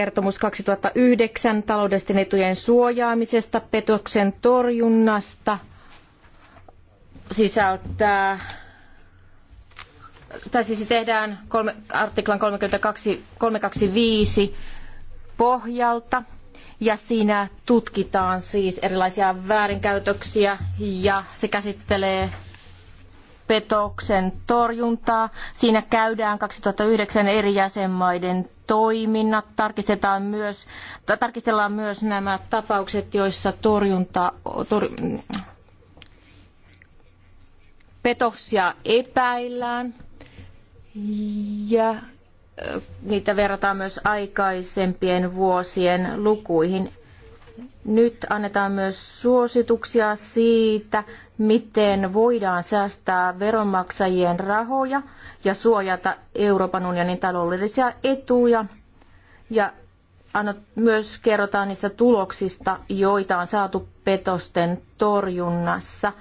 vuosikertomus 2009 taloudellisten etujen suojaamisesta, petoksen torjunnasta sisältää tai siis tehdään kolme, artiklan 32, 325 pohjalta ja siinä tutkitaan siis erilaisia väärinkäytöksiä ja se käsittelee petoksen torjuntaa. Siinä käydään 2009 eri jäsenmaiden toiminnat, tarkistetaan myös, tarkistellaan myös nämä tapaukset, joissa torjunta, tor, petoksia epäillään ja niitä verrataan myös aikaisempien vuosien lukuihin. Nyt annetaan myös suosituksia siitä, miten voidaan säästää veronmaksajien rahoja ja suojata Euroopan unionin taloudellisia etuja. Ja myös kerrotaan niistä tuloksista, joita on saatu petosten torjunnassa.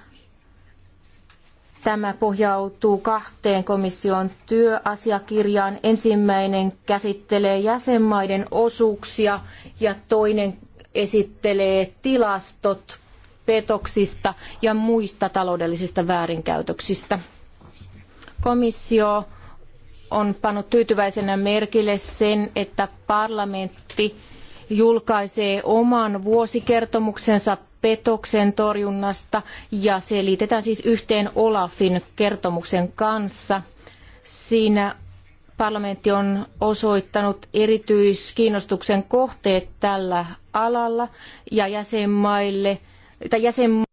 Tämä pohjautuu kahteen komission työasiakirjaan. Ensimmäinen käsittelee jäsenmaiden osuuksia ja toinen esittelee tilastot petoksista ja muista taloudellisista väärinkäytöksistä. Komissio on pannut tyytyväisenä merkille sen, että parlamentti julkaisee oman vuosikertomuksensa petoksen torjunnasta ja se liitetään siis yhteen Olafin kertomuksen kanssa. Siinä Parlamentti on osoittanut erityiskiinnostuksen kohteet tällä alalla ja jäsenmaille, tai jäsenmaille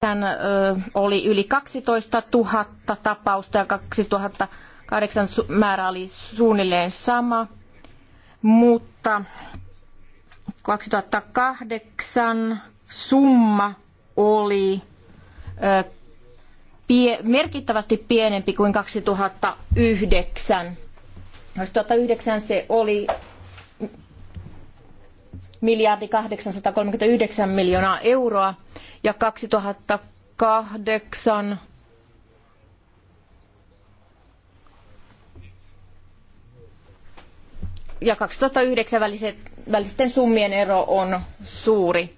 Tän oli yli 12 000 tapausta ja 2008 määrä oli suunnilleen sama, mutta 2008 summa oli merkittävästi pienempi kuin 2009. 2009 se oli miljardi 839 miljoonaa euroa ja 2008 ja 2009 väliset, välisten summien ero on suuri.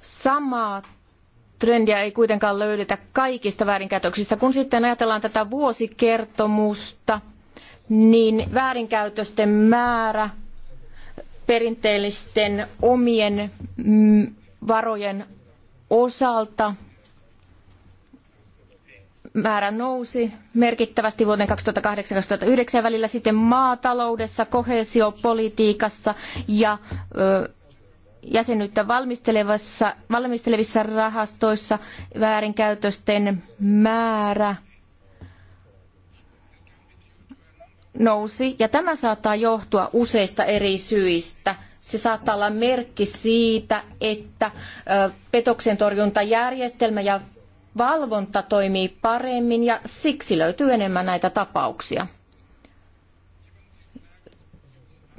Samaa trendiä ei kuitenkaan löydetä kaikista väärinkäytöksistä. Kun sitten ajatellaan tätä vuosikertomusta, niin väärinkäytösten määrä perinteellisten omien varojen osalta määrä nousi merkittävästi vuoden 2008-2009 välillä, sitten maataloudessa, koheesiopolitiikassa ja ö, jäsenyyttä valmistelevissa, valmistelevissa rahastoissa väärinkäytösten määrä nousi. Ja tämä saattaa johtua useista eri syistä – se saattaa olla merkki siitä, että petoksen torjuntajärjestelmä ja valvonta toimii paremmin ja siksi löytyy enemmän näitä tapauksia.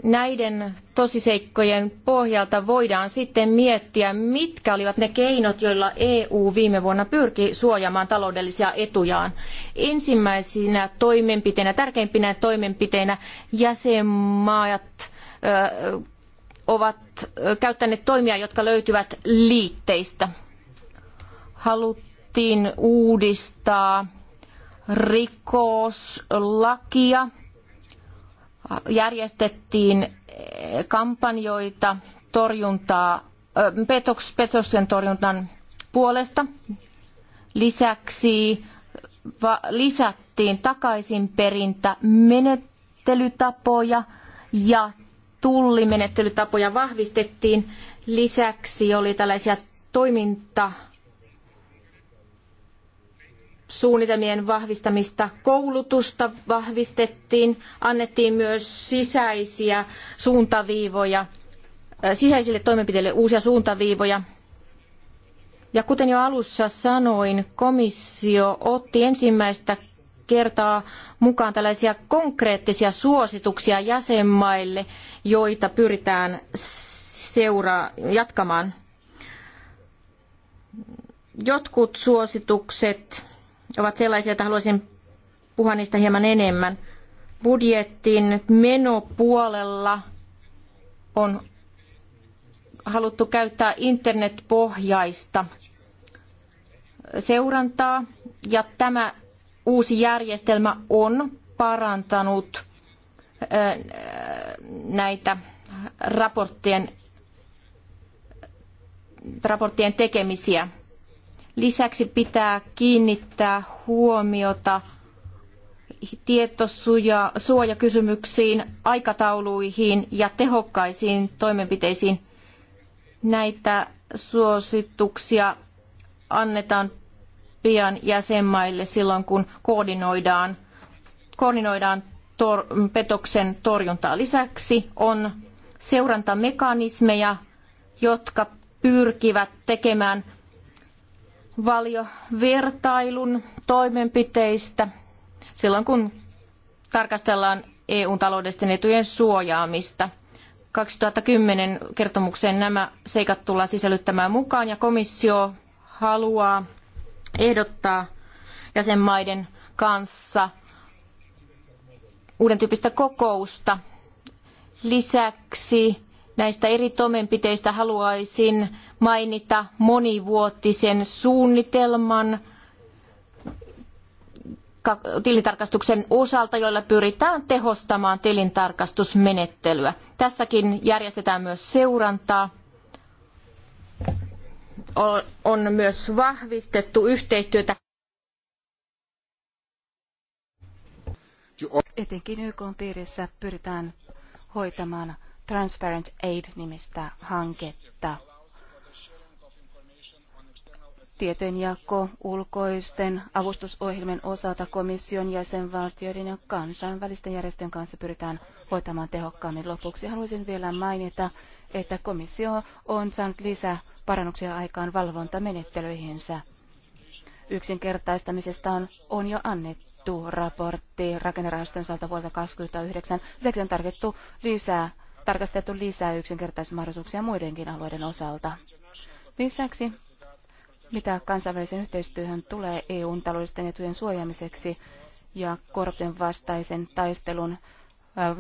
Näiden tosiseikkojen pohjalta voidaan sitten miettiä, mitkä olivat ne keinot, joilla EU viime vuonna pyrki suojaamaan taloudellisia etujaan. Ensimmäisinä toimenpiteinä, tärkeimpinä toimenpiteinä jäsenmaat ö, ovat käyttäneet toimia, jotka löytyvät liitteistä. Haluttiin uudistaa rikoslakia, järjestettiin kampanjoita torjuntaa, petoks, petosten torjunnan puolesta. Lisäksi lisättiin takaisinperintä menettelytapoja ja tullimenettelytapoja vahvistettiin. Lisäksi oli tällaisia toiminta suunnitelmien vahvistamista, koulutusta vahvistettiin, annettiin myös sisäisiä suuntaviivoja, äh, sisäisille toimenpiteille uusia suuntaviivoja. Ja kuten jo alussa sanoin, komissio otti ensimmäistä kertaa mukaan tällaisia konkreettisia suosituksia jäsenmaille – joita pyritään seuraa, jatkamaan. Jotkut suositukset ovat sellaisia, että haluaisin puhua niistä hieman enemmän. Budjetin menopuolella on haluttu käyttää internetpohjaista seurantaa ja tämä uusi järjestelmä on parantanut näitä raporttien, raporttien tekemisiä. Lisäksi pitää kiinnittää huomiota tietosuojakysymyksiin, aikatauluihin ja tehokkaisiin toimenpiteisiin. Näitä suosituksia annetaan pian jäsenmaille silloin, kun koordinoidaan, koordinoidaan tor- petoksen torjuntaa. Lisäksi on seurantamekanismeja, jotka pyrkivät tekemään valiovertailun toimenpiteistä silloin, kun tarkastellaan eu taloudellisten etujen suojaamista. 2010 kertomukseen nämä seikat tullaan sisällyttämään mukaan ja komissio haluaa ehdottaa jäsenmaiden kanssa uuden tyyppistä kokousta. Lisäksi näistä eri toimenpiteistä haluaisin mainita monivuotisen suunnitelman tilintarkastuksen osalta, joilla pyritään tehostamaan tilintarkastusmenettelyä. Tässäkin järjestetään myös seurantaa. On myös vahvistettu yhteistyötä Etenkin YK piirissä pyritään hoitamaan Transparent Aid-nimistä hanketta. Tietojenjako ulkoisten avustusohjelmien osalta komission jäsenvaltioiden ja kansainvälisten järjestöjen kanssa pyritään hoitamaan tehokkaammin. Lopuksi haluaisin vielä mainita, että komissio on saanut lisää parannuksia aikaan valvontamenettelyihinsä yksinkertaistamisesta on, on jo annettu raportti rakennerahaston osalta vuodelta 2029. on tarkettu lisää, tarkastettu lisää yksinkertaismahdollisuuksia muidenkin alueiden osalta. Lisäksi, mitä kansainvälisen yhteistyöhön tulee EUn taloudellisten etujen suojaamiseksi ja korruption vastaisen taistelun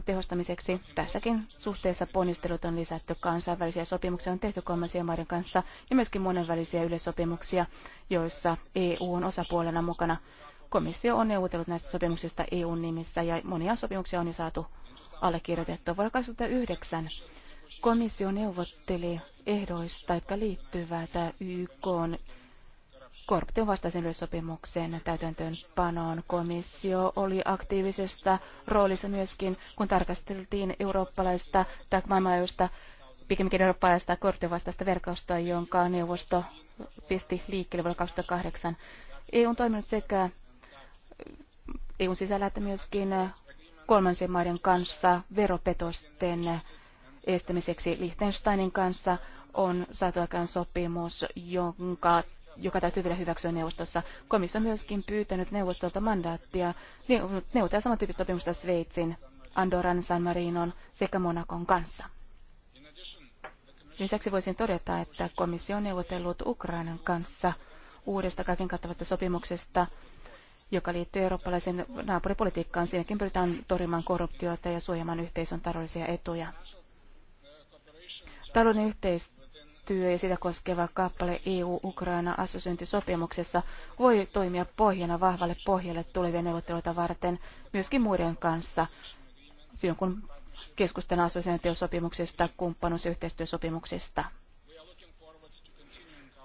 tehostamiseksi. Tässäkin suhteessa ponnistelut on lisätty, kansainvälisiä sopimuksia on tehty kolmansien maiden kanssa ja myöskin monenvälisiä yleissopimuksia, joissa EU on osapuolena mukana. Komissio on neuvotellut näistä sopimuksista EUn nimissä ja monia sopimuksia on jo saatu allekirjoitettua. Vuonna 2009 komissio neuvotteli ehdoista, jotka liittyvät YK korruption vastaisen yleissopimuksen täytäntöönpanoon. Komissio oli aktiivisessa roolissa myöskin, kun tarkasteltiin eurooppalaista tai maailmanlaajuista pikemminkin eurooppalaista korruption vastaista verkostoa, jonka neuvosto pisti liikkeelle vuonna 2008. EU on toiminut sekä EUn sisällä että myöskin kolmansien maiden kanssa veropetosten estämiseksi Liechtensteinin kanssa on saatu aikaan sopimus, jonka joka täytyy vielä hyväksyä neuvostossa. Komissio on myöskin pyytänyt neuvostolta mandaattia neuvotella samantyyppistä sopimusta Sveitsin, Andorran, San Marinon sekä Monakon kanssa. Lisäksi voisin todeta, että komissio on neuvotellut Ukrainan kanssa uudesta kaiken kattavasta sopimuksesta, joka liittyy eurooppalaisen naapuripolitiikkaan. Siinäkin pyritään torjumaan korruptiota ja suojamaan yhteisön taloudellisia etuja. Talouden yhteistyö työ ja sitä koskeva kappale EU-Ukraina-assosyntisopimuksessa voi toimia pohjana vahvalle pohjalle tulevia neuvotteluita varten myöskin muiden kanssa silloin, kun keskustellaan assosyntisopimuksesta, kumppanuus- ja yhteistyösopimuksesta.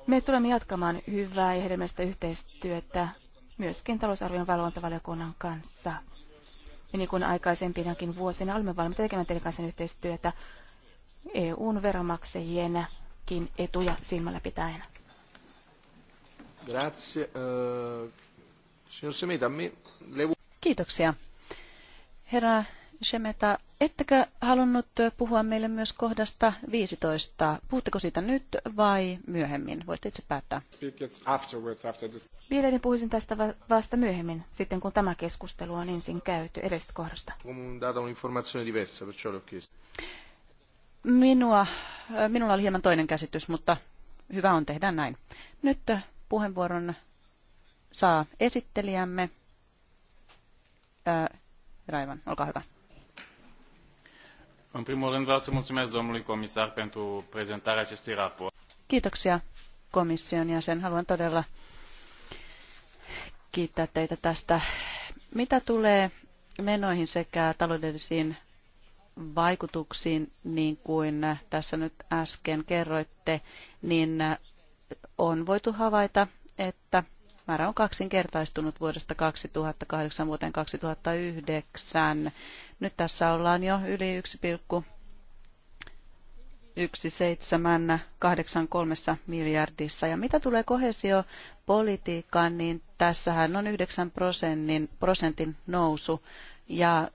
Me tulemme jatkamaan hyvää ja hedelmällistä yhteistyötä myöskin talousarvion valvontavaliokunnan kanssa. Ja niin kuin aikaisempinakin vuosina olemme valmiita tekemään teidän kanssa yhteistyötä EUn veronmaksajien muitakin etuja silmällä pitäen. Grazie. Eh, Kiitoksia. Herra Shemeta, ettekö halunnut puhua meille myös kohdasta 15? Puhutteko siitä nyt vai myöhemmin? Voitte itse päättää. Mielelläni puhuisin tästä vasta myöhemmin, sitten kun tämä keskustelu on ensin käyty edellisestä kohdasta. Minua, minulla oli hieman toinen käsitys, mutta hyvä on tehdä näin. Nyt puheenvuoron saa esittelijämme. Raivan, olkaa hyvä. În primul rând vreau să mulțumesc domnului comisar pentru prezentarea acestui raport. Kiitoksia komission jäsen. Haluan todella kiittää teitä tästä. Mitä tulee menoihin sekä taloudellisiin vaikutuksiin, niin kuin tässä nyt äsken kerroitte, niin on voitu havaita, että määrä on kaksinkertaistunut vuodesta 2008 vuoteen 2009. Nyt tässä ollaan jo yli 1,1783 miljardissa. Ja mitä tulee kohesiopolitiikkaan, niin tässähän on 9 prosentin, prosentin nousu. Ja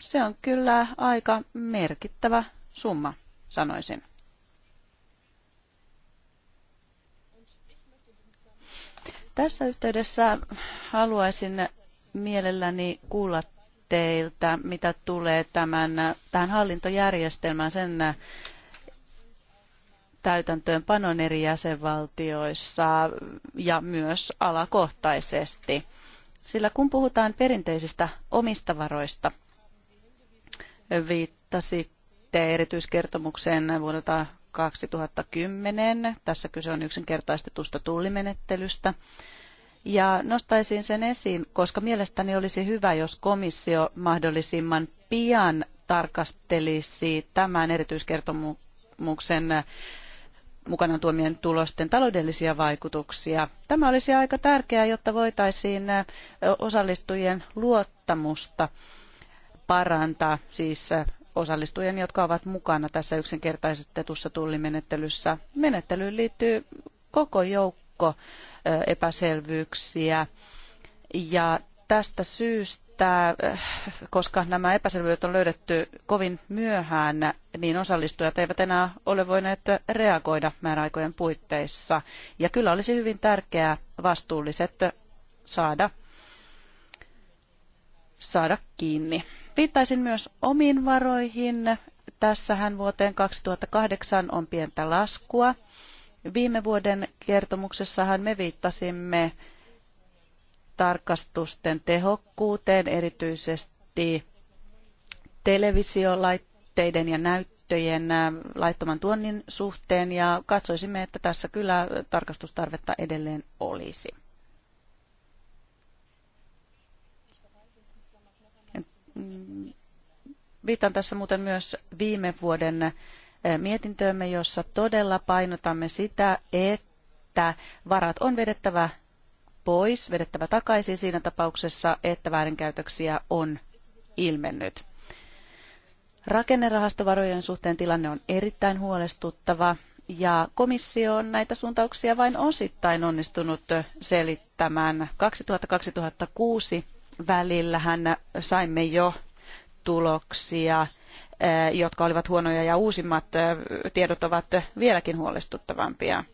se on kyllä aika merkittävä summa, sanoisin. Tässä yhteydessä haluaisin mielelläni kuulla teiltä, mitä tulee tämän, tähän hallintojärjestelmään, sen täytäntöönpanon eri jäsenvaltioissa ja myös alakohtaisesti. Sillä kun puhutaan perinteisistä omista varoista, viittasitte erityiskertomukseen vuodelta 2010. Tässä kyse on yksinkertaistetusta tullimenettelystä. Ja nostaisin sen esiin, koska mielestäni olisi hyvä, jos komissio mahdollisimman pian tarkastelisi tämän erityiskertomuksen mukana tuomien tulosten taloudellisia vaikutuksia. Tämä olisi aika tärkeää, jotta voitaisiin osallistujien luottamusta parantaa, siis äh, osallistujien, jotka ovat mukana tässä yksinkertaistetussa tullimenettelyssä. Menettelyyn liittyy koko joukko äh, epäselvyyksiä ja tästä syystä, äh, koska nämä epäselvyydet on löydetty kovin myöhään, niin osallistujat eivät enää ole voineet reagoida määräaikojen puitteissa. Ja kyllä olisi hyvin tärkeää vastuulliset saada, saada kiinni Viittaisin myös omiin varoihin. Tässähän vuoteen 2008 on pientä laskua. Viime vuoden kertomuksessahan me viittasimme tarkastusten tehokkuuteen, erityisesti televisiolaitteiden ja näyttöjen äh, laittoman tuonnin suhteen, ja katsoisimme, että tässä kyllä tarkastustarvetta edelleen olisi. Mm, viitan tässä muuten myös viime vuoden eh, mietintöömme, jossa todella painotamme sitä, että varat on vedettävä pois, vedettävä takaisin siinä tapauksessa, että väärinkäytöksiä on ilmennyt. Rakennerahastovarojen suhteen tilanne on erittäin huolestuttava ja komissio on näitä suuntauksia vain osittain onnistunut selittämään. 2006 välillähän saimme jo tuloksia, eh, jotka olivat huonoja ja uusimmat eh, tiedot ovat vieläkin huolestuttavampia.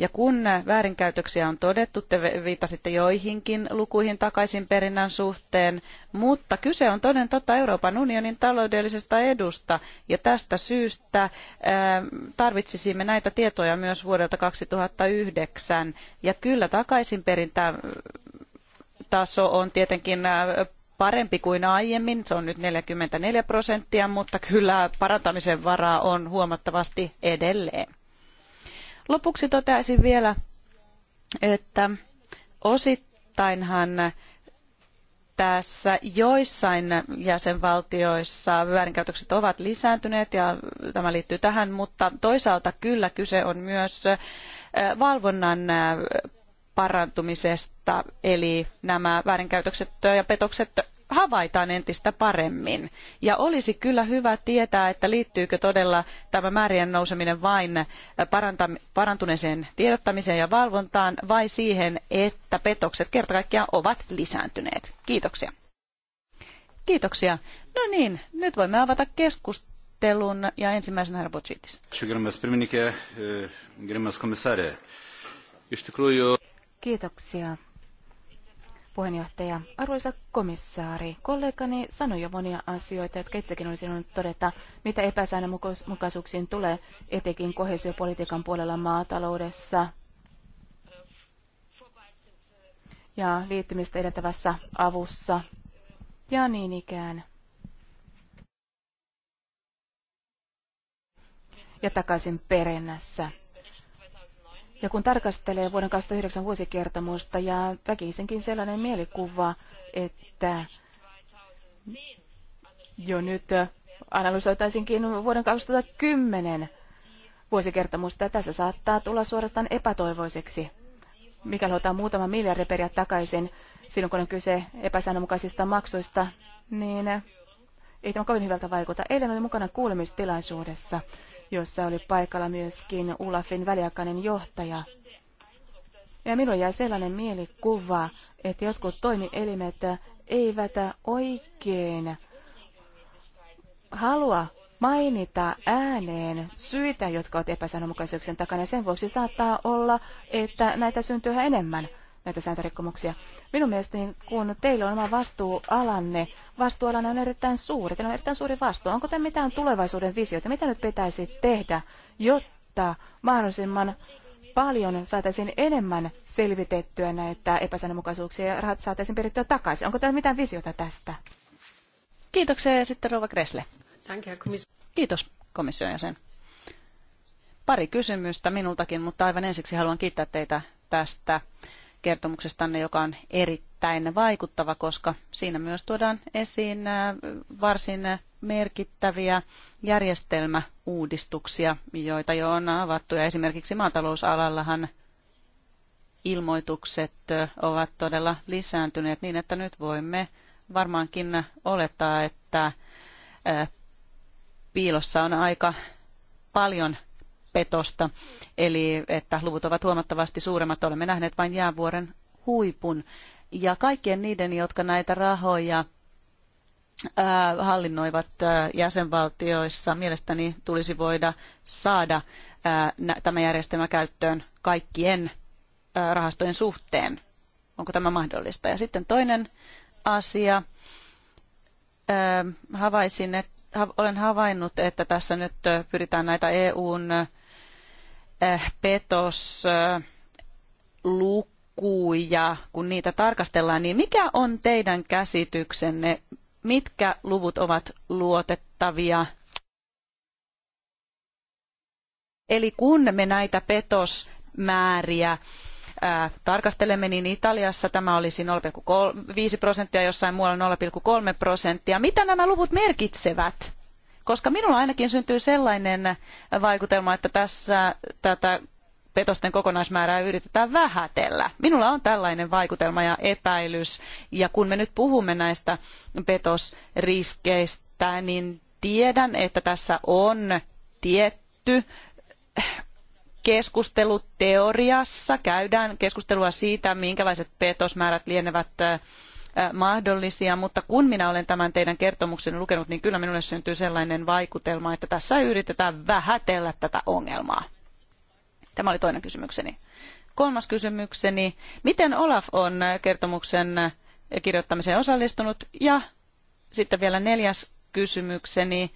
Ja kun väärinkäytöksiä on todettu, te viittasitte joihinkin lukuihin takaisinperinnän suhteen, mutta kyse on toden totta Euroopan unionin taloudellisesta edusta, ja tästä syystä ää, eh, tarvitsisimme näitä tietoja myös vuodelta 2009, ja kyllä takaisinperintä taso on tietenkin äh, parempi kuin aiemmin, se on nyt 44 prosenttia, mutta kyllä parantamisen varaa on huomattavasti edelleen. Lopuksi toteaisin vielä, että osittainhan tässä joissain jäsenvaltioissa väärinkäytökset ovat lisääntyneet ja tämä liittyy tähän, mutta toisaalta kyllä kyse on myös äh, valvonnan äh, parantumisesta, eli nämä väärinkäytökset ja petokset havaitaan entistä paremmin. Ja olisi kyllä hyvä tietää, että liittyykö todella tämä määrien nouseminen vain parantuneeseen tiedottamiseen ja valvontaan vai siihen, että petokset kerta kaikkiaan ovat lisääntyneet. Kiitoksia. Kiitoksia. No niin, nyt voimme avata keskustelun ja ensimmäisenä herra Bogitis. E, Iš tikrųjų... Kiitoksia, puheenjohtaja. Arvoisa komissaari, kollegani sanoi jo monia asioita, jotka itsekin olisin halunnut todeta, mitä epäsäännönmukaisuuksiin tulee, etenkin kohesiopolitiikan puolella maataloudessa ja liittymistä edeltävässä avussa ja niin ikään. Ja takaisin perennässä. Ja kun tarkastelee vuoden 2009 vuosikertomusta ja väkisinkin sellainen mielikuva, että jo nyt analysoitaisinkin vuoden 2010 vuosikertomusta ja tässä saattaa tulla suorastaan epätoivoiseksi. Mikäli otetaan muutama miljardi periaat takaisin silloin, kun on kyse epäsäännönmukaisista maksuista, niin ei tämä kovin hyvältä vaikuta. Eilen oli mukana kuulemistilaisuudessa jossa oli paikalla myöskin Ulafin väliaikainen johtaja. Ja minulla jäi sellainen mielikuva, että jotkut toimielimet eivät oikein halua mainita ääneen syitä, jotka ovat epäsanomukaisuuksien takana. Sen vuoksi saattaa olla, että näitä syntyy enemmän näitä sääntörikkomuksia. Minun mielestäni, kun teillä on oma vastuualanne, vastuualanne on erittäin suuri, teillä on erittäin suuri vastuu. Onko teillä mitään tulevaisuuden visioita? Mitä nyt pitäisi tehdä, jotta mahdollisimman paljon saataisiin enemmän selvitettyä näitä epäsäännönmukaisuuksia ja rahat saataisiin perittyä takaisin? Onko teillä mitään visiota tästä? Kiitoksia ja sitten Rova Kresle. Kiitos komission jäsen. Pari kysymystä minultakin, mutta aivan ensiksi haluan kiittää teitä tästä kertomuksestanne, joka on erittäin vaikuttava, koska siinä myös tuodaan esiin äh, varsin merkittäviä järjestelmäuudistuksia, joita jo on avattu. Ja esimerkiksi maatalousalallahan ilmoitukset äh, ovat todella lisääntyneet niin, että nyt voimme varmaankin olettaa, että äh, piilossa on aika paljon petosta, eli että luvut ovat huomattavasti suuremmat. Olemme nähneet vain jäävuoren huipun. Ja kaikkien niiden, jotka näitä rahoja hallinnoivat jäsenvaltioissa, mielestäni tulisi voida saada tämä järjestelmä käyttöön kaikkien rahastojen suhteen. Onko tämä mahdollista? Ja sitten toinen asia. Havaisin, että, olen havainnut, että tässä nyt pyritään näitä EUn Äh, petos äh, lukuja, kun niitä tarkastellaan, niin mikä on teidän käsityksenne, mitkä luvut ovat luotettavia? Eli kun me näitä petosmääriä äh, tarkastelemme, niin Italiassa tämä olisi 0,5 prosenttia, jossain muualla 0,3 prosenttia. Mitä nämä luvut merkitsevät? Koska minulla ainakin syntyy sellainen vaikutelma, että tässä tätä petosten kokonaismäärää yritetään vähätellä. Minulla on tällainen vaikutelma ja epäilys. Ja kun me nyt puhumme näistä petosriskeistä, niin tiedän, että tässä on tietty keskustelu teoriassa. Käydään keskustelua siitä, minkälaiset petosmäärät lienevät mahdollisia, mutta kun minä olen tämän teidän kertomuksenne lukenut, niin kyllä minulle syntyy sellainen vaikutelma, että tässä yritetään vähätellä tätä ongelmaa. Tämä oli toinen kysymykseni. Kolmas kysymykseni, miten Olaf on kertomuksen kirjoittamiseen osallistunut? Ja sitten vielä neljäs kysymykseni,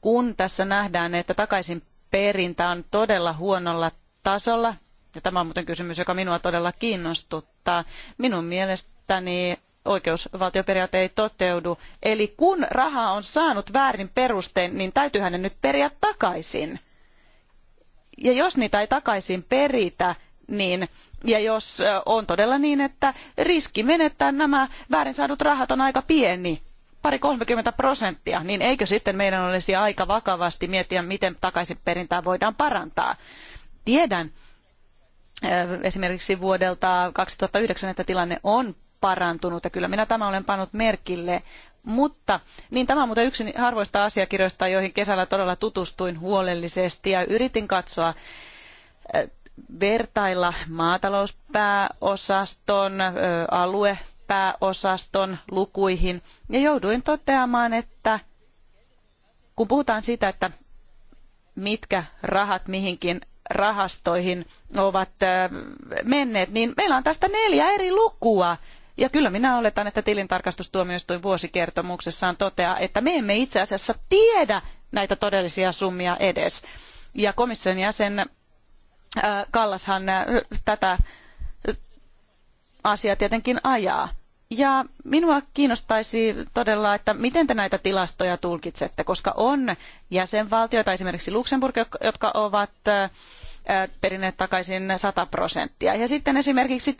kun tässä nähdään, että takaisin perintä on todella huonolla tasolla, ja tämä on muuten kysymys, joka minua todella kiinnostuttaa. Minun mielestäni oikeusvaltioperiaate ei toteudu. Eli kun rahaa on saanut väärin perustein, niin täytyyhän ne nyt periä takaisin. Ja jos niitä ei takaisin peritä, niin, ja jos on todella niin, että riski menettää nämä väärin saadut rahat on aika pieni, pari 30 prosenttia, niin eikö sitten meidän olisi aika vakavasti miettiä, miten takaisinperintää voidaan parantaa. Tiedän esimerkiksi vuodelta 2009, että tilanne on parantunut ja kyllä minä tämä olen pannut merkille. Mutta niin tämä on muuten yksi harvoista asiakirjoista, joihin kesällä todella tutustuin huolellisesti ja yritin katsoa äh, vertailla maatalouspääosaston, äh, aluepääosaston lukuihin ja jouduin toteamaan, että kun puhutaan siitä, että mitkä rahat mihinkin rahastoihin ovat äh, menneet, niin meillä on tästä neljä eri lukua ja kyllä minä oletan, että tilintarkastustuomioistuin vuosikertomuksessaan toteaa, että me emme itse asiassa tiedä näitä todellisia summia edes. Ja komission jäsen äh, Kallashan äh, tätä äh, asiaa tietenkin ajaa. Ja minua kiinnostaisi todella, että miten te näitä tilastoja tulkitsette, koska on jäsenvaltioita, esimerkiksi Luxemburg, jotka ovat Äh, perineet takaisin 100 prosenttia. Ja sitten esimerkiksi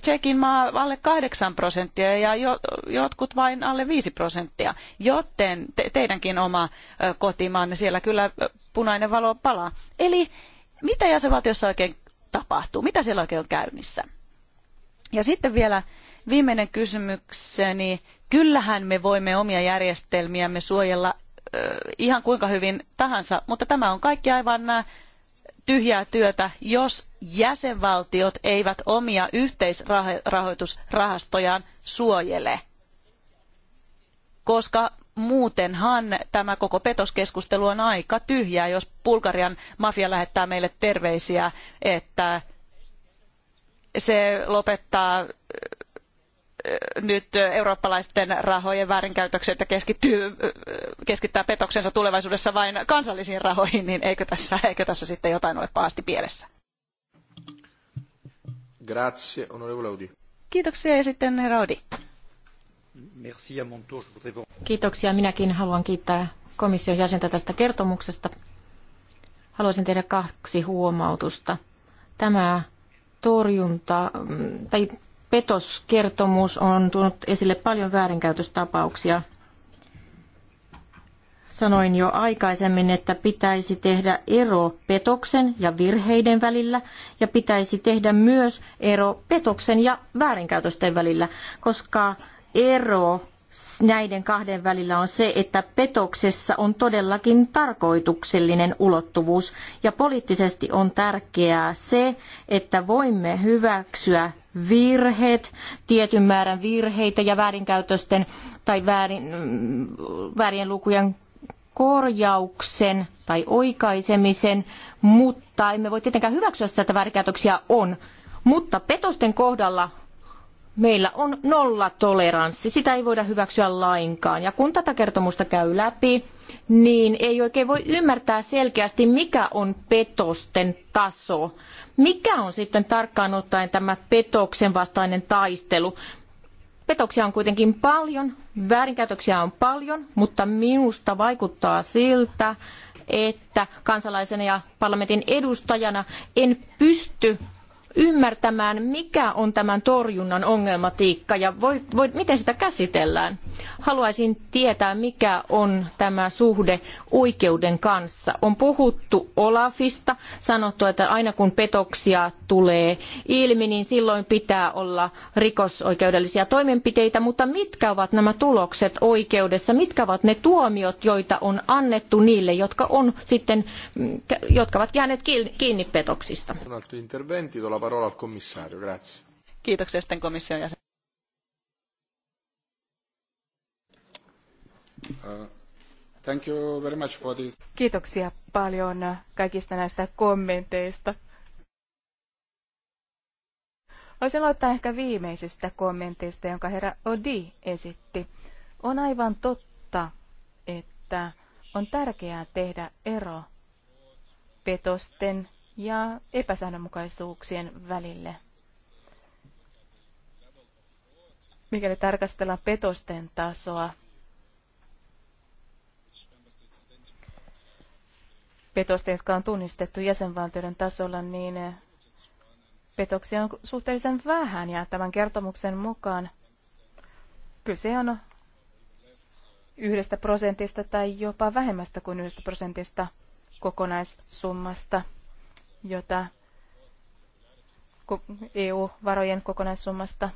Tsekin maa alle 8 prosenttia ja jo, jotkut vain alle 5 prosenttia. Joten te, teidänkin oma äh, kotimaanne siellä kyllä äh, punainen valo palaa. Eli mitä jäsenvaltiossa oikein tapahtuu? Mitä siellä oikein on käynnissä? Ja sitten vielä viimeinen kysymykseni. Kyllähän me voimme omia järjestelmiämme suojella ihan kuinka hyvin tahansa, mutta tämä on kaikki aivan tyhjää työtä, jos jäsenvaltiot eivät omia yhteisrahoitusrahastojaan suojele. Koska muutenhan tämä koko petoskeskustelu on aika tyhjää, jos Bulgarian mafia lähettää meille terveisiä, että se lopettaa nyt eurooppalaisten rahojen väärinkäytökset ja keskittyy, keskittää petoksensa tulevaisuudessa vain kansallisiin rahoihin, niin eikö tässä, eikö tässä sitten jotain ole pahasti pielessä? Grazie, onorevole Audi. Kiitoksia ja sitten herra Audi. Kiitoksia. Minäkin haluan kiittää komission jäsentä tästä kertomuksesta. Haluaisin tehdä kaksi huomautusta. Tämä torjunta tai petoskertomus on tuonut esille paljon väärinkäytöstapauksia. Sanoin jo aikaisemmin, että pitäisi tehdä ero petoksen ja virheiden välillä ja pitäisi tehdä myös ero petoksen ja väärinkäytösten välillä, koska ero näiden kahden välillä on se, että petoksessa on todellakin tarkoituksellinen ulottuvuus ja poliittisesti on tärkeää se, että voimme hyväksyä virheet, tietyn määrän virheitä ja väärinkäytösten tai väärin, väärien lukujen korjauksen tai oikaisemisen, mutta emme voi tietenkään hyväksyä sitä, että väärinkäytöksiä on. Mutta petosten kohdalla meillä on nollatoleranssi. Sitä ei voida hyväksyä lainkaan. Ja kun tätä kertomusta käy läpi, niin ei oikein voi ymmärtää selkeästi, mikä on petosten taso. Mikä on sitten tarkkaan ottaen tämä petoksen vastainen taistelu? Petoksia on kuitenkin paljon, väärinkäytöksiä on paljon, mutta minusta vaikuttaa siltä, että kansalaisena ja parlamentin edustajana en pysty ymmärtämään, mikä on tämän torjunnan ongelmatiikka ja voi, voi, miten sitä käsitellään. Haluaisin tietää, mikä on tämä suhde oikeuden kanssa. On puhuttu Olafista, sanottu, että aina kun petoksia tulee ilmi, niin silloin pitää olla rikosoikeudellisia toimenpiteitä, mutta mitkä ovat nämä tulokset oikeudessa, mitkä ovat ne tuomiot, joita on annettu niille, jotka, on sitten, mm, jotka ovat jääneet kiinni petoksista? la parola al commissario. Grazie. Kiitoksia sitten komission jäsen. Uh, thank you very much for this. Kiitoksia paljon kaikista näistä kommenteista. Voisin aloittaa ehkä viimeisestä kommentista, jonka herra Odi esitti. On aivan totta, että on tärkeää tehdä ero petosten ja epäsäännönmukaisuuksien välille. Mikäli tarkastellaan petosten tasoa, petosten, jotka on tunnistettu jäsenvaltioiden tasolla, niin petoksia on suhteellisen vähän ja tämän kertomuksen mukaan kyse on yhdestä prosentista tai jopa vähemmästä kuin yhdestä prosentista kokonaissummasta jota EU-varojen kokonaissummasta,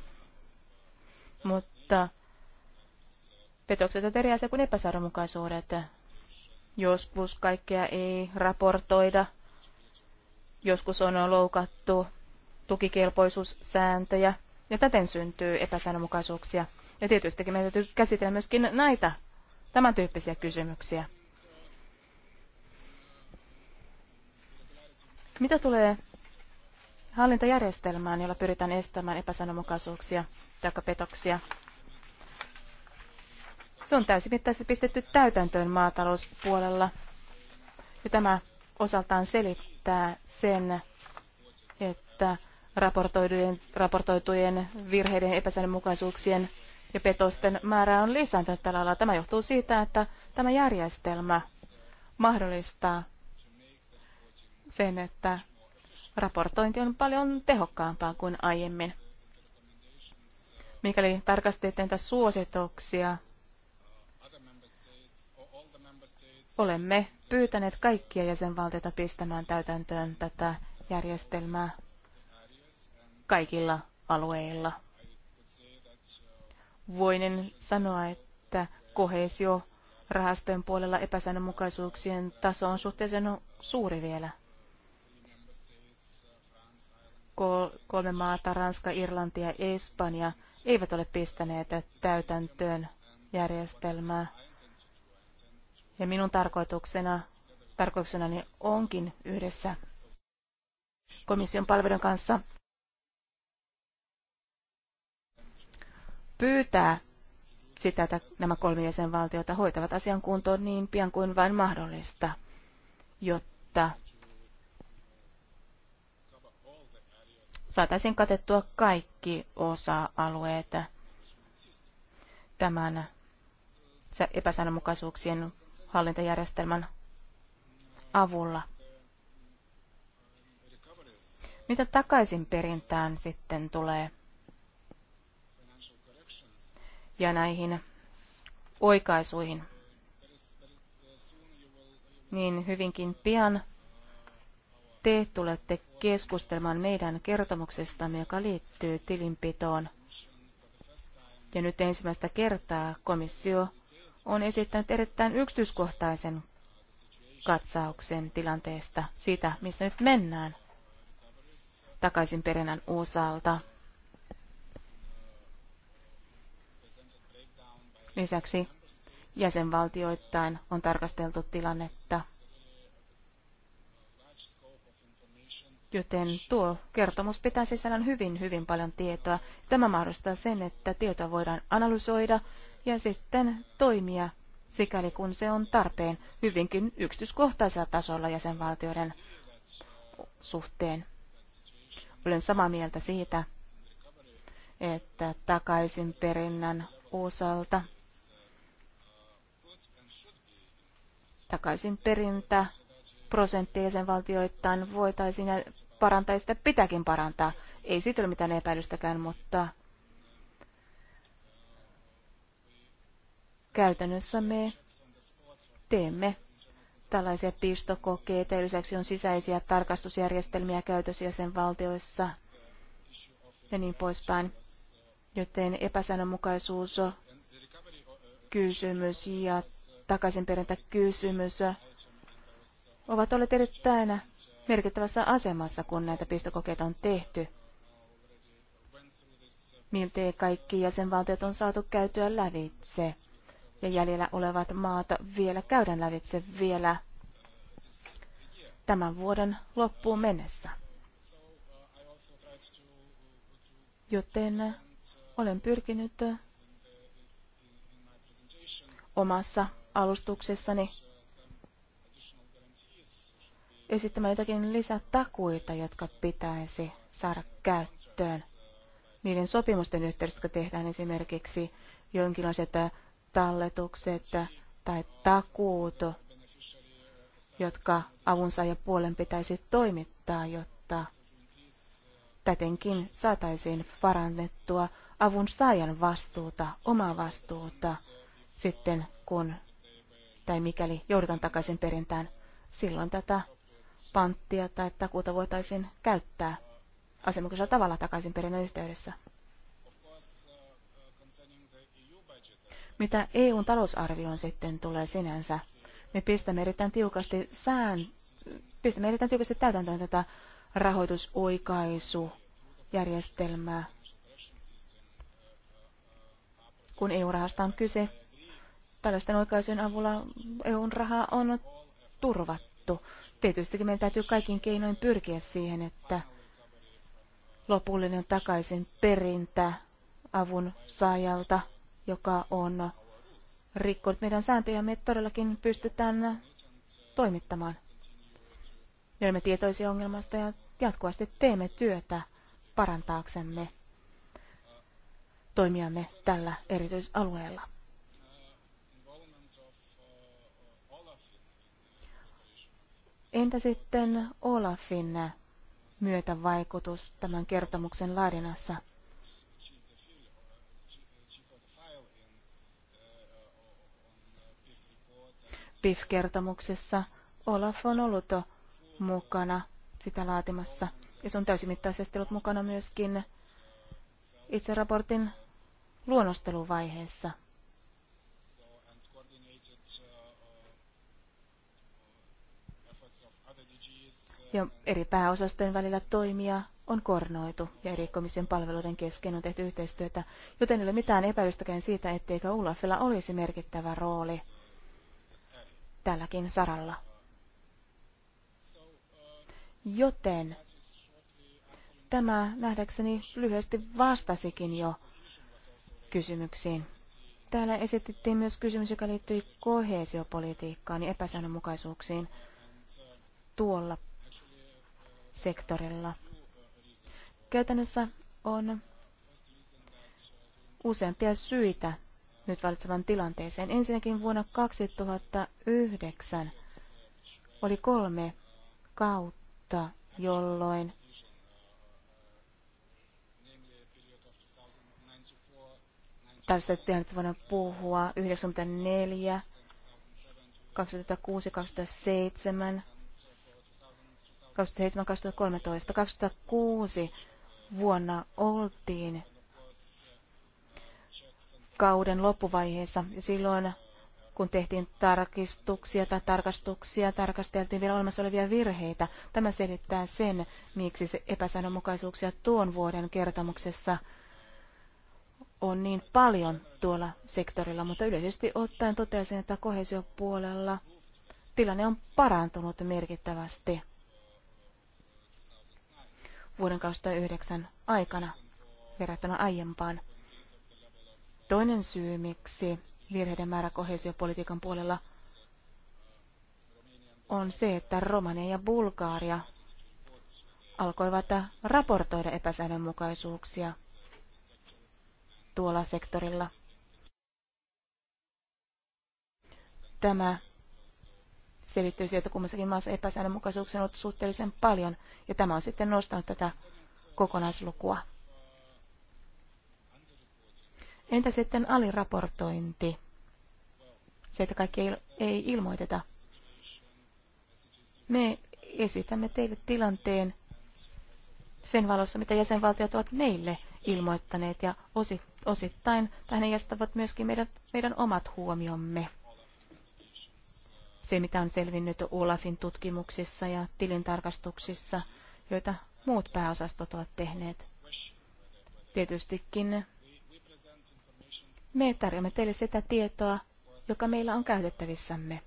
mutta petokset ovat eri asia kuin epäsäädönmukaisuudet. Joskus kaikkea ei raportoida, joskus on loukattu tukikelpoisuussääntöjä ja täten syntyy epäsäännönmukaisuuksia. Ja tietysti meidän täytyy käsitellä myöskin näitä tämän tyyppisiä kysymyksiä. Mitä tulee hallintajärjestelmään, jolla pyritään estämään epäsanomukaisuuksia tai petoksia? Se on täysimittaisesti pistetty täytäntöön maatalouspuolella. Ja tämä osaltaan selittää sen, että raportoitujen, raportoitujen virheiden, epäsanomukaisuuksien ja petosten määrä on lisääntynyt tällä alalla. Tämä johtuu siitä, että tämä järjestelmä mahdollistaa sen, että raportointi on paljon tehokkaampaa kuin aiemmin. Mikäli tarkastelitte näitä suosituksia, olemme pyytäneet kaikkia jäsenvaltioita pistämään täytäntöön tätä järjestelmää kaikilla alueilla. Voinen sanoa, että kohesio rahastojen puolella epäsäännönmukaisuuksien taso on suhteellisen suuri vielä kolme maata, Ranska, Irlanti ja Espanja, eivät ole pistäneet täytäntöön järjestelmää. Ja minun tarkoituksena, tarkoituksenani onkin yhdessä komission palvelun kanssa pyytää sitä, että nämä kolme jäsenvaltiota hoitavat asian kuntoon niin pian kuin vain mahdollista, jotta saataisiin katettua kaikki osa-alueet tämän epäsäännönmukaisuuksien hallintajärjestelmän avulla. Mitä takaisin perintään sitten tulee ja näihin oikaisuihin, niin hyvinkin pian te tulette keskustelemaan meidän kertomuksestamme, joka liittyy tilinpitoon. Ja nyt ensimmäistä kertaa komissio on esittänyt erittäin yksityiskohtaisen katsauksen tilanteesta, siitä missä nyt mennään takaisin perinnän osalta. Lisäksi jäsenvaltioittain on tarkasteltu tilannetta Joten tuo kertomus pitää sisällään hyvin, hyvin paljon tietoa. Tämä mahdollistaa sen, että tietoa voidaan analysoida ja sitten toimia, sikäli kun se on tarpeen, hyvinkin yksityiskohtaisella tasolla jäsenvaltioiden suhteen. Olen samaa mieltä siitä, että takaisin perinnän osalta takaisin perintä prosentti jäsenvaltioittain voitaisiin ja parantaa ja sitä pitääkin parantaa. Ei siitä ole mitään epäilystäkään, mutta käytännössä me teemme tällaisia pistokokeita. Lisäksi on sisäisiä tarkastusjärjestelmiä käytössä jäsenvaltioissa ja niin poispäin. Joten epäsäännönmukaisuus kysymys ja takaisinperintäkysymys ovat olleet erittäin merkittävässä asemassa, kun näitä pistokokeita on tehty. Miltei kaikki jäsenvaltiot on saatu käytyä lävitse ja jäljellä olevat maat vielä käydään lävitse vielä tämän vuoden loppuun mennessä. Joten olen pyrkinyt omassa alustuksessani esittämään jotakin lisätakuita, jotka pitäisi saada käyttöön. Niiden sopimusten yhteydessä, jotka tehdään esimerkiksi jonkinlaiset talletukset tai takuut, jotka ja puolen pitäisi toimittaa, jotta tätenkin saataisiin parannettua avun saajan vastuuta, omaa vastuuta sitten kun tai mikäli joudutaan takaisin perintään, silloin tätä panttia tai takuuta voitaisiin käyttää asianmukaisella tavalla takaisin perinnön yhteydessä. Mitä EUn talousarvioon sitten tulee sinänsä, me pistämme erittäin tiukasti, sään, pistämme erittäin tiukasti täytäntöön tätä rahoitusoikaisujärjestelmää. Kun EU-rahasta on kyse, tällaisten oikaisujen avulla EUn raha on turvattu puhuttu. Tietysti meidän täytyy kaikin keinoin pyrkiä siihen, että lopullinen takaisin perintä avun saajalta, joka on rikkonut meidän sääntöjä, me todellakin pystytään toimittamaan. Me olemme tietoisia ongelmasta ja jatkuvasti teemme työtä parantaaksemme toimiamme tällä erityisalueella. Entä sitten Olafin myötävaikutus tämän kertomuksen laadinnassa? PIF-kertomuksessa Olaf on ollut mukana sitä laatimassa. Ja se on täysimittaisesti ollut mukana myöskin itse raportin luonnosteluvaiheessa. ja eri pääosastojen välillä toimia on koordinoitu ja eri komission palveluiden kesken on tehty yhteistyötä, joten ei ole mitään epäilystäkään siitä, etteikö Olafilla olisi merkittävä rooli tälläkin saralla. Joten tämä nähdäkseni lyhyesti vastasikin jo kysymyksiin. Täällä esitettiin myös kysymys, joka liittyi kohesiopolitiikkaan ja epäsäännönmukaisuuksiin tuolla sektorilla. Käytännössä on useampia syitä nyt valitsevan tilanteeseen. Ensinnäkin vuonna 2009 oli kolme kautta, jolloin tästä tilannetta voidaan puhua 94, 2006, 2007, 2007-2013. 2006 vuonna oltiin kauden loppuvaiheessa ja silloin kun tehtiin tarkistuksia tai tarkastuksia, tarkasteltiin vielä olemassa olevia virheitä. Tämä selittää sen, miksi se epäsäännönmukaisuuksia tuon vuoden kertomuksessa on niin paljon tuolla sektorilla, mutta yleisesti ottaen toteaisin, että kohesiopuolella tilanne on parantunut merkittävästi vuoden 2009 aikana verrattuna aiempaan. Toinen syy, miksi virheiden määrä kohesiopolitiikan puolella on se, että Romania ja Bulgaaria alkoivat raportoida epäsäännönmukaisuuksia tuolla sektorilla. Tämä selittyy siitä, että kummassakin maassa epäsäännönmukaisuuksia on ollut suhteellisen paljon, ja tämä on sitten nostanut tätä kokonaislukua. Entä sitten aliraportointi? Se, että kaikki ei, ilmoiteta. Me esitämme teille tilanteen sen valossa, mitä jäsenvaltiot ovat meille ilmoittaneet, ja osittain tähän jästävät myöskin meidän, meidän omat huomiomme se, mitä on selvinnyt Olafin tutkimuksissa ja tilintarkastuksissa, joita muut pääosastot ovat tehneet. Tietystikin me tarjoamme teille sitä tietoa, joka meillä on käytettävissämme,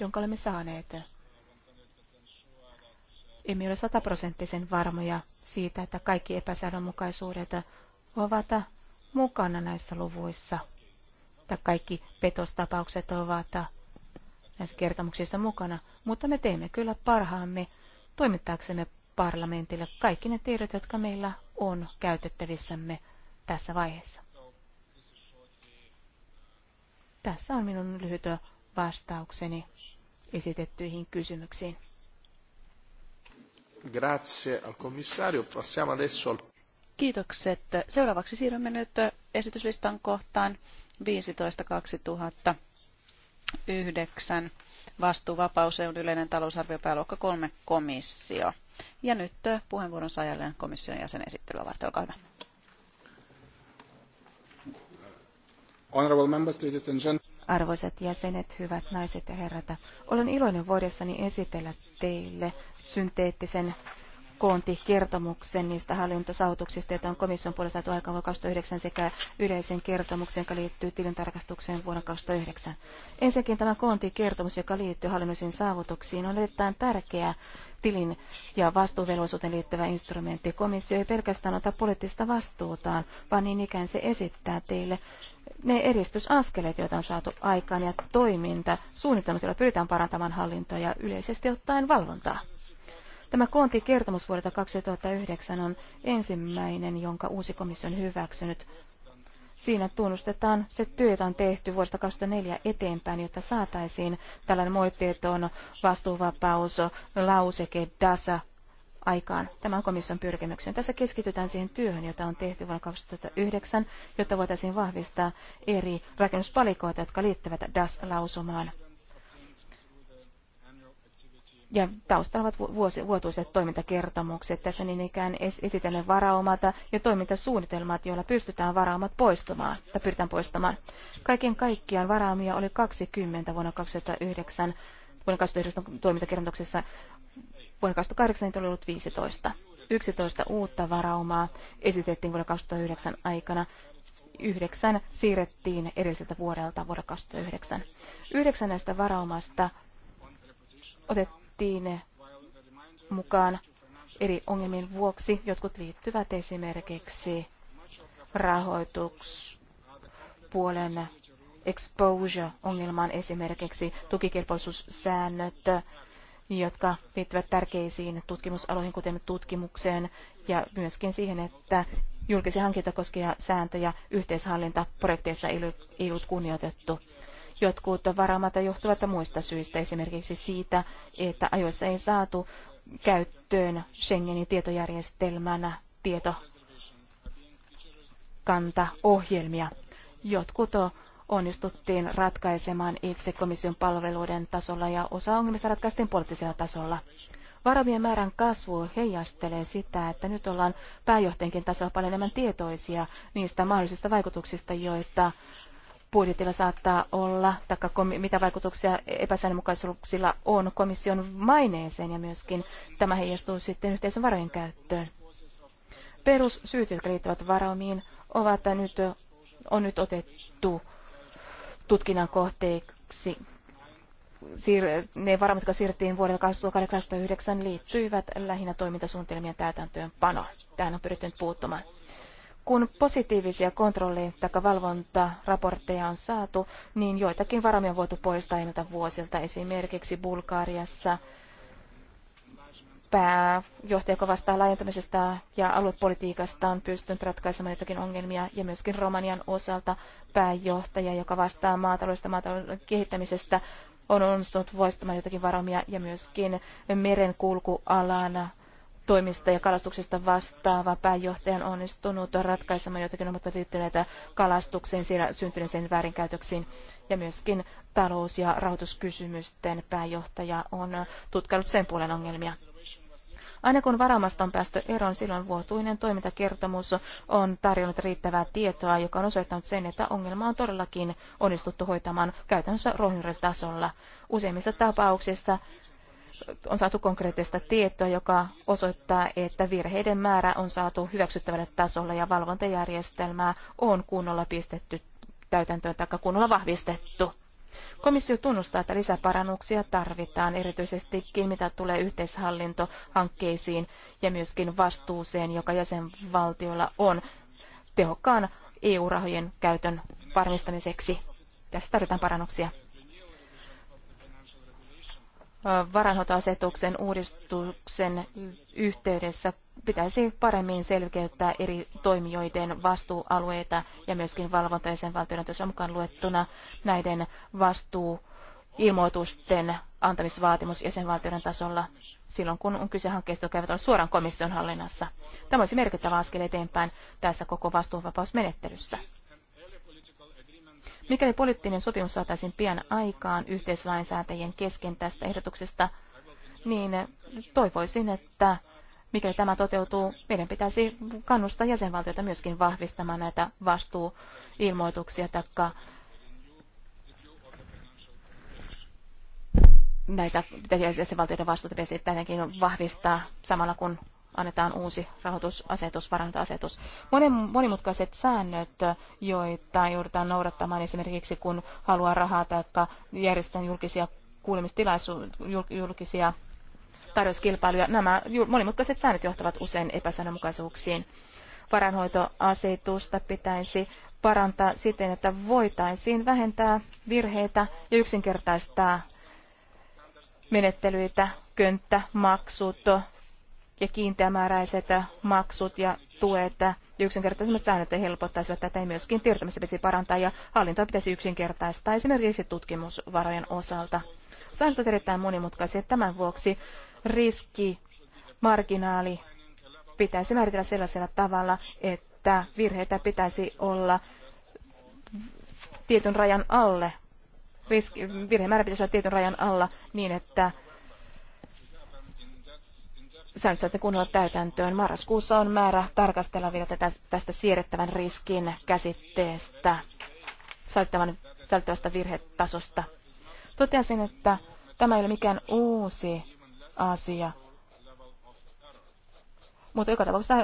jonka olemme saaneet. Emme ole sataprosenttisen varmoja siitä, että kaikki epäsäännönmukaisuudet ovat mukana näissä luvuissa, tai kaikki petostapaukset ovat näissä kertomuksissa mukana, mutta me teemme kyllä parhaamme toimittaaksemme parlamentille kaikki ne tiedot, jotka meillä on käytettävissämme tässä vaiheessa. Tässä on minun lyhyt vastaukseni esitettyihin kysymyksiin. Grazie al commissario. Passiamo adesso al... Kiitokset. Seuraavaksi siirrymme nyt esityslistan kohtaan 15 2000 9. Vastuuvapaus EUn yleinen talousarvio pääluokka 3 komissio. Ja nyt äh, puheenvuoron saajalle komission jäsen esittelyä varten. Olkaa hyvä. Arvoisat jäsenet, hyvät naiset ja herrat, olen iloinen voidessani esitellä teille synteettisen koonti kertomuksen niistä hallintosautuksista, joita on komission puolella saatu aikaan vuonna 2009 sekä yleisen kertomuksen, joka liittyy tilintarkastukseen vuonna 2009. Ensinnäkin tämä konti-kertomus joka liittyy hallinnollisiin saavutuksiin, on erittäin tärkeä tilin ja vastuuvelvollisuuteen liittyvä instrumentti. Komissio ei pelkästään ota poliittista vastuutaan, vaan niin ikään se esittää teille ne edistysaskeleet, joita on saatu aikaan ja toiminta, suunnitelmat, joilla pyritään parantamaan hallintoa ja yleisesti ottaen valvontaa. Tämä kuunti-kertomus vuodelta 2009 on ensimmäinen, jonka uusi komissio on hyväksynyt. Siinä tunnustetaan se työ, jota on tehty vuodesta 2004 eteenpäin, jotta saataisiin tällainen moitteeton vastuuvapaus, lauseke, DASA aikaan tämän komission pyrkimyksen. Tässä keskitytään siihen työhön, jota on tehty vuonna 2009, jotta voitaisiin vahvistaa eri rakennuspalikoita, jotka liittyvät DAS-lausumaan. Ja taustalla ovat vuosi, vuotuiset toimintakertomukset. Tässä niin ikään esitellään varaumata ja toimintasuunnitelmat, joilla pystytään varaumat poistumaan tai pyritään poistamaan. Kaiken kaikkiaan varaumia oli 20 vuonna 2009, vuonna 2009 toimintakertomuksessa. Vuonna 2008 niitä oli ollut 15. 11 uutta varaumaa esitettiin vuonna 2009 aikana. Yhdeksän siirrettiin edelliseltä vuodelta vuonna 2009. Yhdeksän näistä varaumasta otettiin otettiin mukaan eri ongelmien vuoksi. Jotkut liittyvät esimerkiksi rahoituspuolen exposure-ongelmaan esimerkiksi tukikelpoisuussäännöt, jotka liittyvät tärkeisiin tutkimusaloihin, kuten tutkimukseen ja myöskin siihen, että julkisia hankinta koskevia sääntöjä yhteishallintaprojekteissa ei ollut kunnioitettu. Jotkut varaamatta johtuvat muista syistä, esimerkiksi siitä, että ajoissa ei saatu käyttöön Schengenin tietojärjestelmänä tietokantaohjelmia. Jotkut onnistuttiin ratkaisemaan itse komission palveluiden tasolla ja osa ongelmista ratkaistiin poliittisella tasolla. Varovien määrän kasvu heijastelee sitä, että nyt ollaan pääjohtajienkin tasolla paljon enemmän tietoisia niistä mahdollisista vaikutuksista, joita budjetilla saattaa olla, tai mitä vaikutuksia epäsäännönmukaisuuksilla on komission maineeseen ja myöskin tämä heijastuu sitten yhteisön varojen käyttöön. Perussyyt, jotka liittyvät varaumiin, ovat nyt, on nyt otettu tutkinnan kohteeksi. Siir- ne varat, jotka siirrettiin vuodelta 2008 liittyivät lähinnä toimintasuunnitelmien täytäntöönpanoon. Tähän on pyritty nyt puuttumaan. Kun positiivisia kontrolli- tai valvontaraportteja on saatu, niin joitakin varamia on voitu poistaa ennalta vuosilta, esimerkiksi Bulgariassa pääjohtaja, joka vastaa laajentumisesta ja aluepolitiikasta, on pystynyt ratkaisemaan jotakin ongelmia, ja myöskin Romanian osalta pääjohtaja, joka vastaa maataloudesta maatalouden kehittämisestä, on onnistunut poistamaan jotakin varamia, ja myöskin merenkulkualan toimista ja kalastuksesta vastaava pääjohtaja on onnistunut ratkaisemaan jotakin omatta liittyneitä kalastukseen, siellä syntyneisiin väärinkäytöksiin ja myöskin talous- ja rahoituskysymysten pääjohtaja on tutkaillut sen puolen ongelmia. Aina kun varamasta on päästy eroon, silloin vuotuinen toimintakertomus on tarjonnut riittävää tietoa, joka on osoittanut sen, että ongelma on todellakin onnistuttu hoitamaan käytännössä ruohonjuuritasolla. Useimmissa tapauksissa on saatu konkreettista tietoa, joka osoittaa, että virheiden määrä on saatu hyväksyttävälle tasolle ja valvontajärjestelmää on kunnolla pistetty täytäntöön tai kunnolla vahvistettu. Komissio tunnustaa, että lisäparannuksia tarvitaan erityisestikin, mitä tulee yhteishallintohankkeisiin ja myöskin vastuuseen, joka jäsenvaltioilla on tehokkaan EU-rahojen käytön varmistamiseksi. Tässä tarvitaan parannuksia varainhoitoasetuksen uudistuksen yhteydessä pitäisi paremmin selkeyttää eri toimijoiden vastuualueita ja myöskin valvonta jäsenvaltioiden tässä mukaan luettuna näiden vastuuilmoitusten antamisvaatimus jäsenvaltioiden tasolla silloin, kun on kyse hankkeista, jotka eivät ole suoraan komission hallinnassa. Tämä olisi merkittävä askel eteenpäin tässä koko vastuuvapausmenettelyssä. Mikäli poliittinen sopimus saataisiin pian aikaan yhteislainsäätäjien kesken tästä ehdotuksesta, niin toivoisin, että mikäli tämä toteutuu, meidän pitäisi kannustaa jäsenvaltioita myöskin vahvistamaan näitä vastuuilmoituksia tai näitä jäsenvaltioiden vastuuta pitäisi tietenkin vahvistaa samalla kun annetaan uusi rahoitusasetus, parantoasetus. Monen, monimutkaiset säännöt, joita joudutaan noudattamaan esimerkiksi kun haluaa rahaa tai järjestetään julkisia kuulemistilaisuuksia, julkisia tarjouskilpailuja. Nämä monimutkaiset säännöt johtavat usein epäsäännönmukaisuuksiin. Varanhoitoasetusta pitäisi parantaa siten, että voitaisiin vähentää virheitä ja yksinkertaistaa menettelyitä, könttä, maksut, ja kiinteämääräiset maksut ja tuet yksinkertaisemmat säännöt helpottaisivat tätä ja myöskin tiedottamista pitäisi parantaa ja hallintoa pitäisi yksinkertaistaa esimerkiksi tutkimusvarojen osalta. Säännöt ovat erittäin monimutkaisia. Tämän vuoksi riski, marginaali pitäisi määritellä sellaisella tavalla, että virheitä pitäisi olla tietyn rajan alle. Riski, virhemäärä pitäisi olla tietyn rajan alla niin, että säännöt kunnolla täytäntöön. Marraskuussa on määrä tarkastella vielä tätä, tästä siirrettävän riskin käsitteestä, säilyttävästä virhetasosta. Toteasin, että tämä ei ole mikään uusi asia, mutta joka tapauksessa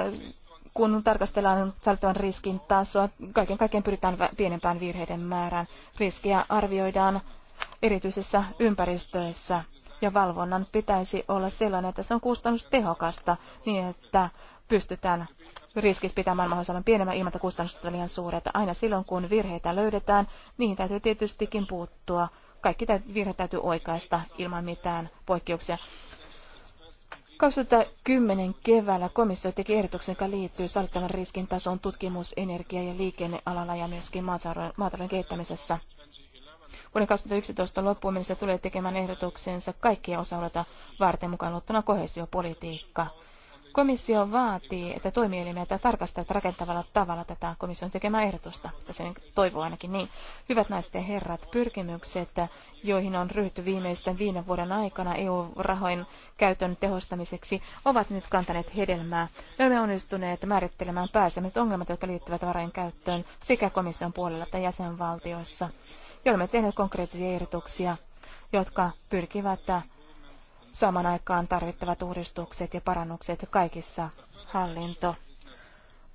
kun tarkastellaan säilyttävän riskin tasoa, kaiken kaiken pyritään pienempään virheiden määrään. Riskiä arvioidaan erityisissä ympäristöissä ja valvonnan pitäisi olla sellainen, että se on kustannustehokasta niin, että pystytään riskit pitämään mahdollisimman pienemmän ilman, että kustannukset ovat liian suuret. Aina silloin, kun virheitä löydetään, niihin täytyy tietystikin puuttua. Kaikki virheet täytyy oikaista ilman mitään poikkeuksia. 2010 keväällä komissio teki ehdotuksen, joka liittyy sallittavan riskin tasoon tutkimus-, energia- ja liikennealalla ja myöskin maatalouden kehittämisessä. Vuoden 2011 loppuun mennessä tulee tekemään ehdotuksensa kaikkia osa varten mukaan luottuna kohesiopolitiikka. Komissio vaatii, että toimielimet tarkastavat rakentavalla tavalla tätä komission tekemää ehdotusta. Tässä toivoo ainakin niin. Hyvät naiset ja herrat, pyrkimykset, joihin on ryhty viimeisten viiden vuoden aikana EU-rahoin käytön tehostamiseksi, ovat nyt kantaneet hedelmää. Me olemme onnistuneet määrittelemään pääsemiset ongelmat, jotka liittyvät varojen käyttöön sekä komission puolella että jäsenvaltioissa ja olemme tehneet konkreettisia ehdotuksia, jotka pyrkivät saman aikaan tarvittavat uudistukset ja parannukset kaikissa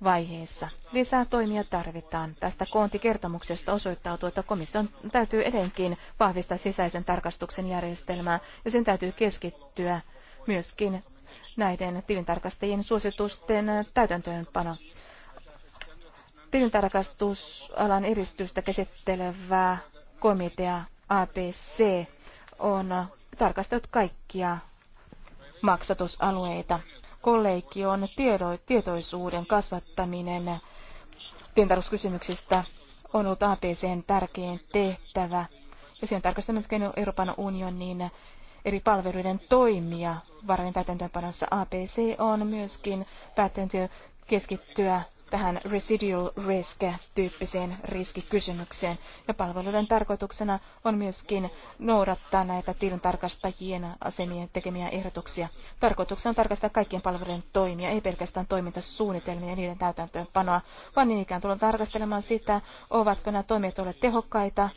Vaiheessa. Lisää toimia tarvitaan. Tästä koontikertomuksesta osoittautuu, että komission täytyy edenkin vahvistaa sisäisen tarkastuksen järjestelmää ja sen täytyy keskittyä myöskin näiden tilintarkastajien suositusten täytäntöönpano. Tilintarkastusalan eristystä käsittelevää komitea APC on tarkastellut kaikkia maksatusalueita. Kollegion tiedo- tietoisuuden kasvattaminen tientalouskysymyksistä on ollut APCn tärkein tehtävä. Ja siinä tarkastellut Euroopan unionin eri palveluiden toimia varojen täytäntöönpanossa. APC on myöskin päättänyt keskittyä tähän residual risk-tyyppiseen riskikysymykseen. Ja palveluiden tarkoituksena on myöskin noudattaa näitä tilintarkastajien asemien tekemiä ehdotuksia. Tarkoituksena on tarkastaa kaikkien palveluiden toimia, ei pelkästään toimintasuunnitelmia ja niiden täytäntöönpanoa, vaan niin ikään tullaan tarkastelemaan sitä, ovatko nämä toimet olleet tehokkaita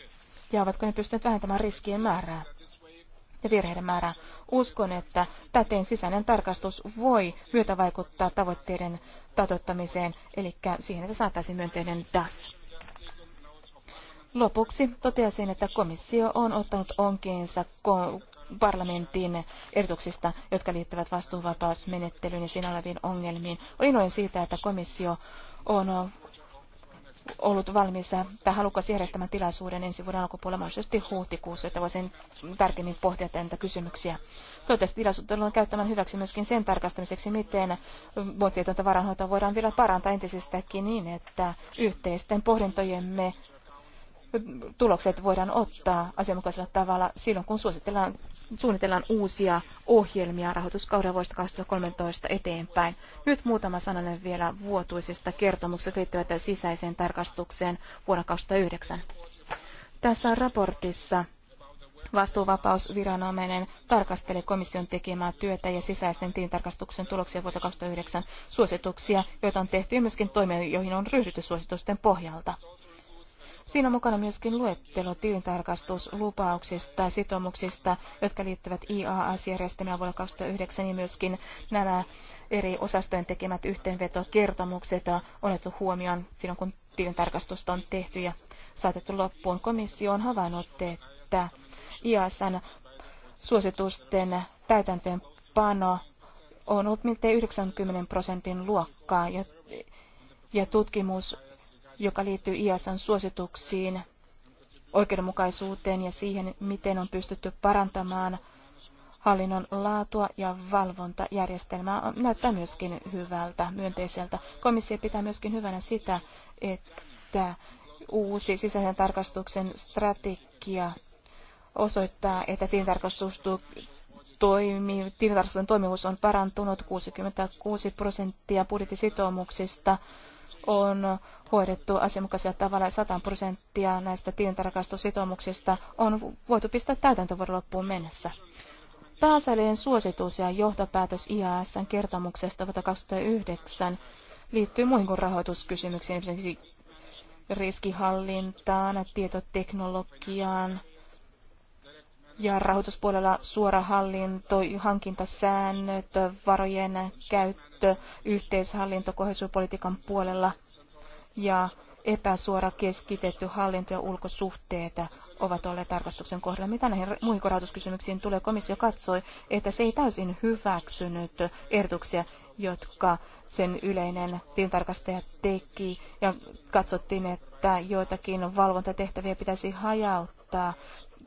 ja ovatko ne pystyneet vähentämään riskien määrää ja virheiden määrää. Uskon, että täten sisäinen tarkastus voi myötävaikuttaa tavoitteiden toteuttamiseen, eli siihen, että saataisiin myönteinen DAS. Lopuksi toteaisin, että komissio on ottanut onkiinsa parlamentin ehdotuksista, jotka liittyvät vastuuvapausmenettelyyn ja siinä oleviin ongelmiin. Olin noin siitä, että komissio on ollut valmis tai halukas järjestämään tilaisuuden ensi vuoden alkupuolella mahdollisesti huhtikuussa, että voisin tarkemmin pohtia näitä kysymyksiä. Toivottavasti tilaisuutta tullaan käyttämään hyväksi myöskin sen tarkastamiseksi, miten muotietointa varanhoitoa voidaan vielä parantaa entisestäkin niin, että yhteisten pohdintojemme tulokset voidaan ottaa asianmukaisella tavalla silloin, kun suositellaan, suunnitellaan uusia ohjelmia rahoituskauden vuodesta 2013 eteenpäin. Nyt muutama sananen vielä vuotuisista kertomuksista liittyvät sisäiseen tarkastukseen vuonna 2009. Tässä raportissa Vastuuvapausviranomainen tarkastelee komission tekemää työtä ja sisäisten tilintarkastuksen tuloksia vuotta 2009 suosituksia, joita on tehty ja myöskin toimia, joihin on ryhdytty suositusten pohjalta. Siinä on mukana myöskin luettelo tilintarkastuslupauksista ja sitoumuksista, jotka liittyvät ias järjestelmää vuonna 2009 ja myöskin nämä eri osastojen tekemät yhteenvetokertomukset on otettu huomioon silloin, kun tilintarkastusta on tehty ja saatettu loppuun. Komissio on havainnut, että IASn suositusten täytäntöönpano on ollut miltei 90 prosentin luokkaa ja, ja tutkimus joka liittyy IASan suosituksiin, oikeudenmukaisuuteen ja siihen, miten on pystytty parantamaan hallinnon laatua ja valvontajärjestelmää näyttää myöskin hyvältä, myönteiseltä. Komissio pitää myöskin hyvänä sitä, että uusi sisäisen tarkastuksen strategia osoittaa, että tilintarkastus toimii, tilintarkastuksen toimivuus on parantunut 66 prosenttia budjettisitoumuksista on hoidettu asianmukaisella tavalla. 100 prosenttia näistä tilintarkastussitoumuksista on voitu pistää täytäntövuoden loppuun mennessä. Pääsälien suositus ja johtopäätös IASn kertomuksesta vuotta 2009 liittyy muihin kuin rahoituskysymyksiin, esimerkiksi riskihallintaan, tietoteknologiaan, ja rahoituspuolella suora hallinto, hankintasäännöt, varojen käyttö, yhteishallinto kohesiopolitiikan puolella ja epäsuora keskitetty hallinto ja ulkosuhteet ovat olleet tarkastuksen kohdalla. Mitä näihin muihin rahoituskysymyksiin tulee, komissio katsoi, että se ei täysin hyväksynyt ehdotuksia, jotka sen yleinen tilintarkastaja teki ja katsottiin, että joitakin valvontatehtäviä pitäisi hajauttaa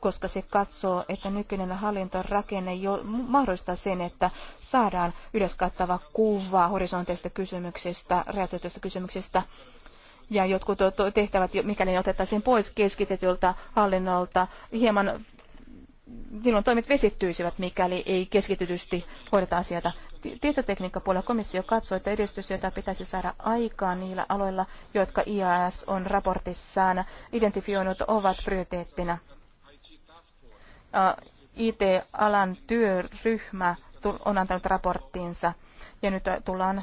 koska se katsoo, että nykyinen hallintorakenne jo mahdollistaa sen, että saadaan yleiskattava kuva horisonteista kysymyksistä, räätyytyistä kysymyksistä. Ja jotkut tehtävät, mikäli ne otettaisiin pois keskitetyltä hallinnolta, hieman silloin toimet vesittyisivät, mikäli ei keskitytysti hoideta asioita. Tietotekniikkapuolella komissio katsoi, että edistys, jota pitäisi saada aikaan niillä aloilla, jotka IAS on raportissaan identifioinut, ovat prioriteettina. IT-alan työryhmä on antanut raporttinsa ja nyt tullaan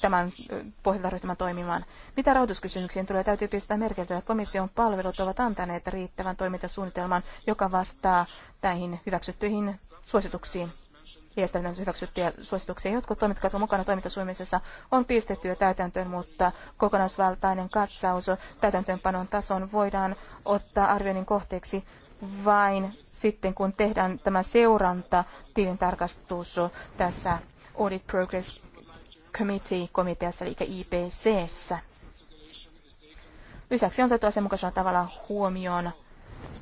tämän pohjalta ryhtymään toimimaan. Mitä rahoituskysymyksiin tulee, täytyy pistää merkintä, että komission palvelut ovat antaneet riittävän toimintasuunnitelman, joka vastaa näihin hyväksyttyihin suosituksiin. Järjestelmän hyväksyttyjä suosituksia. Jotkut toimet, jotka ovat mukana toimintasuunnitelmassa, on pistetty jo täytäntöön, mutta kokonaisvaltainen katsaus täytäntöönpanon tason voidaan ottaa arvioinnin kohteeksi vain sitten, kun tehdään tämä seuranta, tilintarkastus tässä Audit Progress Committee-komiteassa, eli IPCssä. Lisäksi on otettu asianmukaisella tavalla huomioon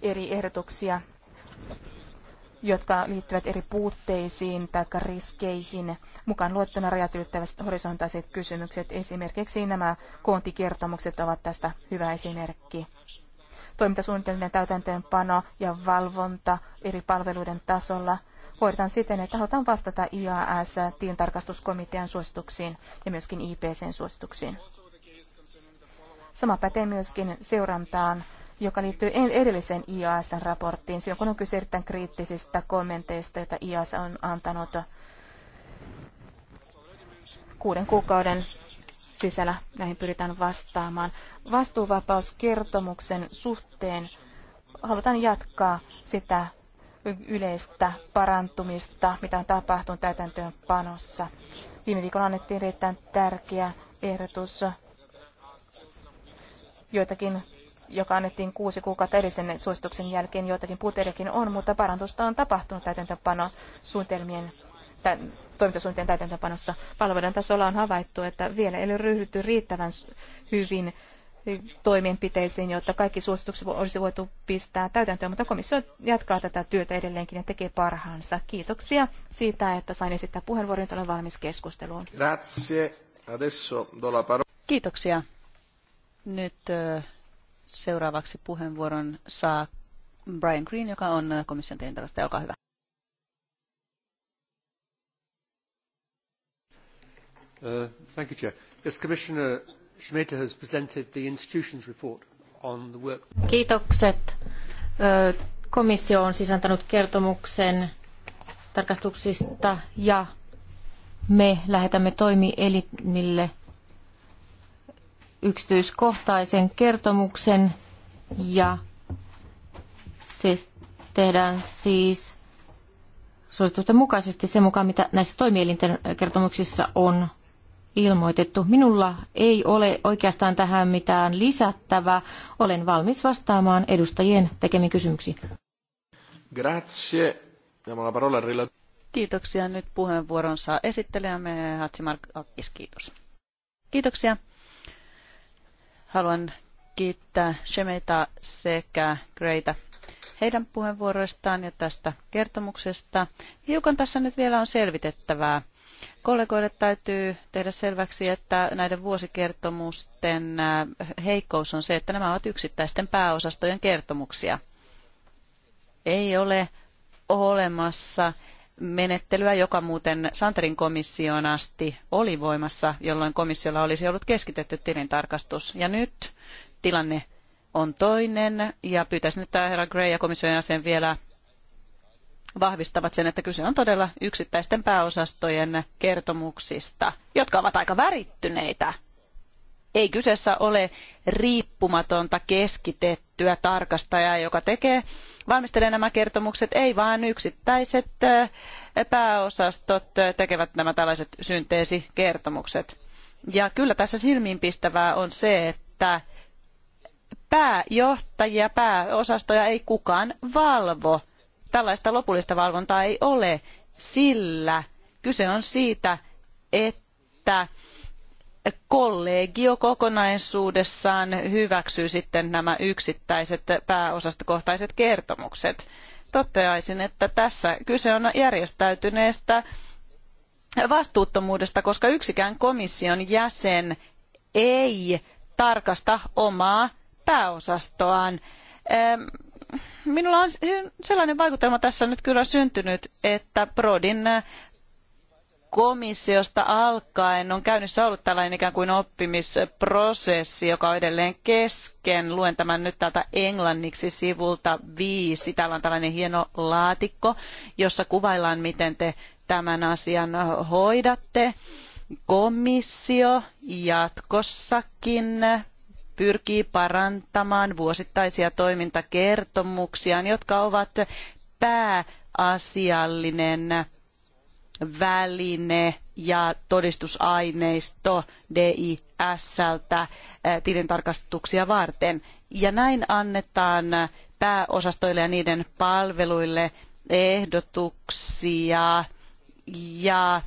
eri ehdotuksia, jotka liittyvät eri puutteisiin tai riskeihin, mukaan luettuna rajat ylittävät horisontaiset kysymykset. Esimerkiksi nämä koontikertomukset ovat tästä hyvä esimerkki toimintasuunnitelmien täytäntöönpano ja valvonta eri palveluiden tasolla hoidetaan siten, että halutaan vastata IAS-tilintarkastuskomitean suosituksiin ja myöskin IPCn suosituksiin. Sama pätee myöskin seurantaan, joka liittyy e- edelliseen IAS-raporttiin, silloin kun on kyse erittäin kriittisistä kommenteista, joita IAS on antanut kuuden kuukauden sisällä näihin pyritään vastaamaan. Vastuuvapauskertomuksen suhteen halutaan jatkaa sitä yleistä parantumista, mitä on tapahtunut täytäntöönpanossa. Viime viikolla annettiin erittäin tärkeä ehdotus joitakin joka annettiin kuusi kuukautta edellisen suosituksen jälkeen, joitakin puteriakin on, mutta parantusta on tapahtunut täytäntöpano suunnitelmien toimintasuunnitelmien täytäntöönpanossa palveluiden tasolla on havaittu, että vielä ei ole ryhdytty riittävän hyvin toimenpiteisiin, jotta kaikki suositukset olisi voitu pistää täytäntöön, mutta komissio jatkaa tätä työtä edelleenkin ja tekee parhaansa. Kiitoksia siitä, että sain esittää puheenvuoron, olen valmis keskusteluun. Grazie. Adesso do la parola. Kiitoksia. Nyt seuraavaksi puheenvuoron saa Brian Green, joka on komission tehtävästä. Olkaa hyvä. Uh, Commissioner emeta has presented the institutions report on the work. Kiitokset. Komissio on siis kertomuksen tarkastuksista ja me lähetämme toimielimille yksityiskohtaisen kertomuksen ja se tehdään siis suositusten mukaisesti sen mukaan, mitä näissä toimielinten kertomuksissa on ilmoitettu. Minulla ei ole oikeastaan tähän mitään lisättävää. Olen valmis vastaamaan edustajien tekemiin kysymyksiin. Grazie. Kiitoksia. Nyt puheenvuoron saa esittelijämme Hatsimark Kiitos. Kiitoksia. Haluan kiittää Shemeita sekä Greita heidän puheenvuoroistaan ja tästä kertomuksesta. Hiukan tässä nyt vielä on selvitettävää. Kollegoille täytyy tehdä selväksi, että näiden vuosikertomusten äh, heikkous on se, että nämä ovat yksittäisten pääosastojen kertomuksia. Ei ole olemassa menettelyä, joka muuten Santerin komissioon asti oli voimassa, jolloin komissiolla olisi ollut keskitetty tilintarkastus. Ja nyt tilanne on toinen, ja pyytäisin nyt herra Gray ja komission jäsen vielä vahvistavat sen, että kyse on todella yksittäisten pääosastojen kertomuksista, jotka ovat aika värittyneitä. Ei kyseessä ole riippumatonta keskitettyä tarkastajaa, joka tekee, valmistelee nämä kertomukset, ei vaan yksittäiset pääosastot tekevät nämä tällaiset synteesikertomukset. Ja kyllä tässä silmiinpistävää on se, että pääjohtajia, pääosastoja ei kukaan valvo Tällaista lopullista valvontaa ei ole, sillä kyse on siitä, että kollegio kokonaisuudessaan hyväksyy sitten nämä yksittäiset pääosastokohtaiset kertomukset. Toteaisin, että tässä kyse on järjestäytyneestä vastuuttomuudesta, koska yksikään komission jäsen ei tarkasta omaa pääosastoaan minulla on sellainen vaikutelma tässä nyt kyllä syntynyt, että Prodin äh, komissiosta alkaen on käynnissä ollut tällainen ikään kuin oppimisprosessi, joka on edelleen kesken. Luen tämän nyt täältä englanniksi sivulta viisi. Täällä on tällainen hieno laatikko, jossa kuvaillaan, miten te tämän asian hoidatte. Komissio jatkossakin pyrkii parantamaan vuosittaisia toimintakertomuksiaan, jotka ovat pääasiallinen väline ja todistusaineisto DISltä eh, tilintarkastuksia varten. Ja näin annetaan pääosastoille ja niiden palveluille ehdotuksia ja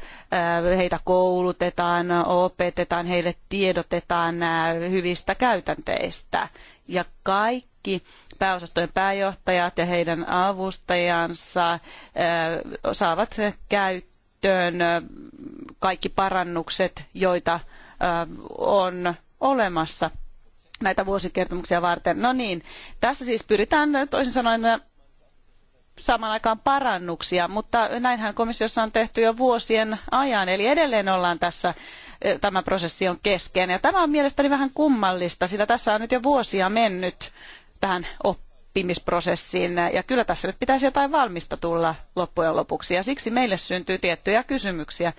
heitä koulutetaan, opetetaan, heille tiedotetaan hyvistä käytänteistä. Ja kaikki pääosastojen pääjohtajat ja heidän avustajansa saavat käyttöön kaikki parannukset, joita on olemassa näitä vuosikertomuksia varten. No niin, tässä siis pyritään toisin sanoen samaan aikaan parannuksia, mutta näinhän komissiossa on tehty jo vuosien ajan, eli edelleen ollaan tässä, eh, tämä prosessi on kesken. Ja tämä on mielestäni vähän kummallista, sillä tässä on nyt jo vuosia mennyt tähän oppimisprosessiin, ja kyllä tässä nyt pitäisi jotain valmista tulla loppujen lopuksi, ja siksi meille syntyy tiettyjä kysymyksiä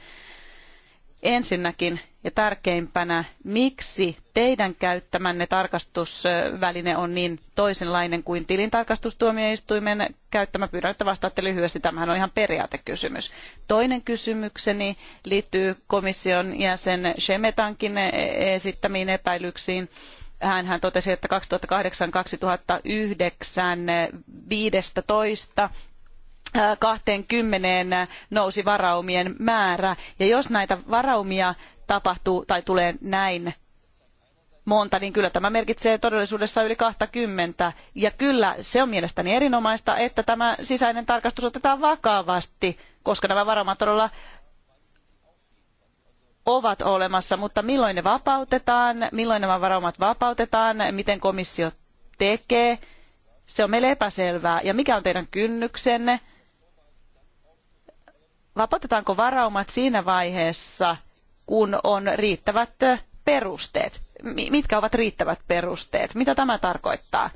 ensinnäkin ja tärkeimpänä, miksi teidän käyttämänne tarkastusväline on niin toisenlainen kuin tilintarkastustuomioistuimen käyttämä? Pyydän, että vastaatte lyhyesti. Tämähän on ihan periaatekysymys. Toinen kysymykseni liittyy komission jäsen Shemetankin esittämiin epäilyksiin. Hän totesi, että 2008-2009 15 kaksikymmentä nousi varaumien määrä ja jos näitä varaumia tapahtuu tai tulee näin monta, niin kyllä tämä merkitsee todellisuudessa yli 20. Ja kyllä se on mielestäni erinomaista, että tämä sisäinen tarkastus otetaan vakavasti, koska nämä varaumat todella ovat olemassa, mutta milloin ne vapautetaan, milloin nämä varaumat vapautetaan, miten komissio tekee, se on meille epäselvää. Ja mikä on teidän kynnyksenne? Vapautetaanko varaumat siinä vaiheessa, kun on riittävät perusteet? Mitkä ovat riittävät perusteet? Mitä tämä tarkoittaa?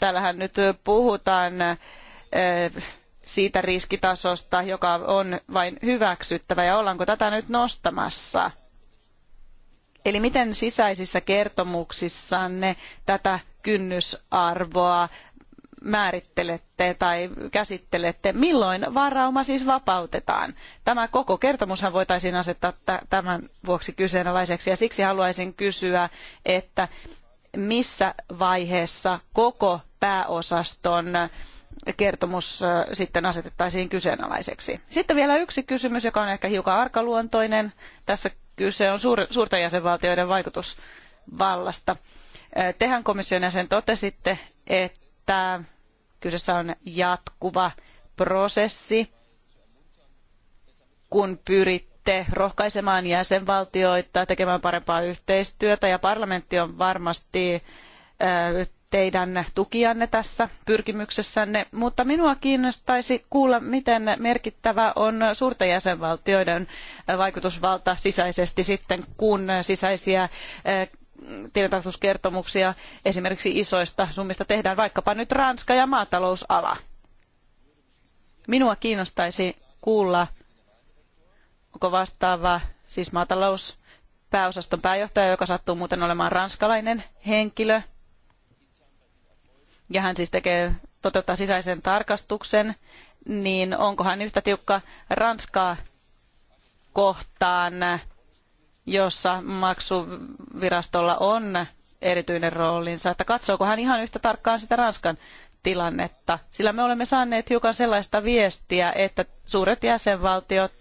Täällähän nyt puhutaan siitä riskitasosta, joka on vain hyväksyttävä, ja ollaanko tätä nyt nostamassa? Eli miten sisäisissä kertomuksissanne tätä kynnysarvoa määrittelette tai käsittelette, milloin varauma siis vapautetaan. Tämä koko kertomushan voitaisiin asettaa tämän vuoksi kyseenalaiseksi ja siksi haluaisin kysyä, että missä vaiheessa koko pääosaston kertomus sitten asetettaisiin kyseenalaiseksi. Sitten vielä yksi kysymys, joka on ehkä hiukan arkaluontoinen. Tässä kyse on suur, suurten jäsenvaltioiden vaikutusvallasta. Tehän komission jäsen totesitte, että kestää. kyseessä on jatkuva prosessi, kun pyritte rohkaisemaan jäsenvaltioita tekemään parempaa yhteistyötä ja parlamentti on varmasti teidän tukianne tässä pyrkimyksessänne, mutta minua kiinnostaisi kuulla, miten merkittävä on suurten jäsenvaltioiden vaikutusvalta sisäisesti sitten, kun sisäisiä tilintarkastuskertomuksia esimerkiksi isoista summista tehdään, vaikkapa nyt Ranska ja maatalousala. Minua kiinnostaisi kuulla, onko vastaava, siis maatalouspääosaston pääjohtaja, joka sattuu muuten olemaan ranskalainen henkilö, ja hän siis tekee, toteuttaa sisäisen tarkastuksen, niin onko hän yhtä tiukka Ranskaa kohtaan jossa maksuvirastolla on erityinen roolinsa, että katsooko hän ihan yhtä tarkkaan sitä Ranskan tilannetta, sillä me olemme saaneet hiukan sellaista viestiä, että suuret jäsenvaltiot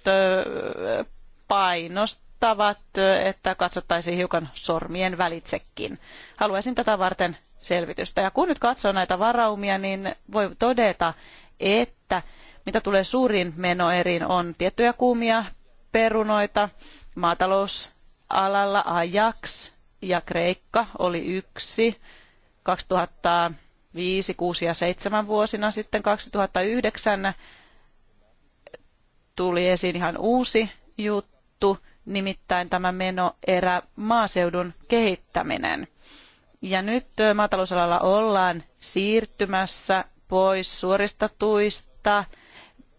painostavat, että katsottaisiin hiukan sormien välitsekin. Haluaisin tätä varten selvitystä. Ja kun nyt katsoo näitä varaumia, niin voi todeta, että mitä tulee suuriin menoeriin, on tiettyjä kuumia perunoita, maatalous Alalla Ajax ja Kreikka oli yksi 2005, 6 ja 7 vuosina. Sitten 2009 tuli esiin ihan uusi juttu, nimittäin tämä menoerä maaseudun kehittäminen. Ja nyt maatalousalalla ollaan siirtymässä pois suorista tuista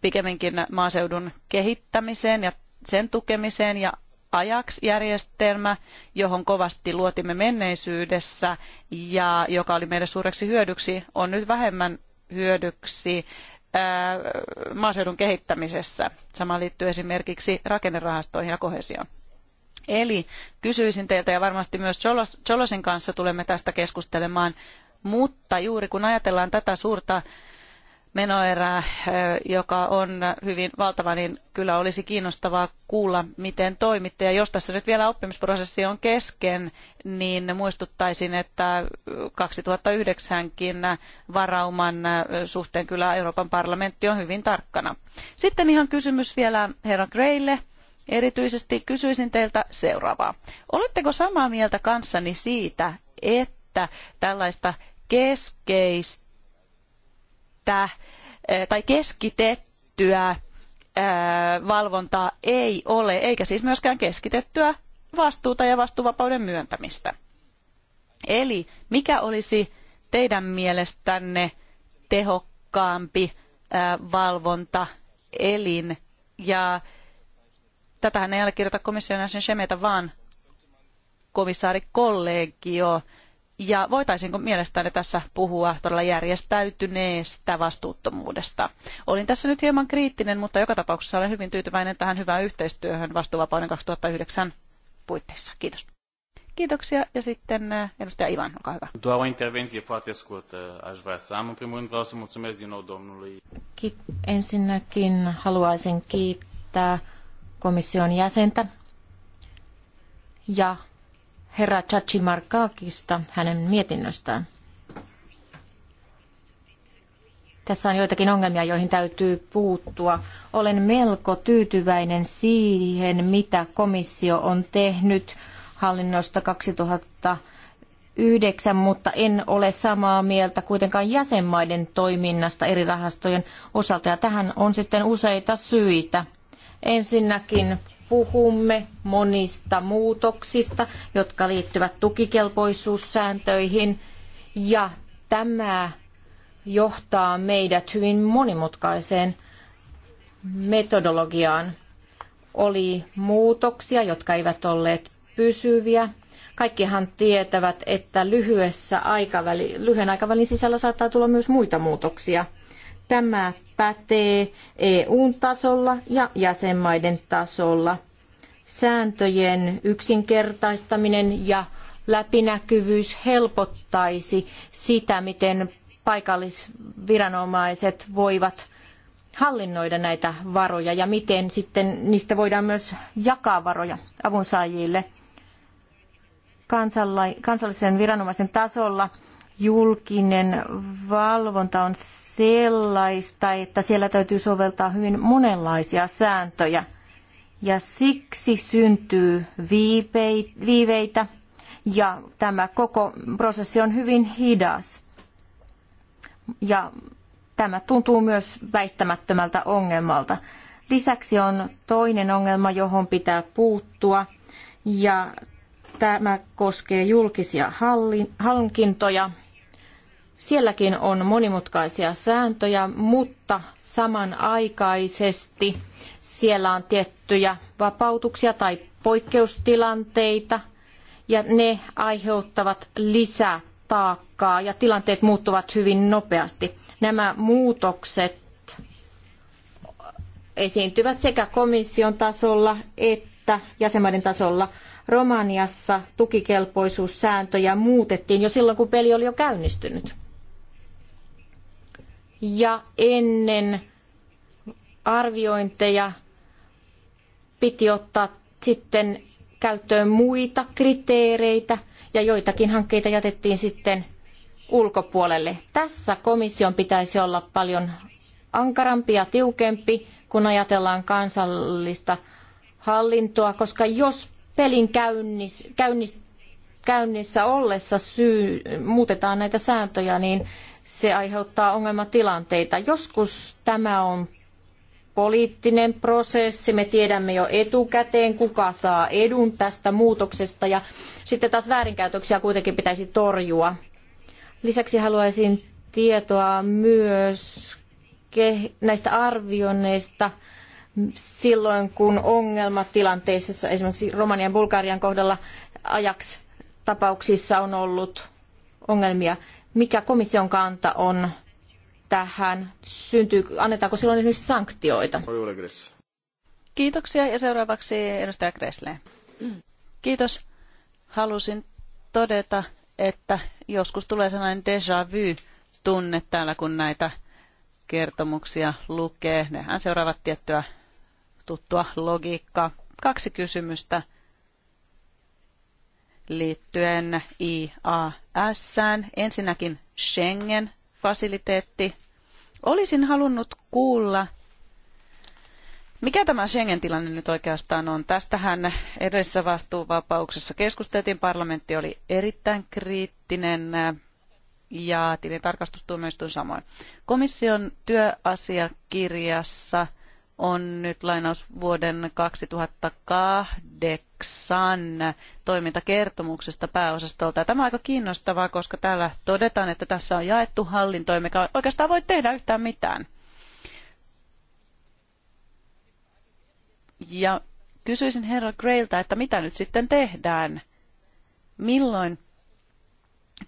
pikemminkin maaseudun kehittämiseen ja sen tukemiseen ja Ajax-järjestelmä, johon kovasti luotimme menneisyydessä ja joka oli meille suureksi hyödyksi, on nyt vähemmän hyödyksi maaseudun kehittämisessä. Sama liittyy esimerkiksi rakennerahastoihin ja kohesioon. Eli kysyisin teiltä, ja varmasti myös Cholosin kanssa tulemme tästä keskustelemaan, mutta juuri kun ajatellaan tätä suurta menoerää, joka on hyvin valtava, niin kyllä olisi kiinnostavaa kuulla, miten toimitte. Ja jos tässä nyt vielä oppimisprosessi on kesken, niin muistuttaisin, että 2009kin varauman suhteen kyllä Euroopan parlamentti on hyvin tarkkana. Sitten ihan kysymys vielä herra Greille. Erityisesti kysyisin teiltä seuraavaa. Oletteko samaa mieltä kanssani siitä, että tällaista keskeistä että tai keskitettyä valvontaa ei ole, eikä siis myöskään keskitettyä vastuuta ja vastuuvapauden myöntämistä. Eli mikä olisi teidän mielestänne tehokkaampi valvontaelin? Ja tätähän ei allekirjoita komission jäsen Shemeta, vaan komissaarikollegio. kollegio ja voitaisiinko mielestäni tässä puhua todella järjestäytyneestä vastuuttomuudesta? Olin tässä nyt hieman kriittinen, mutta joka tapauksessa olen hyvin tyytyväinen tähän hyvään yhteistyöhön vastuuvapauden 2009 puitteissa. Kiitos. Kiitoksia. Ja sitten eh, edustaja Ivan, olkaa hyvä. Doar o intervenție foarte scurtă aș vrea să am. În primul rând vreau să mulțumesc din nou domnului. Ensinnäkin haluaisin kiittää komission jäsentä ja herra Chachimarkakista hänen mietinnöstään. Tässä on joitakin ongelmia, joihin täytyy puuttua. Olen melko tyytyväinen siihen, mitä komissio on tehnyt hallinnosta 2009, mutta en ole samaa mieltä kuitenkaan jäsenmaiden toiminnasta eri rahastojen osalta. Ja tähän on sitten useita syitä. Ensinnäkin puhumme monista muutoksista, jotka liittyvät tukikelpoisuussääntöihin ja tämä johtaa meidät hyvin monimutkaiseen metodologiaan. Oli muutoksia, jotka eivät olleet pysyviä. Kaikkihan tietävät, että lyhyessä aikaväli, lyhyen aikavälin sisällä saattaa tulla myös muita muutoksia. Tämä pätee EUn tasolla ja jäsenmaiden tasolla. Sääntöjen yksinkertaistaminen ja läpinäkyvyys helpottaisi sitä, miten paikallisviranomaiset voivat hallinnoida näitä varoja ja miten sitten niistä voidaan myös jakaa varoja avunsaajille kansallisen viranomaisen tasolla julkinen valvonta on sellaista, että siellä täytyy soveltaa hyvin monenlaisia sääntöjä. Ja siksi syntyy viiveitä ja tämä koko prosessi on hyvin hidas. Ja tämä tuntuu myös väistämättömältä ongelmalta. Lisäksi on toinen ongelma, johon pitää puuttua, ja tämä koskee julkisia hankintoja Sielläkin on monimutkaisia sääntöjä, mutta samanaikaisesti siellä on tiettyjä vapautuksia tai poikkeustilanteita, ja ne aiheuttavat lisätaakkaa ja tilanteet muuttuvat hyvin nopeasti. Nämä muutokset esiintyvät sekä komission tasolla että jäsenmaiden tasolla. Romaniassa tukikelpoisuussääntöjä muutettiin jo silloin, kun peli oli jo käynnistynyt ja ennen arviointeja piti ottaa sitten käyttöön muita kriteereitä ja joitakin hankkeita jätettiin sitten ulkopuolelle. Tässä komission pitäisi olla paljon ankarampi ja tiukempi, kun ajatellaan kansallista hallintoa, koska jos pelin käynnissä, käynnissä ollessa syy, muutetaan näitä sääntöjä, niin se aiheuttaa ongelmatilanteita. Joskus tämä on poliittinen prosessi, me tiedämme jo etukäteen, kuka saa edun tästä muutoksesta ja sitten taas väärinkäytöksiä kuitenkin pitäisi torjua. Lisäksi haluaisin tietoa myös näistä arvioinneista silloin, kun ongelmatilanteissa, esimerkiksi Romanian ja Bulgarian kohdalla ajaks tapauksissa on ollut ongelmia mikä komission kanta on tähän? Syntyy, annetaanko silloin esimerkiksi sanktioita? Kiitoksia ja seuraavaksi edustaja Kresle. Kiitos. Halusin todeta, että joskus tulee sellainen déjà vu-tunne täällä, kun näitä kertomuksia lukee. Nehän seuraavat tiettyä tuttua logiikkaa. Kaksi kysymystä liittyen IAS. Ensinnäkin Schengen-fasiliteetti. Olisin halunnut kuulla, mikä tämä Schengen-tilanne nyt oikeastaan on. Tästähän edellisessä vastuuvapauksessa keskusteltiin. Parlamentti oli erittäin kriittinen ja tilintarkastustuomioistuin samoin. Komission työasiakirjassa – on nyt lainaus vuoden 2008 toimintakertomuksesta pääosastolta. Ja tämä on aika kiinnostavaa, koska täällä todetaan, että tässä on jaettu hallinto, emmekä oikeastaan voi tehdä yhtään mitään. Ja kysyisin herra Grailta, että mitä nyt sitten tehdään? Milloin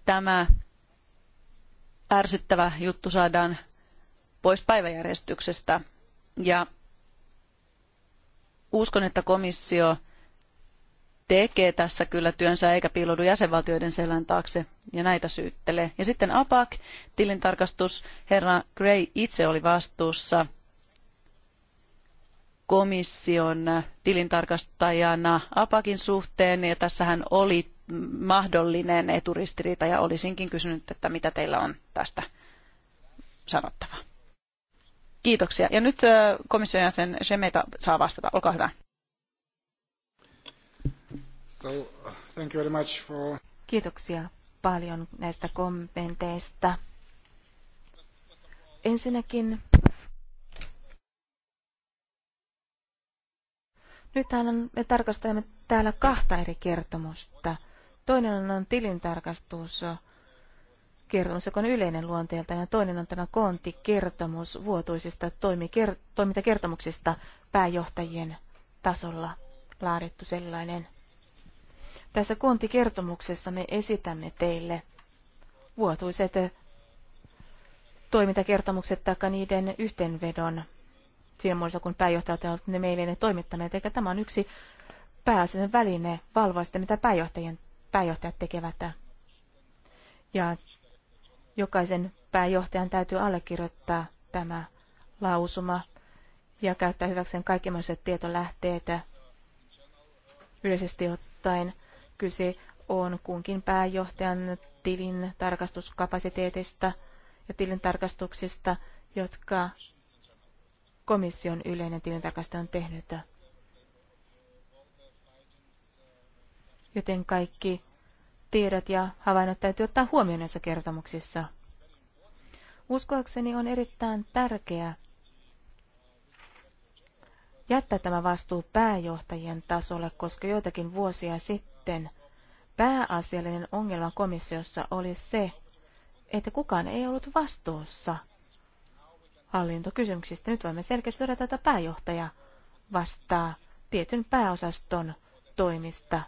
tämä ärsyttävä juttu saadaan pois päiväjärjestyksestä? Ja uskon, että komissio tekee tässä kyllä työnsä eikä piiloudu jäsenvaltioiden selän taakse ja näitä syyttelee. Ja sitten APAC, tilintarkastus, herra Gray itse oli vastuussa komission tilintarkastajana APAKin suhteen ja tässähän oli mahdollinen eturistiriita ja olisinkin kysynyt, että mitä teillä on tästä sanottavaa. Kiitoksia. Ja nyt komission jäsen Semeta saa vastata. Olkaa hyvä. So, thank you very much for... Kiitoksia paljon näistä kommenteista. Ensinnäkin Nythän me tarkastelemme täällä kahta eri kertomusta. Toinen on tilintarkastus, kertomus, joka on yleinen luonteeltaan, ja toinen on tämä konttikertomus vuotuisista toimiker- toimintakertomuksista pääjohtajien tasolla laadittu sellainen. Tässä konttikertomuksessa me esitämme teille vuotuiset toimintakertomukset tai niiden yhteenvedon siinä muodossa, kun pääjohtajat ovat ne meille ne toimittaneet. Eikä tämä on yksi pääasiallinen väline valvoa sitä, mitä pääjohtajien, pääjohtajat tekevät. Ja jokaisen pääjohtajan täytyy allekirjoittaa tämä lausuma ja käyttää hyväkseen kaikki mahdolliset Yleisesti ottaen kyse on kunkin pääjohtajan tilin tarkastuskapasiteetista ja tilin tarkastuksista, jotka komission yleinen tilintarkastaja on tehnyt. Joten kaikki tiedot ja havainnot täytyy ottaa huomioon näissä kertomuksissa. Uskoakseni on erittäin tärkeää jättää tämä vastuu pääjohtajien tasolle, koska joitakin vuosia sitten pääasiallinen ongelma komissiossa oli se, että kukaan ei ollut vastuussa hallintokysymyksistä. Nyt voimme selkeästi todeta, että pääjohtaja vastaa tietyn pääosaston toimista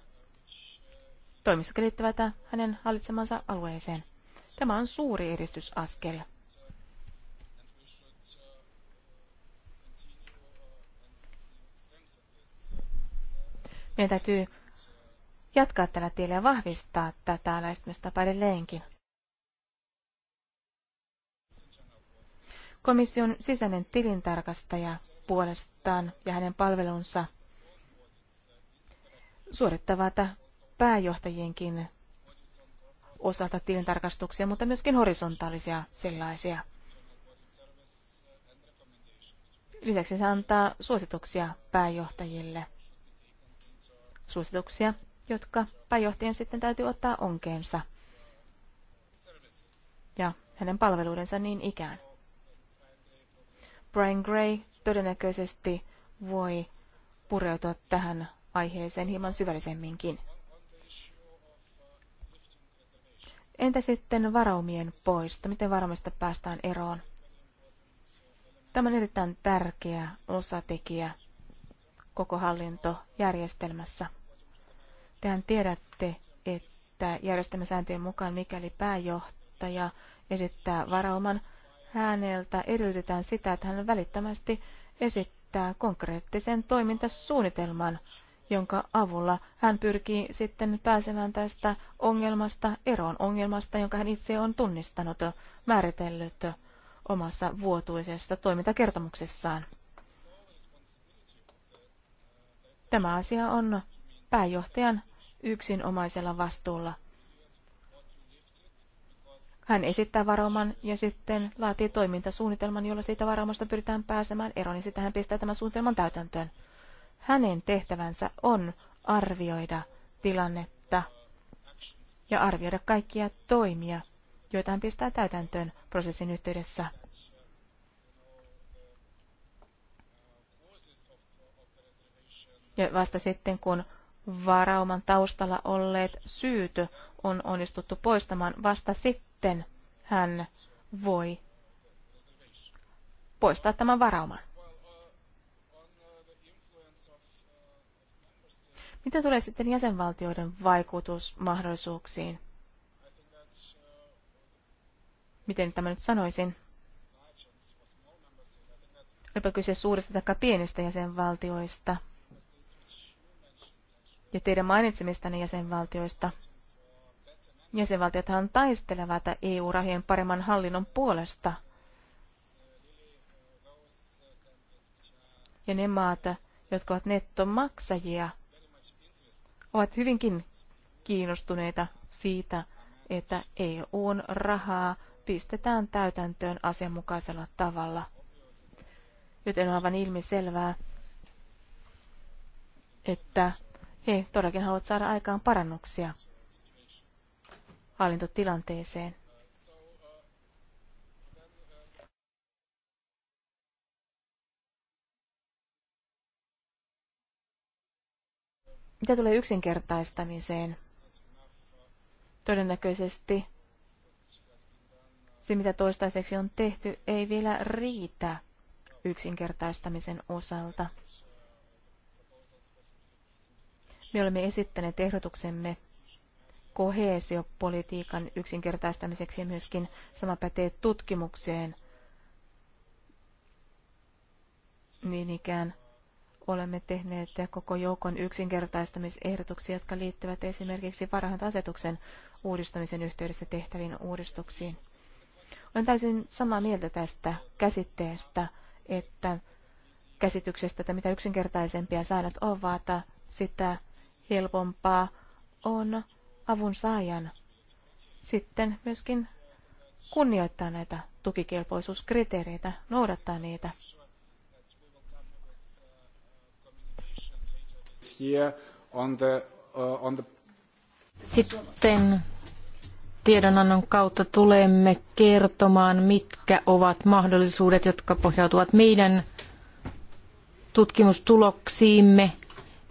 toimissa kehittävätä hänen hallitsemansa alueeseen. Tämä on suuri edistysaskel. Meidän täytyy jatkaa tällä tiellä ja vahvistaa tätä lähestymistapaa edelleenkin. Komission sisäinen tilintarkastaja puolestaan ja hänen palvelunsa suorittavat pääjohtajienkin osalta tilintarkastuksia, mutta myöskin horisontaalisia sellaisia. Lisäksi se antaa suosituksia pääjohtajille. Suosituksia, jotka pääjohtajien sitten täytyy ottaa onkeensa ja hänen palveluidensa niin ikään. Brian Gray todennäköisesti voi pureutua tähän aiheeseen hieman syvällisemminkin. Entä sitten varaumien poisto? Miten varaumista päästään eroon? Tämä on erittäin tärkeä osatekijä koko hallintojärjestelmässä. Tehän tiedätte, että järjestelmäsääntöjen mukaan mikäli pääjohtaja esittää varauman, häneltä edellytetään sitä, että hän välittömästi esittää konkreettisen toimintasuunnitelman jonka avulla hän pyrkii sitten pääsemään tästä ongelmasta, eroon ongelmasta, jonka hän itse on tunnistanut, määritellyt omassa vuotuisessa toimintakertomuksessaan. Tämä asia on pääjohtajan yksinomaisella vastuulla. Hän esittää varoman ja sitten laatii toimintasuunnitelman, jolla siitä varomasta pyritään pääsemään eroon, niin sitten hän pistää tämän suunnitelman täytäntöön. Hänen tehtävänsä on arvioida tilannetta ja arvioida kaikkia toimia, joita hän pistää täytäntöön prosessin yhteydessä. Ja vasta sitten, kun varauman taustalla olleet syyt on onnistuttu poistamaan, vasta sitten hän voi poistaa tämän varauman. Mitä tulee sitten jäsenvaltioiden vaikutusmahdollisuuksiin? Miten tämä nyt sanoisin? Olipa kyse suurista tai pienistä jäsenvaltioista ja teidän mainitsemistanne jäsenvaltioista. Jäsenvaltiothan taistelevat eu rahien paremman hallinnon puolesta. Ja ne maat, jotka ovat nettomaksajia – ovat hyvinkin kiinnostuneita siitä, että EUn rahaa pistetään täytäntöön asianmukaisella tavalla. Joten on aivan ilmiselvää, että he todellakin haluavat saada aikaan parannuksia hallintotilanteeseen. Mitä tulee yksinkertaistamiseen? Todennäköisesti se, mitä toistaiseksi on tehty, ei vielä riitä yksinkertaistamisen osalta. Me olemme esittäneet ehdotuksemme koheesiopolitiikan yksinkertaistamiseksi ja myöskin sama pätee tutkimukseen. Niin ikään olemme tehneet koko joukon yksinkertaistamisehdotuksia, jotka liittyvät esimerkiksi varhaintasetuksen uudistamisen yhteydessä tehtäviin uudistuksiin. Olen täysin samaa mieltä tästä käsitteestä, että käsityksestä, että mitä yksinkertaisempia säännöt ovat, sitä helpompaa on avun saajan sitten myöskin kunnioittaa näitä tukikelpoisuuskriteereitä, noudattaa niitä. Uh, Sitten tiedonannon kautta tulemme kertomaan, mitkä ovat mahdollisuudet, jotka pohjautuvat meidän tutkimustuloksiimme,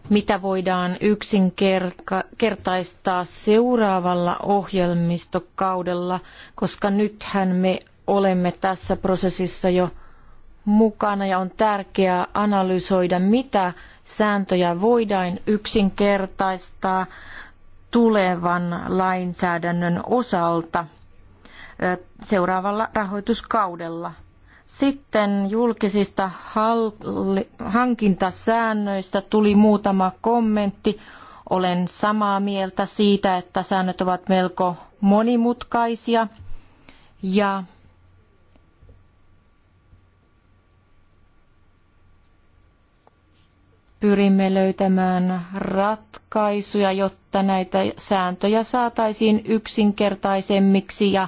mitä voidaan yksinkertaistaa seuraavalla ohjelmistokaudella, koska nythän me olemme tässä prosessissa jo mukana ja on tärkeää analysoida, mitä sääntöjä voidaan yksinkertaistaa tulevan lainsäädännön osalta seuraavalla rahoituskaudella. Sitten julkisista hankintasäännöistä tuli muutama kommentti. Olen samaa mieltä siitä, että säännöt ovat melko monimutkaisia ja pyrimme löytämään ratkaisuja, jotta näitä sääntöjä saataisiin yksinkertaisemmiksi ja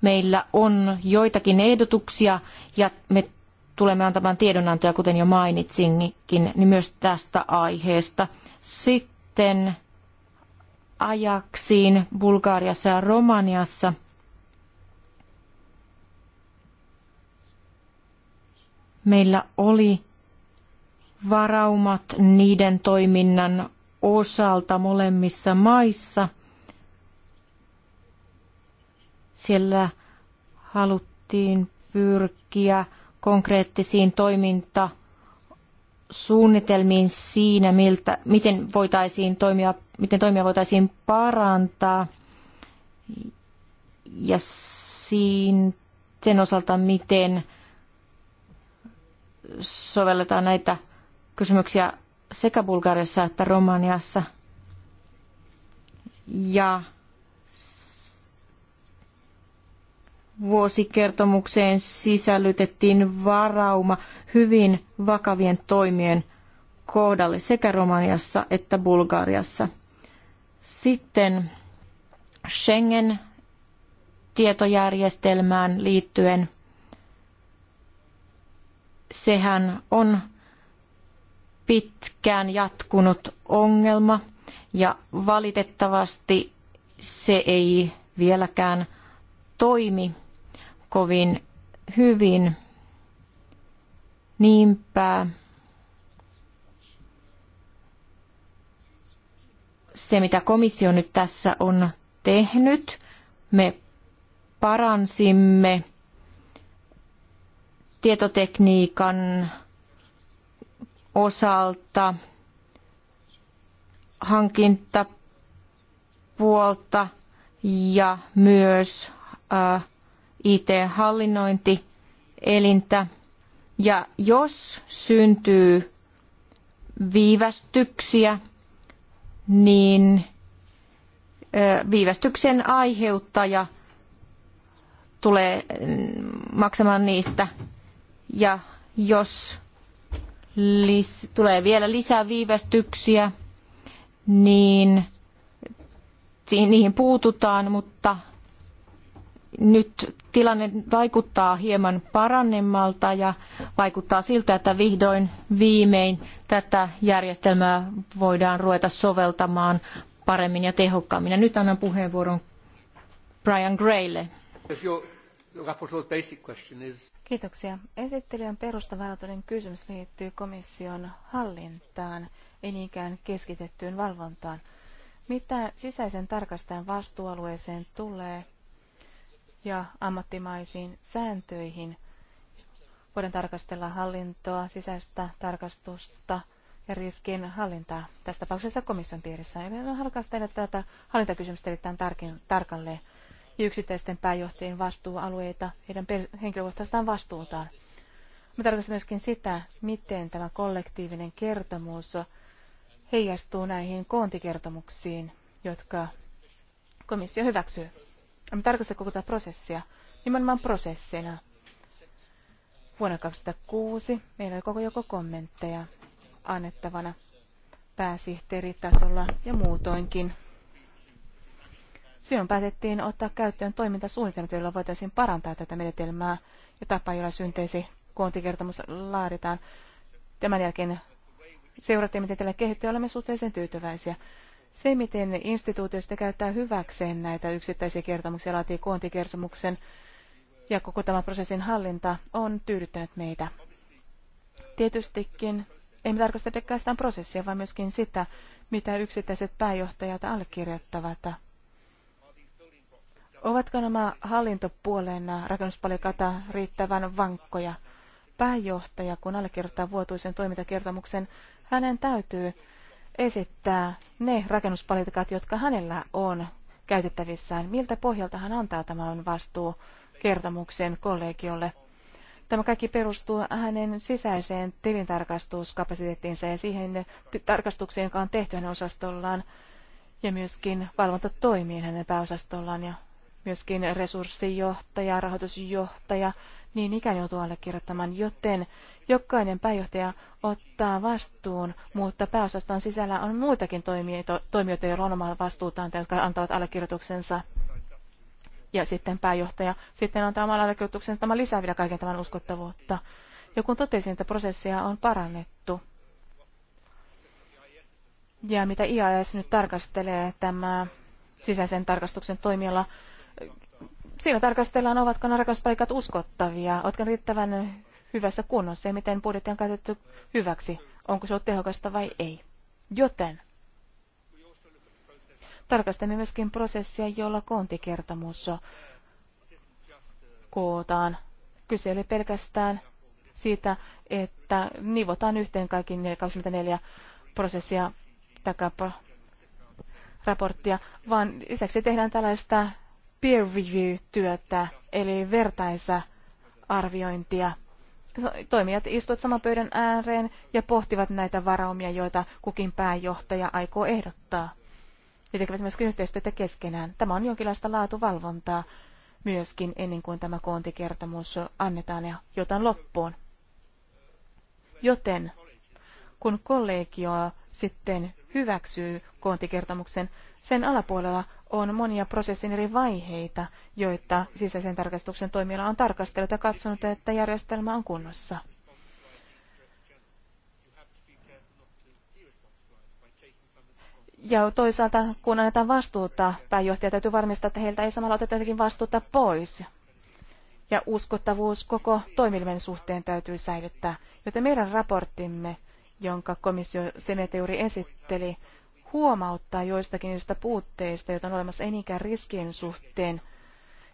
meillä on joitakin ehdotuksia ja me tulemme antamaan tiedonantoja, kuten jo mainitsinkin, niin myös tästä aiheesta. Sitten ajaksiin Bulgariassa ja Romaniassa. Meillä oli varaumat niiden toiminnan osalta molemmissa maissa. Siellä haluttiin pyrkiä konkreettisiin toimintasuunnitelmiin siinä, miltä, miten, voitaisiin toimia, miten toimia voitaisiin parantaa ja siinä, sen osalta, miten sovelletaan näitä kysymyksiä sekä Bulgariassa että Romaniassa. Ja vuosikertomukseen sisällytettiin varauma hyvin vakavien toimien kohdalle sekä Romaniassa että Bulgariassa. Sitten Schengen-tietojärjestelmään liittyen, sehän on pitkään jatkunut ongelma ja valitettavasti se ei vieläkään toimi kovin hyvin. Niinpä se, mitä komissio nyt tässä on tehnyt, me paransimme tietotekniikan osalta hankintapuolta ja myös äh, IT-hallinnointielintä. Ja jos syntyy viivästyksiä, niin äh, viivästyksen aiheuttaja tulee mm, maksamaan niistä. Ja jos lis, tulee vielä lisää viivästyksiä, niin niihin puututaan, mutta nyt tilanne vaikuttaa hieman parannemmalta ja vaikuttaa siltä, että vihdoin viimein tätä järjestelmää voidaan ruveta soveltamaan paremmin ja tehokkaammin. Ja nyt annan puheenvuoron Brian Graylle. Kiitoksia. Esittelijän perustavanlaatuinen kysymys liittyy komission hallintaan, ei niinkään keskitettyyn valvontaan. Mitä sisäisen tarkastajan vastuualueeseen tulee ja ammattimaisiin sääntöihin, voidaan tarkastella hallintoa, sisäistä tarkastusta ja riskin hallintaa. Tässä tapauksessa komission piirissä. En halkaisi teille tätä hallintakysymystä erittäin tarkin, tarkalleen ja yksittäisten pääjohtajien vastuualueita, heidän henkilökohtaistaan vastuutaan. Mä tarkoitan myöskin sitä, miten tämä kollektiivinen kertomus heijastuu näihin koontikertomuksiin, jotka komissio hyväksyy. Mä tarkoitan koko tätä prosessia nimenomaan prosessina. Vuonna 2006 meillä oli koko joko kommentteja annettavana pääsihteeritasolla ja muutoinkin Silloin päätettiin ottaa käyttöön toimintasuunnitelmat, joilla voitaisiin parantaa tätä menetelmää ja tapa, jolla synteesi koontikertomus laaditaan. Tämän jälkeen seurattiin, miten tällä kehittyy, olemme suhteellisen tyytyväisiä. Se, miten instituutiosta käyttää hyväkseen näitä yksittäisiä kertomuksia, laatii koontikertomuksen ja koko tämän prosessin hallinta on tyydyttänyt meitä. Tietystikin emme tarkoita pelkästään prosessia, vaan myöskin sitä, mitä yksittäiset pääjohtajat allekirjoittavat Ovatko nämä hallintopuolen rakennuspalikata riittävän vankkoja? Pääjohtaja, kun allekirjoittaa vuotuisen toimintakertomuksen, hänen täytyy esittää ne rakennuspalikat, jotka hänellä on käytettävissään. Miltä pohjalta hän antaa tämän vastuu kertomuksen kollegiolle? Tämä kaikki perustuu hänen sisäiseen tilintarkastuskapasiteettiinsa ja siihen tarkastukseen, joka on tehty hänen osastollaan ja myöskin valvontatoimiin hänen pääosastollaan ja myöskin resurssijohtaja, rahoitusjohtaja, niin ikään joutuu allekirjoittamaan, joten jokainen pääjohtaja ottaa vastuun, mutta pääosaston sisällä on muitakin toimijoita, joilla on omaa vastuutaan, jotka antavat allekirjoituksensa. Ja sitten pääjohtaja sitten antaa oman allekirjoituksensa, tämä lisää vielä kaiken tämän uskottavuutta. Ja kun totesin, että prosessia on parannettu, ja mitä IAS nyt tarkastelee tämä sisäisen tarkastuksen toimiala, Siinä tarkastellaan, ovatko nämä rakennuspaikat uskottavia, ovatko riittävän hyvässä kunnossa ja miten budjetti on käytetty hyväksi, onko se ollut tehokasta vai ei. Joten tarkastamme myöskin prosessia, jolla kontikertomus kootaan. Kyse oli pelkästään siitä, että nivotaan yhteen kaikki 24 prosessia tai raporttia, vaan lisäksi tehdään tällaista peer review-työtä, eli vertaisa arviointia. Toimijat istuvat saman pöydän ääreen ja pohtivat näitä varaumia, joita kukin pääjohtaja aikoo ehdottaa. Ja tekevät myöskin yhteistyötä keskenään. Tämä on jonkinlaista laatuvalvontaa myöskin ennen kuin tämä koontikertomus annetaan ja jotain loppuun. Joten kun kollegio sitten hyväksyy koontikertomuksen, sen alapuolella on monia prosessin eri vaiheita, joita sisäisen tarkastuksen toimiala on tarkastellut ja katsonut, että järjestelmä on kunnossa. Ja toisaalta, kun annetaan vastuuta, pääjohtaja täytyy varmistaa, että heiltä ei samalla oteta jotenkin vastuuta pois. Ja uskottavuus koko toimilmen suhteen täytyy säilyttää. Joten meidän raporttimme jonka komissio Senet juuri esitteli, huomauttaa joistakin niistä puutteista, joita on olemassa enikään riskien suhteen,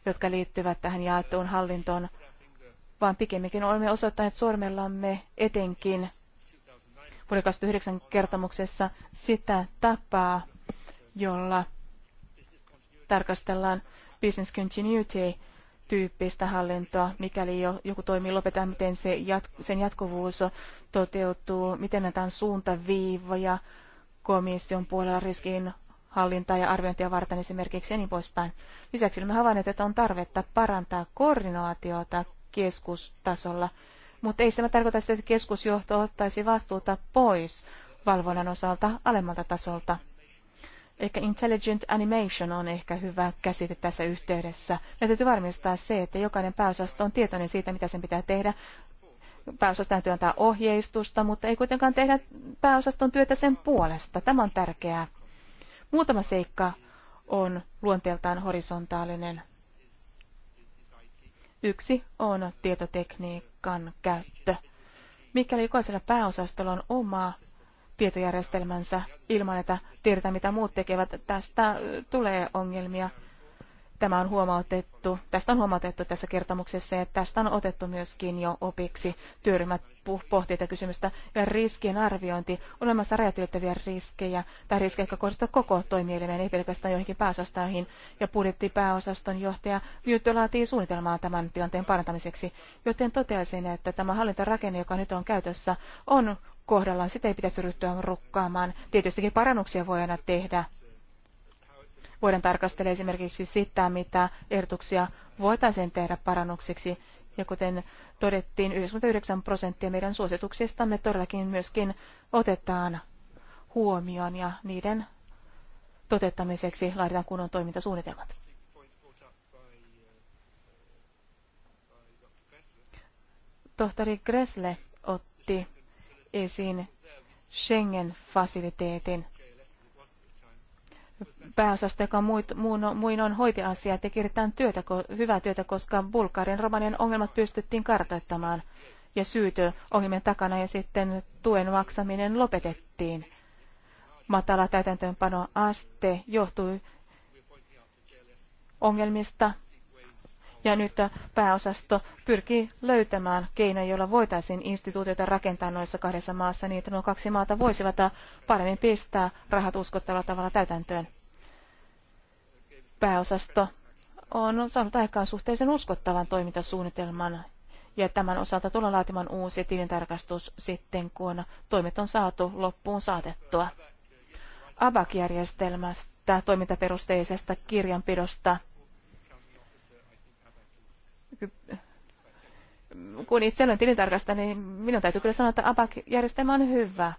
jotka liittyvät tähän jaettuun hallintoon, vaan pikemminkin olemme osoittaneet sormellamme etenkin vuoden 2009 kertomuksessa sitä tapaa, jolla tarkastellaan business continuity tyyppistä hallintoa, mikäli jo, joku toimi lopetetaan, miten se jat, sen jatkuvuus toteutuu, miten näitä suuntaviivoja komission puolella riskin hallintaa ja arviointia varten esimerkiksi ja niin poispäin. Lisäksi olemme havainneet, että on tarvetta parantaa koordinaatiota keskustasolla, mutta ei se tarkoita sitä, että keskusjohto ottaisi vastuuta pois valvonnan osalta alemmalta tasolta. Ehkä intelligent animation on ehkä hyvä käsite tässä yhteydessä. Me täytyy varmistaa se, että jokainen pääosasto on tietoinen siitä, mitä sen pitää tehdä. Pääosaston täytyy antaa ohjeistusta, mutta ei kuitenkaan tehdä pääosaston työtä sen puolesta. Tämä on tärkeää. Muutama seikka on luonteeltaan horisontaalinen. Yksi on tietotekniikan käyttö. Mikäli jokaisella pääosastolla on oma tietojärjestelmänsä ilman, että tiedetään, mitä muut tekevät. Tästä tulee ongelmia. Tämä on huomautettu, tästä on huomautettu tässä kertomuksessa ja tästä on otettu myöskin jo opiksi. Työryhmät pohtii tätä kysymystä. Ja riskien arviointi, on olemassa rajat riskejä tai riskejä, jotka kohdistuvat koko toimielimeen, ei pelkästään joihinkin pääosastoihin. Ja budjettipääosaston johtaja nyt laatii suunnitelmaa tämän tilanteen parantamiseksi, joten toteaisin, että tämä hallintorakenne, joka nyt on käytössä, on kohdallaan. Sitä ei pitäisi ryhtyä rukkaamaan. Tietystikin parannuksia voi aina tehdä. Voidaan tarkastella esimerkiksi sitä, mitä ehdotuksia voitaisiin tehdä parannukseksi. Ja kuten todettiin, 99 prosenttia meidän suosituksistamme todellakin myöskin otetaan huomioon ja niiden toteuttamiseksi laaditaan kunnon toimintasuunnitelmat. Tohtori Gressle otti esiin Schengen-fasiliteetin pääosasta, joka muut, muun, muin on hoitiasia, teki kirjoitetaan työtä, hyvää työtä, koska Bulgarian romanian ongelmat pystyttiin kartoittamaan ja syyt ongelmien takana ja sitten tuen maksaminen lopetettiin. Matala täytäntöönpanoaste johtui ongelmista ja nyt pääosasto pyrkii löytämään keinoja, joilla voitaisiin instituutioita rakentaa noissa kahdessa maassa niin, että nuo kaksi maata voisivat paremmin pistää rahat uskottavalla tavalla täytäntöön. Pääosasto on saanut aikaan suhteellisen uskottavan toimintasuunnitelman ja tämän osalta tullaan laatimaan uusi tilintarkastus sitten, kun toimet on saatu loppuun saatettua. ABAC-järjestelmästä, toimintaperusteisesta kirjanpidosta kun itse olen tilintarkastaja, niin minun täytyy kyllä sanoa, että ABAC-järjestelmä on hyvä.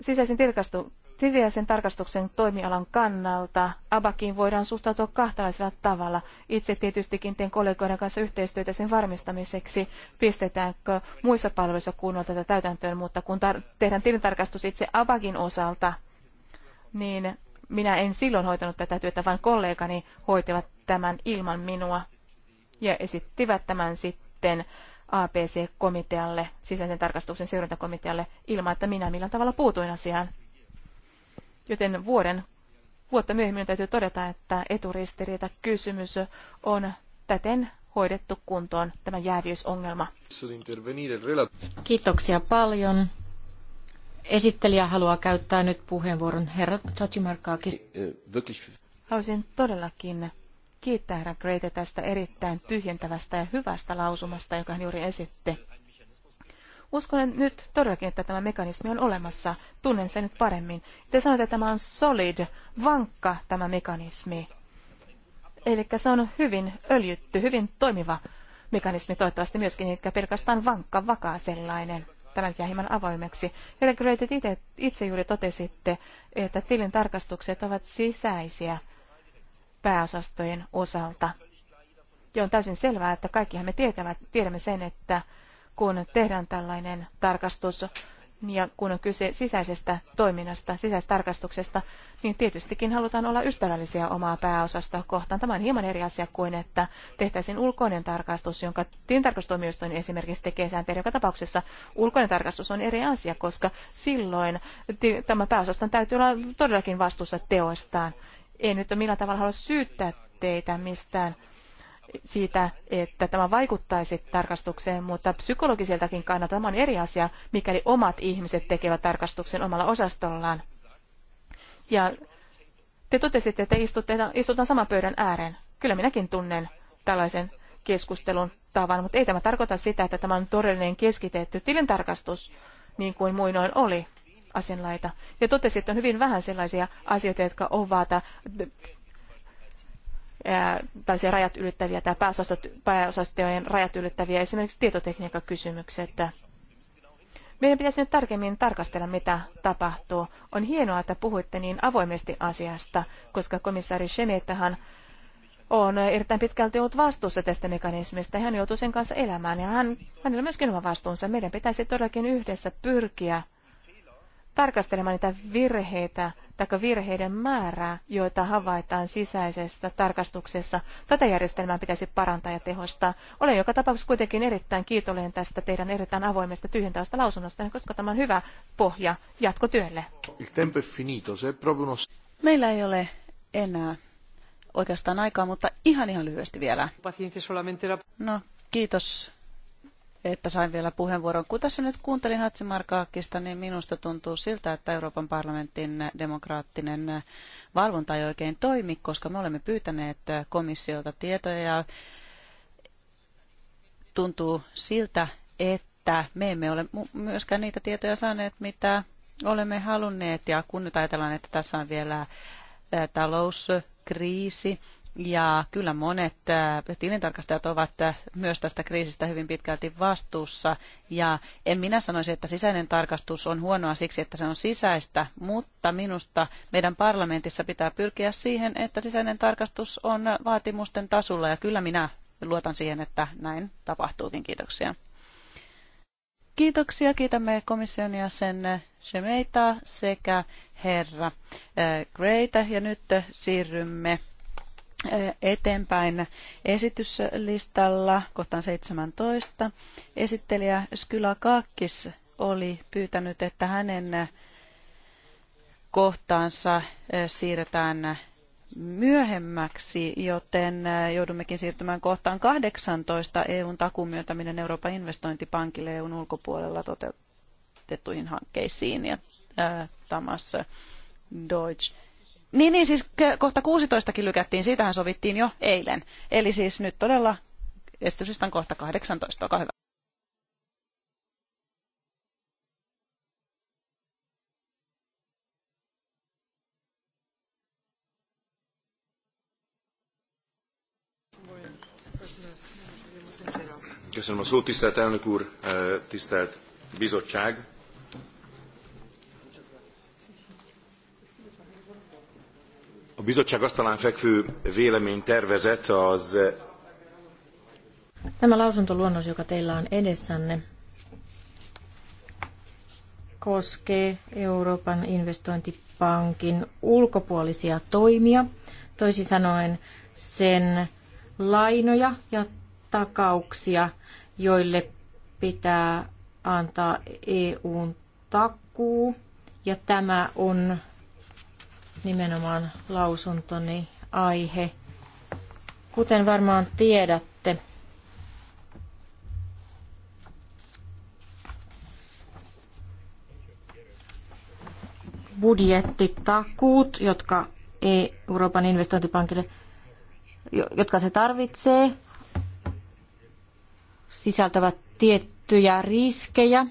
Sisäisen, tarkastu, sisäisen tarkastuksen toimialan kannalta ABAKiin voidaan suhtautua kahtalaisella tavalla. Itse tietystikin teen kollegoiden kanssa yhteistyötä sen varmistamiseksi, pistetäänkö muissa palveluissa kunnolla tätä täytäntöön, mutta kun tar- tehdään tilintarkastus itse ABAKin osalta, niin minä en silloin hoitanut tätä työtä, vaan kollegani hoitivat tämän ilman minua ja esittivät tämän sitten APC-komitealle, sisäisen tarkastuksen seurantakomitealle, ilman että minä millään tavalla puutuin asiaan. Joten vuoden, vuotta myöhemmin täytyy todeta, että eturistiriita kysymys on täten hoidettu kuntoon tämä jäädyysongelma. Kiitoksia paljon. Esittelijä haluaa käyttää nyt puheenvuoron. Herra Tsatsimarkaakis. Haluaisin todellakin kiittää herra Greite tästä erittäin tyhjentävästä ja hyvästä lausumasta, jonka hän juuri esitti. Uskon nyt todellakin, että tämä mekanismi on olemassa. Tunnen sen nyt paremmin. Te sanoitte, että tämä on solid, vankka tämä mekanismi. Eli se on hyvin öljytty, hyvin toimiva mekanismi toivottavasti myöskin, eikä pelkästään vankka, vakaa sellainen. Tämä jää hieman avoimeksi. Herra Grötet, itse, itse juuri totesitte, että tilin tarkastukset ovat sisäisiä pääosastojen osalta. Ja on täysin selvää, että kaikkihan me tiedämme sen, että kun tehdään tällainen tarkastus, ja kun on kyse sisäisestä toiminnasta, sisäistarkastuksesta, niin tietystikin halutaan olla ystävällisiä omaa pääosastoa kohtaan. Tämä on hieman eri asia kuin, että tehtäisiin ulkoinen tarkastus, jonka tilintarkastustoimijoistoin esimerkiksi tekee sääntöjä joka tapauksessa. Ulkoinen tarkastus on eri asia, koska silloin tämä pääosaston täytyy olla todellakin vastuussa teoistaan. Ei nyt millään tavalla halua syyttää teitä mistään siitä, että tämä vaikuttaisi tarkastukseen, mutta psykologiseltakin kannalta tämä on eri asia, mikäli omat ihmiset tekevät tarkastuksen omalla osastollaan. Ja te totesitte, että istutte, istutaan saman pöydän ääreen. Kyllä minäkin tunnen tällaisen keskustelun tavan, mutta ei tämä tarkoita sitä, että tämä on todellinen keskitetty tilintarkastus, niin kuin muinoin oli asianlaita. Ja totesitte, että on hyvin vähän sellaisia asioita, jotka ovat tällaisia rajat ylittäviä tai pääosastojen rajat ylittäviä esimerkiksi tietotekniikkakysymykset. Meidän pitäisi nyt tarkemmin tarkastella, mitä tapahtuu. On hienoa, että puhuitte niin avoimesti asiasta, koska komissaari Shemetähän on erittäin pitkälti ollut vastuussa tästä mekanismista. Hän joutuu sen kanssa elämään ja hän, hänellä on myöskin oma vastuunsa. Meidän pitäisi todellakin yhdessä pyrkiä tarkastelemaan niitä virheitä tai virheiden määrää, joita havaitaan sisäisessä tarkastuksessa. Tätä järjestelmää pitäisi parantaa ja tehostaa. Olen joka tapauksessa kuitenkin erittäin kiitollinen tästä teidän erittäin avoimesta tyhjentävästä lausunnosta, koska tämä on hyvä pohja jatkotyölle. Meillä ei ole enää oikeastaan aikaa, mutta ihan ihan lyhyesti vielä. No, kiitos että sain vielä puheenvuoron. Kun tässä nyt kuuntelin Hatsimarkaakista, niin minusta tuntuu siltä, että Euroopan parlamentin demokraattinen valvonta ei oikein toimi, koska me olemme pyytäneet komissiolta tietoja ja tuntuu siltä, että me emme ole myöskään niitä tietoja saaneet, mitä olemme halunneet. Ja kun nyt ajatellaan, että tässä on vielä talouskriisi, ja kyllä monet äh, tilintarkastajat ovat äh, myös tästä kriisistä hyvin pitkälti vastuussa. Ja en minä sanoisi, että sisäinen tarkastus on huonoa siksi, että se on sisäistä, mutta minusta meidän parlamentissa pitää pyrkiä siihen, että sisäinen tarkastus on vaatimusten tasolla. Ja kyllä minä luotan siihen, että näin tapahtuukin. Kiitoksia. Kiitoksia. Kiitämme komission jäsen Shemeita sekä herra äh, Greita. Ja nyt siirrymme eteenpäin esityslistalla, kohtaan 17. Esittelijä Skyla Kaakkis oli pyytänyt, että hänen kohtaansa siirretään myöhemmäksi, joten joudummekin siirtymään kohtaan 18 EUn takuun myöntäminen Euroopan investointipankille EUn ulkopuolella toteutettuihin hankkeisiin. Ja, ää, Thomas Deutsch niin, niin siis kohta 16kin lykättiin, siitähän sovittiin jo eilen. Eli siis nyt todella on kohta 18, olkaa hyvä. Köszönöm a szót, tisztelt elnök úr, eh, tisztelt bizottság! A bizottság asztalán fekvő véleménytervezet az... Eh, tämä lausuntoluonnos, joka teillä on edessänne, koskee Euroopan investointipankin ulkopuolisia toimia, toisin sanoen sen lainoja ja takauksia, joille pitää antaa EUn takuu. Ja tämä on nimenomaan lausuntoni aihe. Kuten varmaan tiedätte, budjettitakuut, jotka Euroopan investointipankille, jotka se tarvitsee, sisältävät tiettyjä riskejä,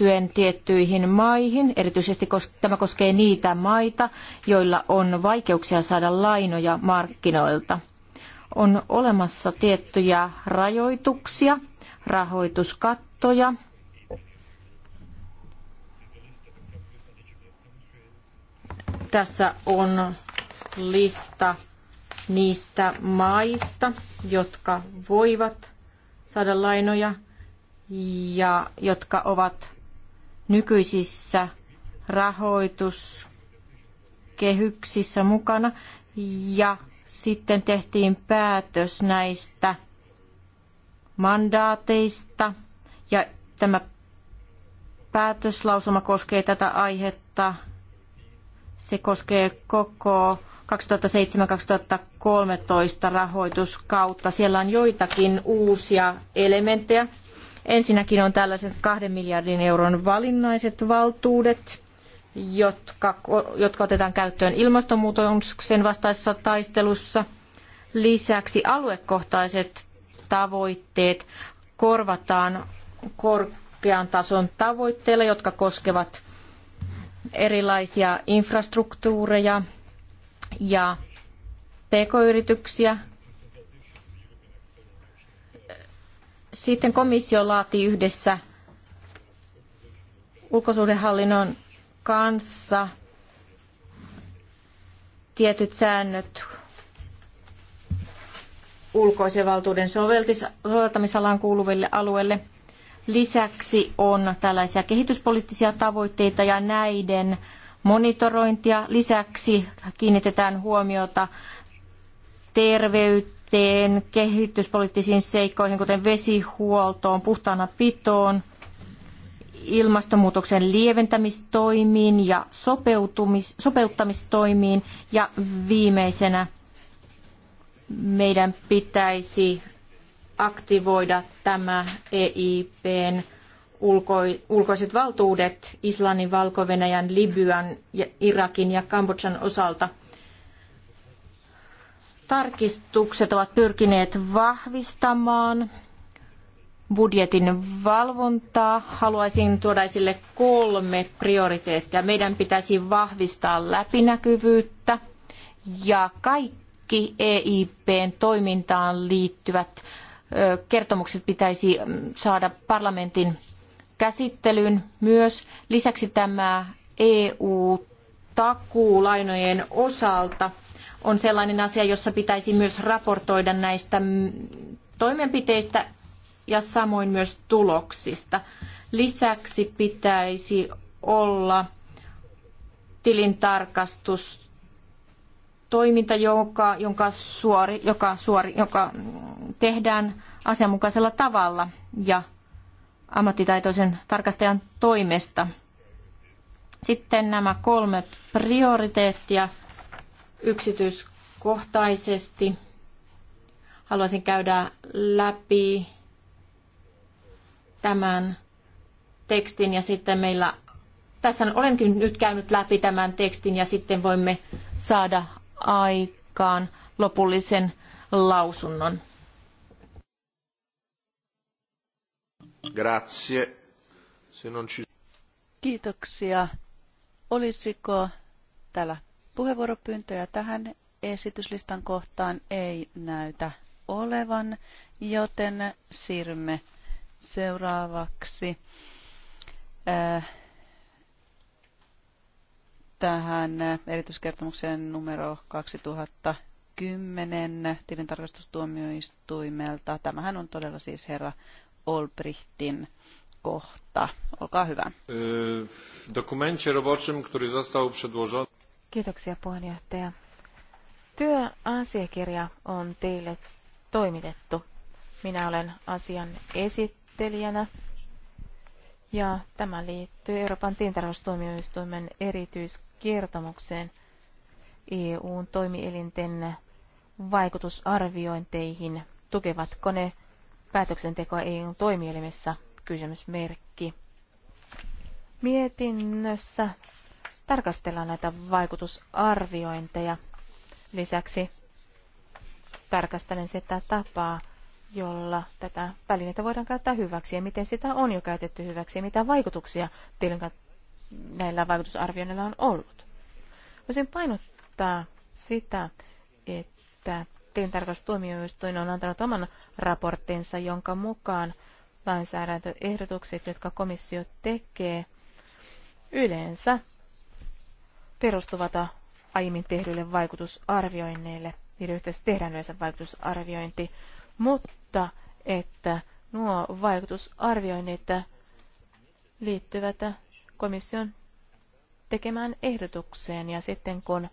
liittyen tiettyihin maihin, erityisesti tämä koskee niitä maita, joilla on vaikeuksia saada lainoja markkinoilta. On olemassa tiettyjä rajoituksia, rahoituskattoja, tässä on lista niistä maista, jotka voivat saada lainoja ja jotka ovat nykyisissä rahoituskehyksissä mukana ja sitten tehtiin päätös näistä mandaateista ja tämä päätöslausuma koskee tätä aihetta. Se koskee koko 2007-2013 rahoituskautta. Siellä on joitakin uusia elementtejä, Ensinnäkin on tällaiset kahden miljardin euron valinnaiset valtuudet, jotka, jotka otetaan käyttöön ilmastonmuutoksen vastaisessa taistelussa. Lisäksi aluekohtaiset tavoitteet korvataan korkean tason tavoitteilla, jotka koskevat erilaisia infrastruktuureja ja pk-yrityksiä, Sitten komissio laati yhdessä ulkosuhdehallinnon kanssa tietyt säännöt ulkoisen valtuuden soveltamisalaan kuuluville alueille. Lisäksi on tällaisia kehityspoliittisia tavoitteita ja näiden monitorointia. Lisäksi kiinnitetään huomiota terveyteen liikenteen kehityspoliittisiin seikkoihin, kuten vesihuoltoon, puhtaana pitoon, ilmastonmuutoksen lieventämistoimiin ja sopeuttamistoimiin. Ja viimeisenä meidän pitäisi aktivoida tämä EIPn ulko, ulkoiset valtuudet Islannin, Valko-Venäjän, Libyan, Irakin ja Kambodžan osalta – Tarkistukset ovat pyrkineet vahvistamaan budjetin valvontaa. Haluaisin tuoda esille kolme prioriteettia. Meidän pitäisi vahvistaa läpinäkyvyyttä ja kaikki EIPn toimintaan liittyvät kertomukset pitäisi saada parlamentin käsittelyyn myös. Lisäksi tämä EU-takuulainojen osalta – on sellainen asia, jossa pitäisi myös raportoida näistä toimenpiteistä ja samoin myös tuloksista. Lisäksi pitäisi olla tilintarkastus toiminta, joka, jonka suori, joka, suori, joka tehdään asianmukaisella tavalla ja ammattitaitoisen tarkastajan toimesta. Sitten nämä kolme prioriteettia – yksityiskohtaisesti. Haluaisin käydä läpi tämän tekstin ja sitten meillä, tässä olenkin nyt käynyt läpi tämän tekstin ja sitten voimme saada aikaan lopullisen lausunnon. Grazie. Kiitoksia. Olisiko täällä Puheenvuoropyyntöjä tähän esityslistan kohtaan ei näytä olevan, joten siirrymme seuraavaksi äh, tähän erityiskertomukseen numero 2010 tilintarkastustuomioistuimelta. Tämähän on todella siis herra Olbrichtin kohta. Olkaa hyvä. Dokumentti, roboczym, który został przedłożony... Kiitoksia puheenjohtaja. Työasiakirja on teille toimitettu. Minä olen asian esittelijänä ja tämä liittyy Euroopan tilintarkastustuomioistuimen erityiskertomukseen EUn toimielinten vaikutusarviointeihin. Tukevatko ne päätöksentekoa EUn toimielimessä? Kysymysmerkki. Mietinnössä tarkastellaan näitä vaikutusarviointeja. Lisäksi tarkastelen sitä tapaa, jolla tätä välinettä voidaan käyttää hyväksi ja miten sitä on jo käytetty hyväksi ja mitä vaikutuksia näillä vaikutusarvioinnilla on ollut. Voisin painottaa sitä, että tilintarkastustuomioistuin on antanut oman raporttinsa, jonka mukaan lainsäädäntöehdotukset, jotka komissio tekee, yleensä perustuvat aiemmin tehdyille vaikutusarvioinneille. Niiden yhteydessä tehdään yleensä vaikutusarviointi, mutta että nuo vaikutusarvioinnit liittyvät komission tekemään ehdotukseen ja sitten kun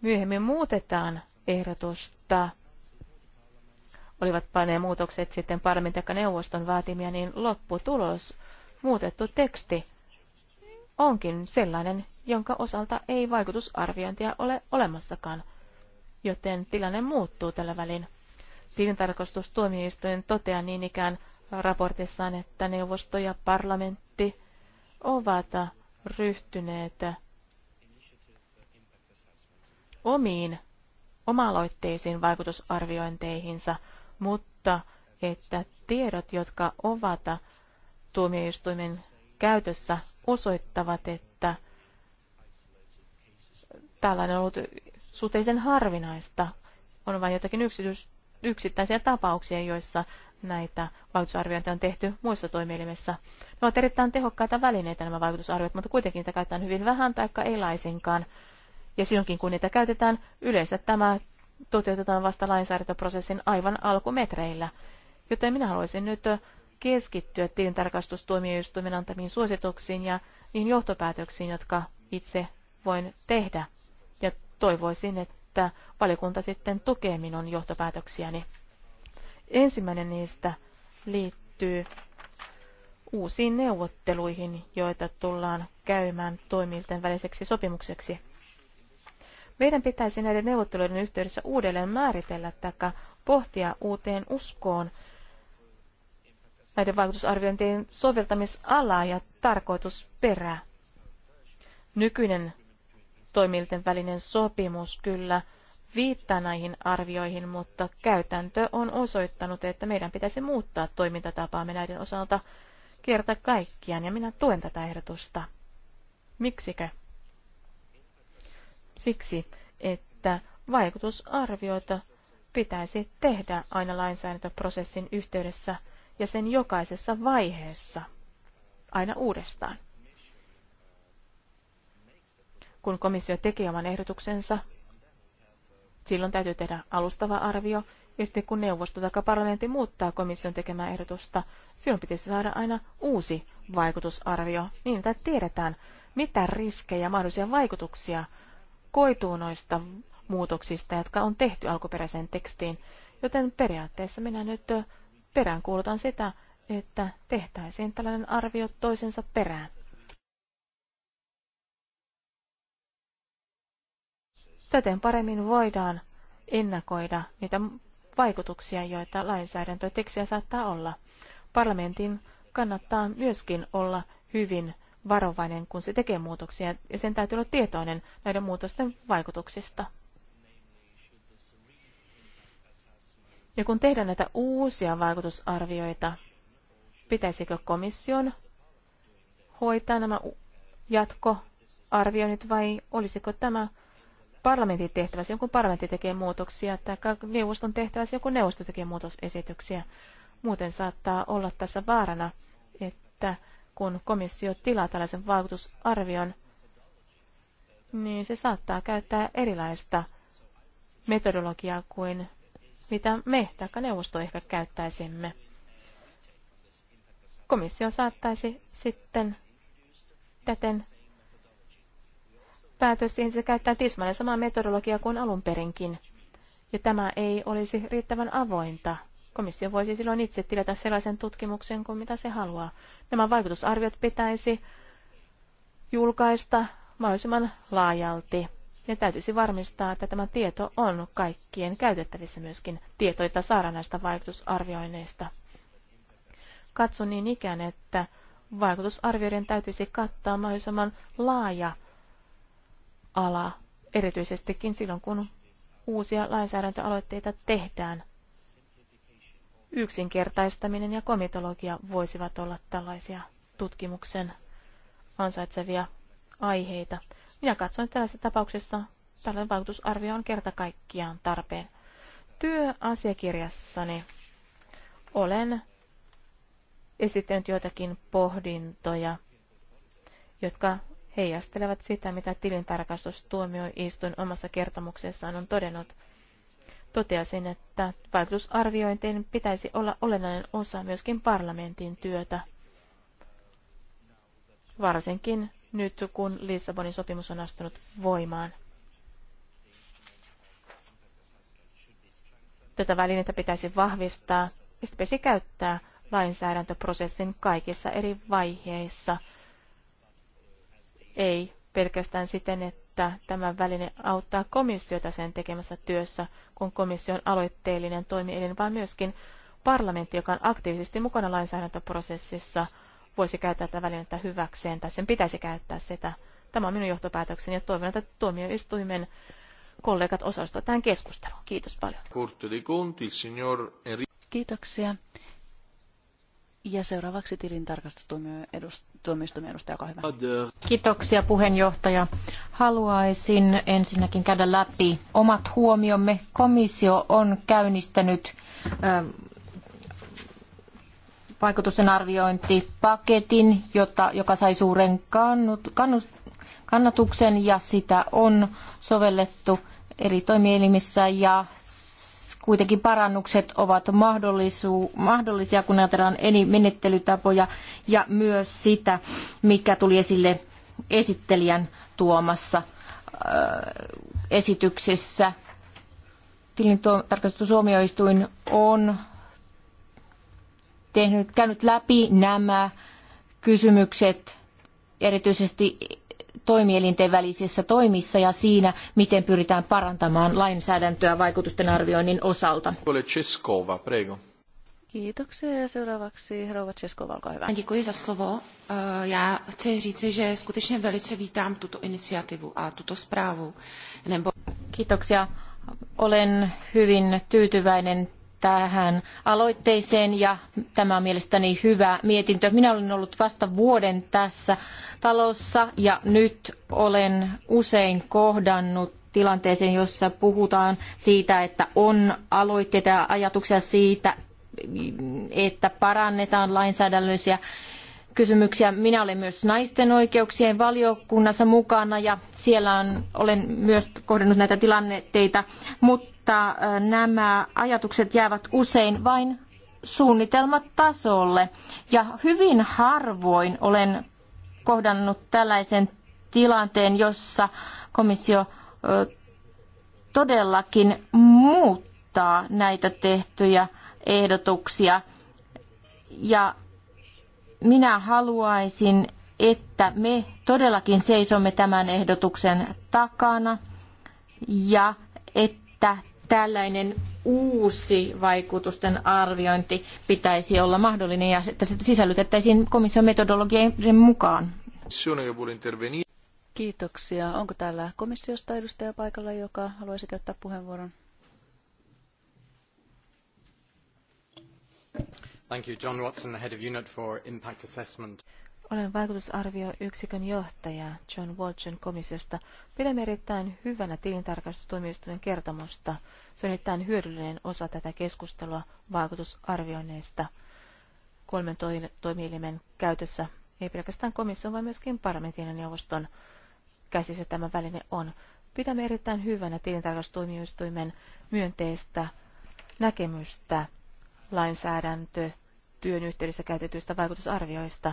myöhemmin muutetaan ehdotusta, olivat ne muutokset sitten parlamentin neuvoston vaatimia, niin lopputulos, muutettu teksti onkin sellainen, jonka osalta ei vaikutusarviointia ole olemassakaan, joten tilanne muuttuu tällä välin. Tilintarkastustuomioistuin toteaa niin ikään raportissaan, että neuvosto ja parlamentti ovat ryhtyneet omiin omaloitteisiin vaikutusarviointeihinsa, mutta että tiedot, jotka ovat tuomioistuimen käytössä osoittavat, että tällainen on ollut suhteellisen harvinaista. On vain jotakin yksitys, yksittäisiä tapauksia, joissa näitä vaikutusarviointeja on tehty muissa toimielimissä. Ne ovat erittäin tehokkaita välineitä nämä vaikutusarviot, mutta kuitenkin niitä käytetään hyvin vähän tai ei laisinkaan. Ja silloinkin kun niitä käytetään, yleensä tämä toteutetaan vasta lainsäädäntöprosessin aivan alkumetreillä. Joten minä haluaisin nyt keskittyä tilintarkastustuomioistuimen antamiin suosituksiin ja niihin johtopäätöksiin, jotka itse voin tehdä. Ja toivoisin, että valiokunta sitten tukee minun johtopäätöksiäni. Ensimmäinen niistä liittyy uusiin neuvotteluihin, joita tullaan käymään toimijoiden väliseksi sopimukseksi. Meidän pitäisi näiden neuvotteluiden yhteydessä uudelleen määritellä tai pohtia uuteen uskoon näiden vaikutusarviointien soveltamisala ja tarkoitusperä. Nykyinen toimielten välinen sopimus kyllä viittaa näihin arvioihin, mutta käytäntö on osoittanut, että meidän pitäisi muuttaa toimintatapaamme näiden osalta kerta kaikkiaan, ja minä tuen tätä ehdotusta. Miksikö? Siksi, että vaikutusarvioita pitäisi tehdä aina lainsäädäntöprosessin yhteydessä – ja sen jokaisessa vaiheessa aina uudestaan. Kun komissio tekee oman ehdotuksensa, silloin täytyy tehdä alustava arvio, ja sitten kun neuvosto tai parlamentti muuttaa komission tekemää ehdotusta, silloin pitäisi saada aina uusi vaikutusarvio, niin että tiedetään, mitä riskejä ja mahdollisia vaikutuksia koituu noista muutoksista, jotka on tehty alkuperäiseen tekstiin. Joten periaatteessa minä nyt peräänkuulutan sitä, että tehtäisiin tällainen arvio toisensa perään. Täten paremmin voidaan ennakoida niitä vaikutuksia, joita lainsäädäntötekstiä saattaa olla. Parlamentin kannattaa myöskin olla hyvin varovainen, kun se tekee muutoksia, ja sen täytyy olla tietoinen näiden muutosten vaikutuksista. Ja kun tehdään näitä uusia vaikutusarvioita, pitäisikö komission hoitaa nämä jatkoarvioinnit vai olisiko tämä parlamentin tehtävässä, jonkun parlamentti tekee muutoksia, tai neuvoston tehtävässä joku neuvosto tekee muutosesityksiä. Muuten saattaa olla tässä vaarana, että kun komissio tilaa tällaisen vaikutusarvion, niin se saattaa käyttää erilaista metodologiaa kuin mitä me tai neuvosto ehkä käyttäisimme. Komissio saattaisi sitten täten päätös siihen, että käyttää tismalle samaa metodologiaa kuin alun perinkin. Ja tämä ei olisi riittävän avointa. Komissio voisi silloin itse tilata sellaisen tutkimuksen kuin mitä se haluaa. Nämä vaikutusarviot pitäisi julkaista mahdollisimman laajalti. Ja täytyisi varmistaa, että tämä tieto on kaikkien käytettävissä myöskin tietoita saada näistä vaikutusarvioinneista. Katson niin ikään, että vaikutusarvioiden täytyisi kattaa mahdollisimman laaja ala, erityisestikin silloin, kun uusia lainsäädäntöaloitteita tehdään. Yksinkertaistaminen ja komitologia voisivat olla tällaisia tutkimuksen ansaitsevia aiheita. Minä katson, että tällaisessa tapauksessa tällainen vaikutusarvio on kerta kaikkiaan tarpeen. Työasiakirjassani olen esittänyt joitakin pohdintoja, jotka heijastelevat sitä, mitä tilintarkastustuomioistuin omassa kertomuksessaan on todennut. Toteasin, että vaikutusarviointiin pitäisi olla olennainen osa myöskin parlamentin työtä, varsinkin nyt kun Lissabonin sopimus on astunut voimaan. Tätä välinettä pitäisi vahvistaa ja sitä pitäisi käyttää lainsäädäntöprosessin kaikissa eri vaiheissa. Ei pelkästään siten, että tämä väline auttaa komissiota sen tekemässä työssä, kun komissio on aloitteellinen toimielin, vaan myöskin parlamentti, joka on aktiivisesti mukana lainsäädäntöprosessissa – voisi käyttää tätä välinettä hyväkseen, tai sen pitäisi käyttää sitä. Tämä on minun johtopäätökseni ja toivon, että tuomioistuimen kollegat osallistuvat tähän keskusteluun. Kiitos paljon. Kiitoksia. Ja seuraavaksi tilintarkastustuomioistuimen edustaja, olkaa hyvä. Kiitoksia puheenjohtaja. Haluaisin ensinnäkin käydä läpi omat huomiomme. Komissio on käynnistänyt vaikutusten arviointipaketin, jota, joka sai suuren kannut, kannus, kannatuksen ja sitä on sovellettu eri toimielimissä ja kuitenkin parannukset ovat mahdollisia, kun ajatellaan eri menettelytapoja ja myös sitä, mikä tuli esille esittelijän tuomassa äh, esityksessä. Tilintarkastustuomioistuin on tehnyt, käynyt läpi nämä kysymykset erityisesti toimielinten välisissä toimissa ja siinä, miten pyritään parantamaan lainsäädäntöä vaikutusten arvioinnin osalta. Českova, prego. Kiitoksia ja seuraavaksi Rouva Českova, olkaa hyvä. Děkuji za slovo. Eh, já chci říci, že skutečně velice vítám tuto iniciativu a tuto zprávu. Nebo... Kiitoksia. Olen hyvin tyytyväinen tähän aloitteeseen ja tämä on mielestäni hyvä mietintö. Minä olen ollut vasta vuoden tässä talossa ja nyt olen usein kohdannut tilanteeseen, jossa puhutaan siitä, että on aloitteita ja ajatuksia siitä, että parannetaan lainsäädännöllisiä kysymyksiä. Minä olen myös naisten oikeuksien valiokunnassa mukana ja siellä on, olen myös kohdannut näitä tilanteita, mutta äh, nämä ajatukset jäävät usein vain suunnitelmatasolle ja hyvin harvoin olen kohdannut tällaisen tilanteen, jossa komissio äh, todellakin muuttaa näitä tehtyjä ehdotuksia ja minä haluaisin, että me todellakin seisomme tämän ehdotuksen takana ja että tällainen uusi vaikutusten arviointi pitäisi olla mahdollinen ja että se sisällytettäisiin komission metodologian mukaan. Kiitoksia. Onko täällä komissiosta edustaja paikalla, joka haluaisi käyttää puheenvuoron? Thank you. John Watson, head of unit for impact assessment. Olen vaikutusarvioyksikön johtaja John Watson komissiosta. Pidän erittäin hyvänä tilintarkastustuomioistuimen kertomusta. Se on erittäin hyödyllinen osa tätä keskustelua vaikutusarvioinneista kolmen toimielimen käytössä. Ei pelkästään komission, vaan myöskin parlamentin ja neuvoston käsissä tämä väline on. Pidämme erittäin hyvänä tilintarkastustuomioistuimen myönteistä näkemystä lainsäädäntö työn yhteydessä käytetyistä vaikutusarvioista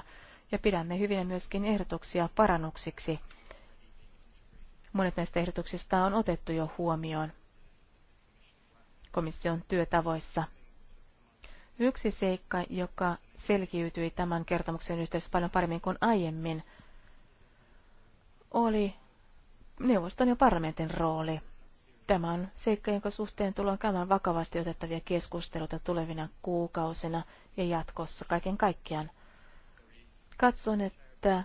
ja pidämme hyvinä myöskin ehdotuksia parannuksiksi. Monet näistä ehdotuksista on otettu jo huomioon komission työtavoissa. Yksi seikka, joka selkiytyi tämän kertomuksen yhteydessä paljon paremmin kuin aiemmin, oli neuvoston ja parlamentin rooli. Tämä on seikka, jonka suhteen tullaan käymään vakavasti otettavia keskusteluita tulevina kuukausina ja jatkossa kaiken kaikkiaan. Katson, että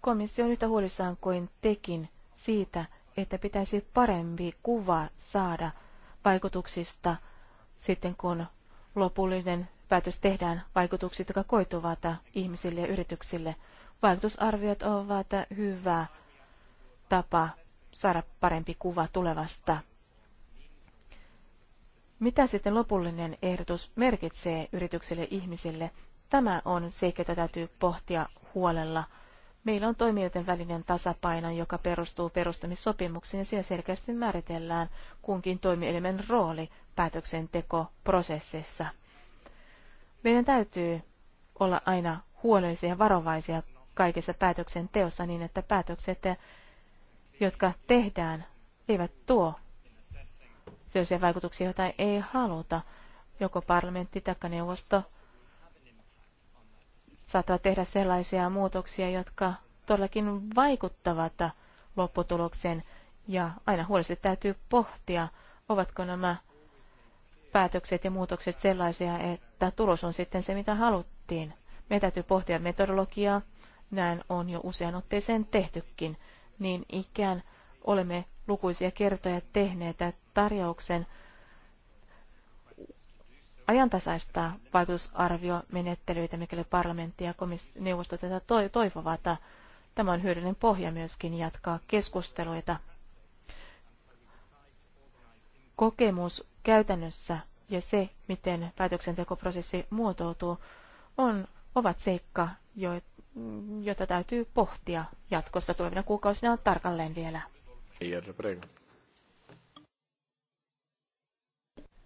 komissio on yhtä huolissaan kuin tekin siitä, että pitäisi parempi kuva saada vaikutuksista sitten, kun lopullinen päätös tehdään vaikutuksista, jotka koituvat ihmisille ja yrityksille. Vaikutusarviot ovat hyvä tapa saada parempi kuva tulevasta mitä sitten lopullinen ehdotus merkitsee yrityksille ihmisille? Tämä on se, jota täytyy pohtia huolella. Meillä on toimijoiden välinen tasapaino, joka perustuu perustamissopimuksiin ja siellä selkeästi määritellään kunkin toimielimen rooli päätöksentekoprosessissa. Meidän täytyy olla aina huolellisia ja varovaisia kaikessa päätöksenteossa niin, että päätökset, jotka tehdään, eivät tuo sellaisia vaikutuksia, joita ei haluta. Joko parlamentti tai neuvosto saattaa tehdä sellaisia muutoksia, jotka todellakin vaikuttavat lopputulokseen. Ja aina huolesti täytyy pohtia, ovatko nämä päätökset ja muutokset sellaisia, että tulos on sitten se, mitä haluttiin. Meidän täytyy pohtia metodologiaa, näin on jo usean otteeseen tehtykin. Niin ikään olemme lukuisia kertoja tehneet tarjouksen ajantasaistaa vaikutusarviomenettelyitä, mikäli parlamentti ja neuvosto tätä toivovat. Tämä on hyödyllinen pohja myöskin jatkaa keskusteluita. Kokemus käytännössä ja se, miten päätöksentekoprosessi muotoutuu, on, ovat seikka, jo, jota täytyy pohtia jatkossa tulevina kuukausina tarkalleen vielä. Meijer, prego.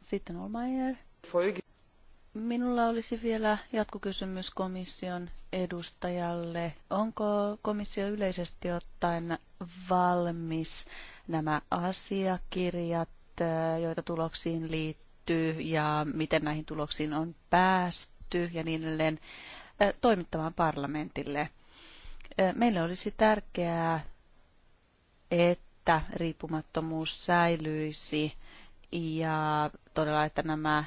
Sitten Olmeier. Minulla olisi vielä jatkokysymys komission edustajalle. Onko komissio yleisesti ottaen valmis nämä asiakirjat, eh, joita tuloksiin liittyy ja miten näihin tuloksiin on päästy ja niin edelleen eh, toimittamaan parlamentille? Eh, meille olisi tärkeää, että että riippumattomuus säilyisi ja todella, että nämä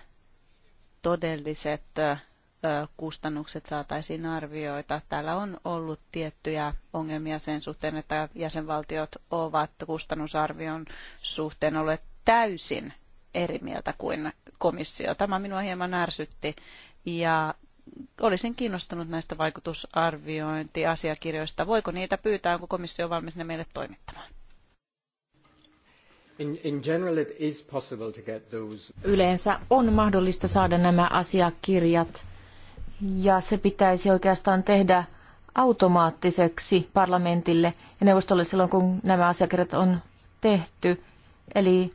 todelliset kustannukset saataisiin arvioita. Täällä on ollut tiettyjä ongelmia sen suhteen, että jäsenvaltiot ovat kustannusarvion suhteen olleet täysin eri mieltä kuin komissio. Tämä minua hieman ärsytti ja olisin kiinnostunut näistä vaikutusarviointiasiakirjoista. Voiko niitä pyytää, onko komissio valmis ne meille toimittamaan? Yleensä on mahdollista saada nämä asiakirjat ja se pitäisi oikeastaan tehdä automaattiseksi parlamentille ja neuvostolle silloin, kun nämä asiakirjat on tehty. Eli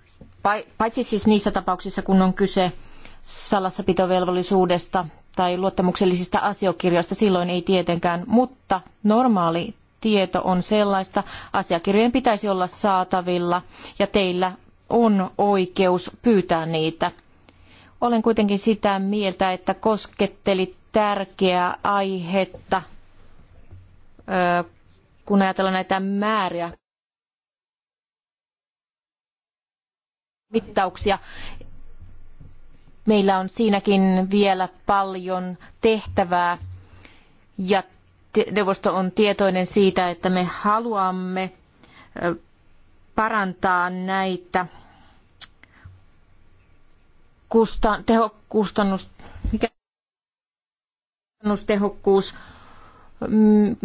paitsi siis niissä tapauksissa, kun on kyse salassapitovelvollisuudesta tai luottamuksellisista asiakirjoista, silloin ei tietenkään, mutta normaali tieto on sellaista, asiakirjojen pitäisi olla saatavilla ja teillä on oikeus pyytää niitä. Olen kuitenkin sitä mieltä, että kosketteli tärkeää aihetta, kun ajatellaan näitä määriä, mittauksia. Meillä on siinäkin vielä paljon tehtävää ja neuvosto on tietoinen siitä, että me haluamme parantaa näitä kustan, tehokustannus, mikä kustannustehokkuus mm,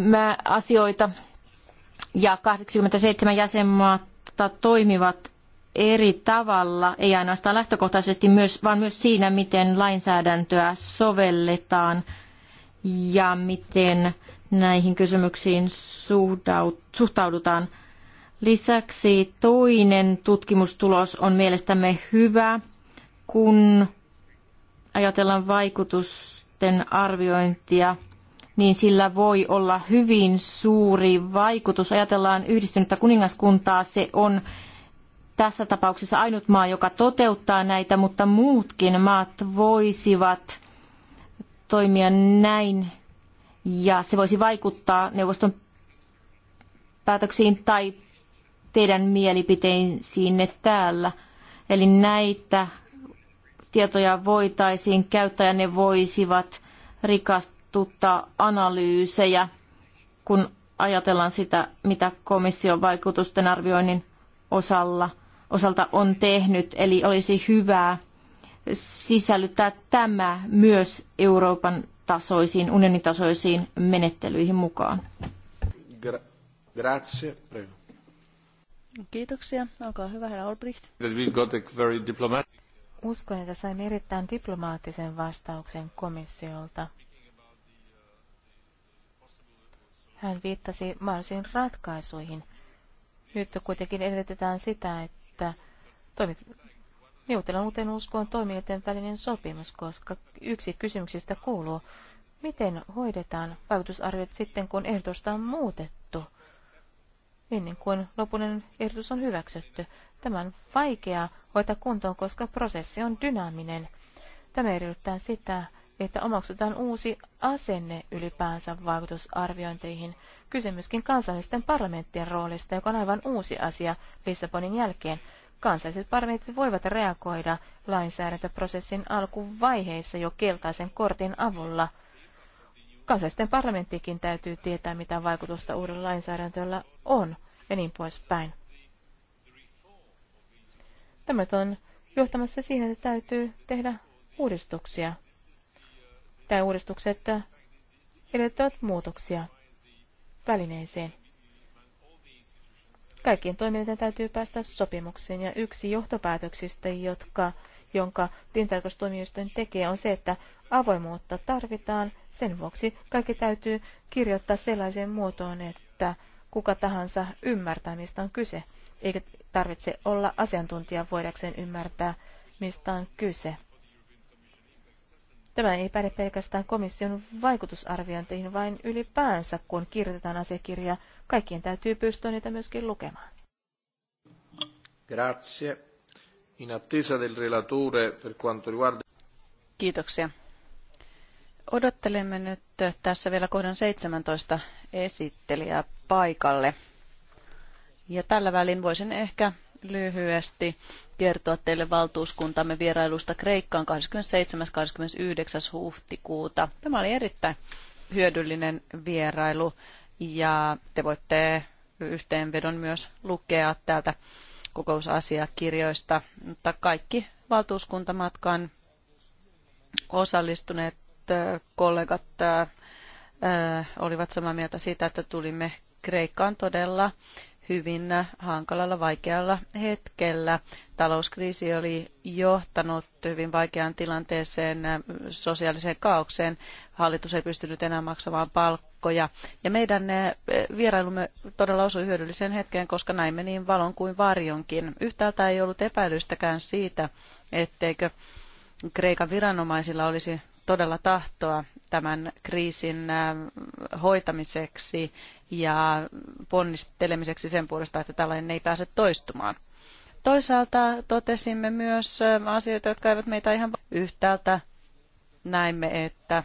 asioita ja 87 jäsenmaata toimivat eri tavalla, ei ainoastaan lähtökohtaisesti, myös, vaan myös siinä, miten lainsäädäntöä sovelletaan ja miten näihin kysymyksiin suhtaudutaan. Lisäksi toinen tutkimustulos on mielestämme hyvä, kun ajatellaan vaikutusten arviointia, niin sillä voi olla hyvin suuri vaikutus. Ajatellaan yhdistynyttä kuningaskuntaa, se on tässä tapauksessa ainut maa, joka toteuttaa näitä, mutta muutkin maat voisivat toimia näin ja se voisi vaikuttaa neuvoston päätöksiin tai teidän mielipiteisiinne täällä. Eli näitä tietoja voitaisiin käyttää ja ne voisivat rikastuttaa analyysejä, kun ajatellaan sitä, mitä komission vaikutusten arvioinnin osalla, osalta on tehnyt. Eli olisi hyvää sisällyttää tämä myös Euroopan tasoisiin, unionitasoisiin menettelyihin mukaan. Gra- grazie, prego. Kiitoksia. Olkaa hyvä, herra Olbricht. Uskon, että saimme erittäin diplomaattisen vastauksen komissiolta. Hän viittasi mahdollisiin ratkaisuihin. Nyt kuitenkin edellytetään sitä, että toimit, Neuvotellaan uuteen uskoon toimijoiden välinen sopimus, koska yksi kysymyksistä kuuluu, miten hoidetaan vaikutusarviot sitten, kun ehdotusta on muutettu ennen kuin lopullinen ehdotus on hyväksytty. Tämä on vaikeaa hoitaa kuntoon, koska prosessi on dynaaminen. Tämä edellyttää sitä, että omaksutaan uusi asenne ylipäänsä vaikutusarviointeihin. Kysymyskin kansallisten parlamenttien roolista, joka on aivan uusi asia Lissabonin jälkeen. Kansalliset parlamentit voivat reagoida lainsäädäntöprosessin alkuvaiheessa jo keltaisen kortin avulla. Kansallisten parlamenttikin täytyy tietää, mitä vaikutusta uudella lainsäädäntöllä on ja niin poispäin. Tämä on johtamassa siihen, että täytyy tehdä uudistuksia. Tai uudistukset edellyttävät muutoksia välineeseen. Kaikkien toimijoiden täytyy päästä sopimukseen ja yksi johtopäätöksistä, jotka, jonka tintarkastustoimijoistojen tekee, on se, että avoimuutta tarvitaan. Sen vuoksi kaikki täytyy kirjoittaa sellaiseen muotoon, että kuka tahansa ymmärtää, mistä on kyse, eikä tarvitse olla asiantuntija voidakseen ymmärtää, mistä on kyse. Tämä ei päde pelkästään komission vaikutusarviointeihin, vaan ylipäänsä, kun kirjoitetaan asiakirja Kaikkien täytyy pystyä niitä myöskin lukemaan. Grazie. In attesa del relatore per quanto riguarda... Kiitoksia. Odottelemme nyt tässä vielä kohdan 17 esittelijää paikalle. Ja tällä välin voisin ehkä lyhyesti kertoa teille valtuuskuntamme vierailusta Kreikkaan 27.–29. huhtikuuta. Tämä oli erittäin hyödyllinen vierailu ja te voitte yhteenvedon myös lukea täältä kokousasiakirjoista, mutta kaikki valtuuskuntamatkan osallistuneet kollegat olivat samaa mieltä siitä, että tulimme Kreikkaan todella hyvin hankalalla, vaikealla hetkellä. Talouskriisi oli johtanut hyvin vaikeaan tilanteeseen, sosiaaliseen kaaukseen. Hallitus ei pystynyt enää maksamaan palkkoja. Ja meidän eh, vierailumme todella osui hyödylliseen hetkeen, koska meni niin valon kuin varjonkin. Yhtäältä ei ollut epäilystäkään siitä, etteikö Kreikan viranomaisilla olisi todella tahtoa tämän kriisin eh, hoitamiseksi ja ponnistelemiseksi sen puolesta, että tällainen ei pääse toistumaan. Toisaalta totesimme myös asioita, jotka eivät meitä ihan yhtäältä näimme, että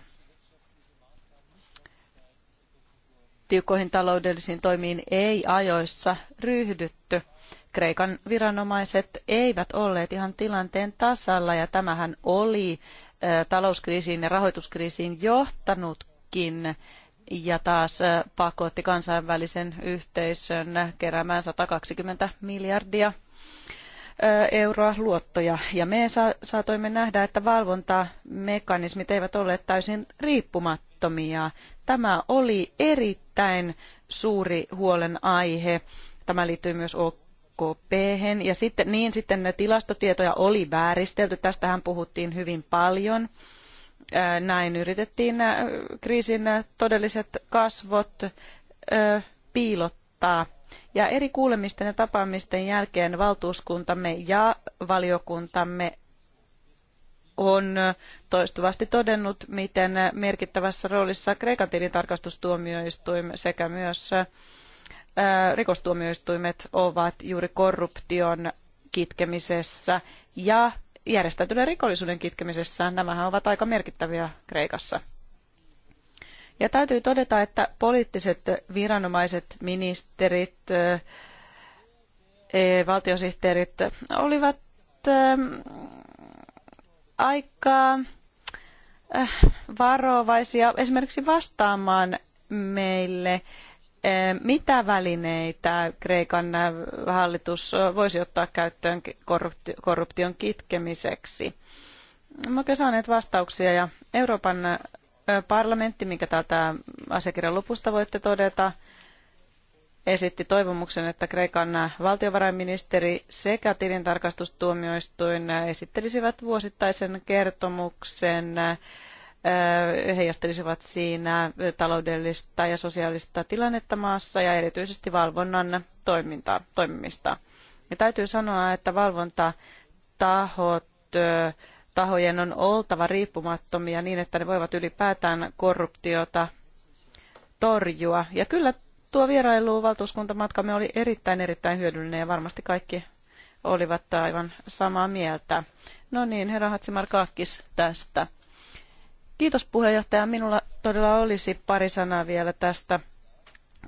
tiukkoihin taloudellisiin toimiin ei ajoissa ryhdytty. Kreikan viranomaiset eivät olleet ihan tilanteen tasalla ja tämähän oli talouskriisiin ja rahoituskriisiin johtanutkin ja taas pakotti kansainvälisen yhteisön keräämään 120 miljardia euroa luottoja. Ja me saatoimme nähdä, että valvontamekanismit eivät olleet täysin riippumattomia. Tämä oli erittäin suuri huolenaihe. Tämä liittyy myös OKP. -hän. Ja sitten, niin sitten ne tilastotietoja oli vääristelty. Tästähän puhuttiin hyvin paljon näin yritettiin kriisin todelliset kasvot piilottaa. Ja eri kuulemisten ja tapaamisten jälkeen valtuuskuntamme ja valiokuntamme on toistuvasti todennut, miten merkittävässä roolissa Kreikan tilintarkastustuomioistuin sekä myös rikostuomioistuimet ovat juuri korruption kitkemisessä ja järjestäytyneen rikollisuuden kitkemisessä. Nämähän ovat aika merkittäviä Kreikassa. Ja täytyy todeta, että poliittiset viranomaiset, ministerit, eh, valtiosihteerit olivat eh, aika eh, varovaisia esimerkiksi vastaamaan meille Eh, mitä välineitä Kreikan eh, hallitus eh, voisi ottaa käyttöön korruption kitkemiseksi? Mä oikein saaneet vastauksia ja Euroopan parlamentti, minkä täältä asiakirjan lopusta voitte todeta, esitti toivomuksen, että Kreikan valtiovarainministeri sekä tilintarkastustuomioistuin esittelisivät vuosittaisen kertomuksen heijastelisivat siinä taloudellista ja sosiaalista tilannetta maassa ja erityisesti valvonnan toimintaa, toimimista. Ja täytyy sanoa, että valvontatahot tahojen on oltava riippumattomia niin, että ne voivat ylipäätään korruptiota torjua. Ja kyllä tuo vierailu valtuuskuntamatkamme oli erittäin erittäin hyödyllinen ja varmasti kaikki olivat aivan samaa mieltä. No niin, herra Kaakkis tästä. Kiitos puheenjohtaja. Minulla todella olisi pari sanaa vielä tästä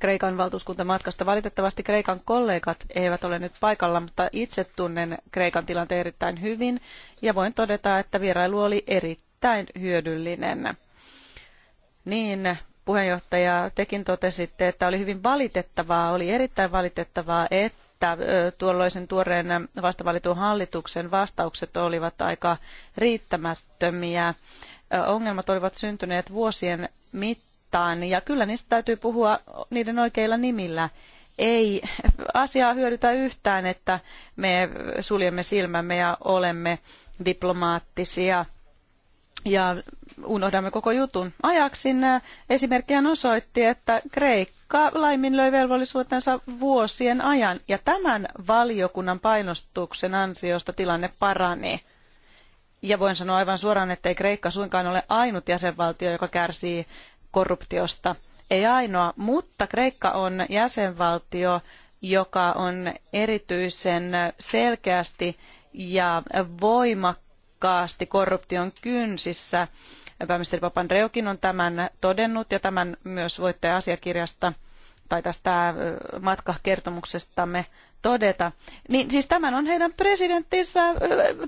Kreikan valtuuskuntamatkasta. Valitettavasti Kreikan kollegat eivät ole nyt paikalla, mutta itse tunnen Kreikan tilanteen erittäin hyvin ja voin todeta, että vierailu oli erittäin hyödyllinen. Niin, puheenjohtaja, tekin totesitte, että oli hyvin valitettavaa, oli erittäin valitettavaa, että tuolloisen tuoreen vastavalitun hallituksen vastaukset olivat aika riittämättömiä ongelmat olivat syntyneet vuosien mittaan ja kyllä niistä täytyy puhua niiden oikeilla nimillä. Ei asiaa hyödytä yhtään, että me suljemme silmämme ja olemme diplomaattisia ja unohdamme koko jutun. Ajaksin esimerkkiä osoitti, että Kreikka laiminlöi velvollisuutensa vuosien ajan ja tämän valiokunnan painostuksen ansiosta tilanne paranee. Ja voin sanoa aivan suoraan, ettei Kreikka suinkaan ole ainut jäsenvaltio, joka kärsii korruptiosta. Ei ainoa, mutta Kreikka on jäsenvaltio, joka on erityisen selkeästi ja voimakkaasti korruption kynsissä. Pääministeri Papandreoukin on tämän todennut ja tämän myös voitte asiakirjasta tai tästä matkakertomuksestamme todeta. Niin siis tämän on heidän presidenttinsä,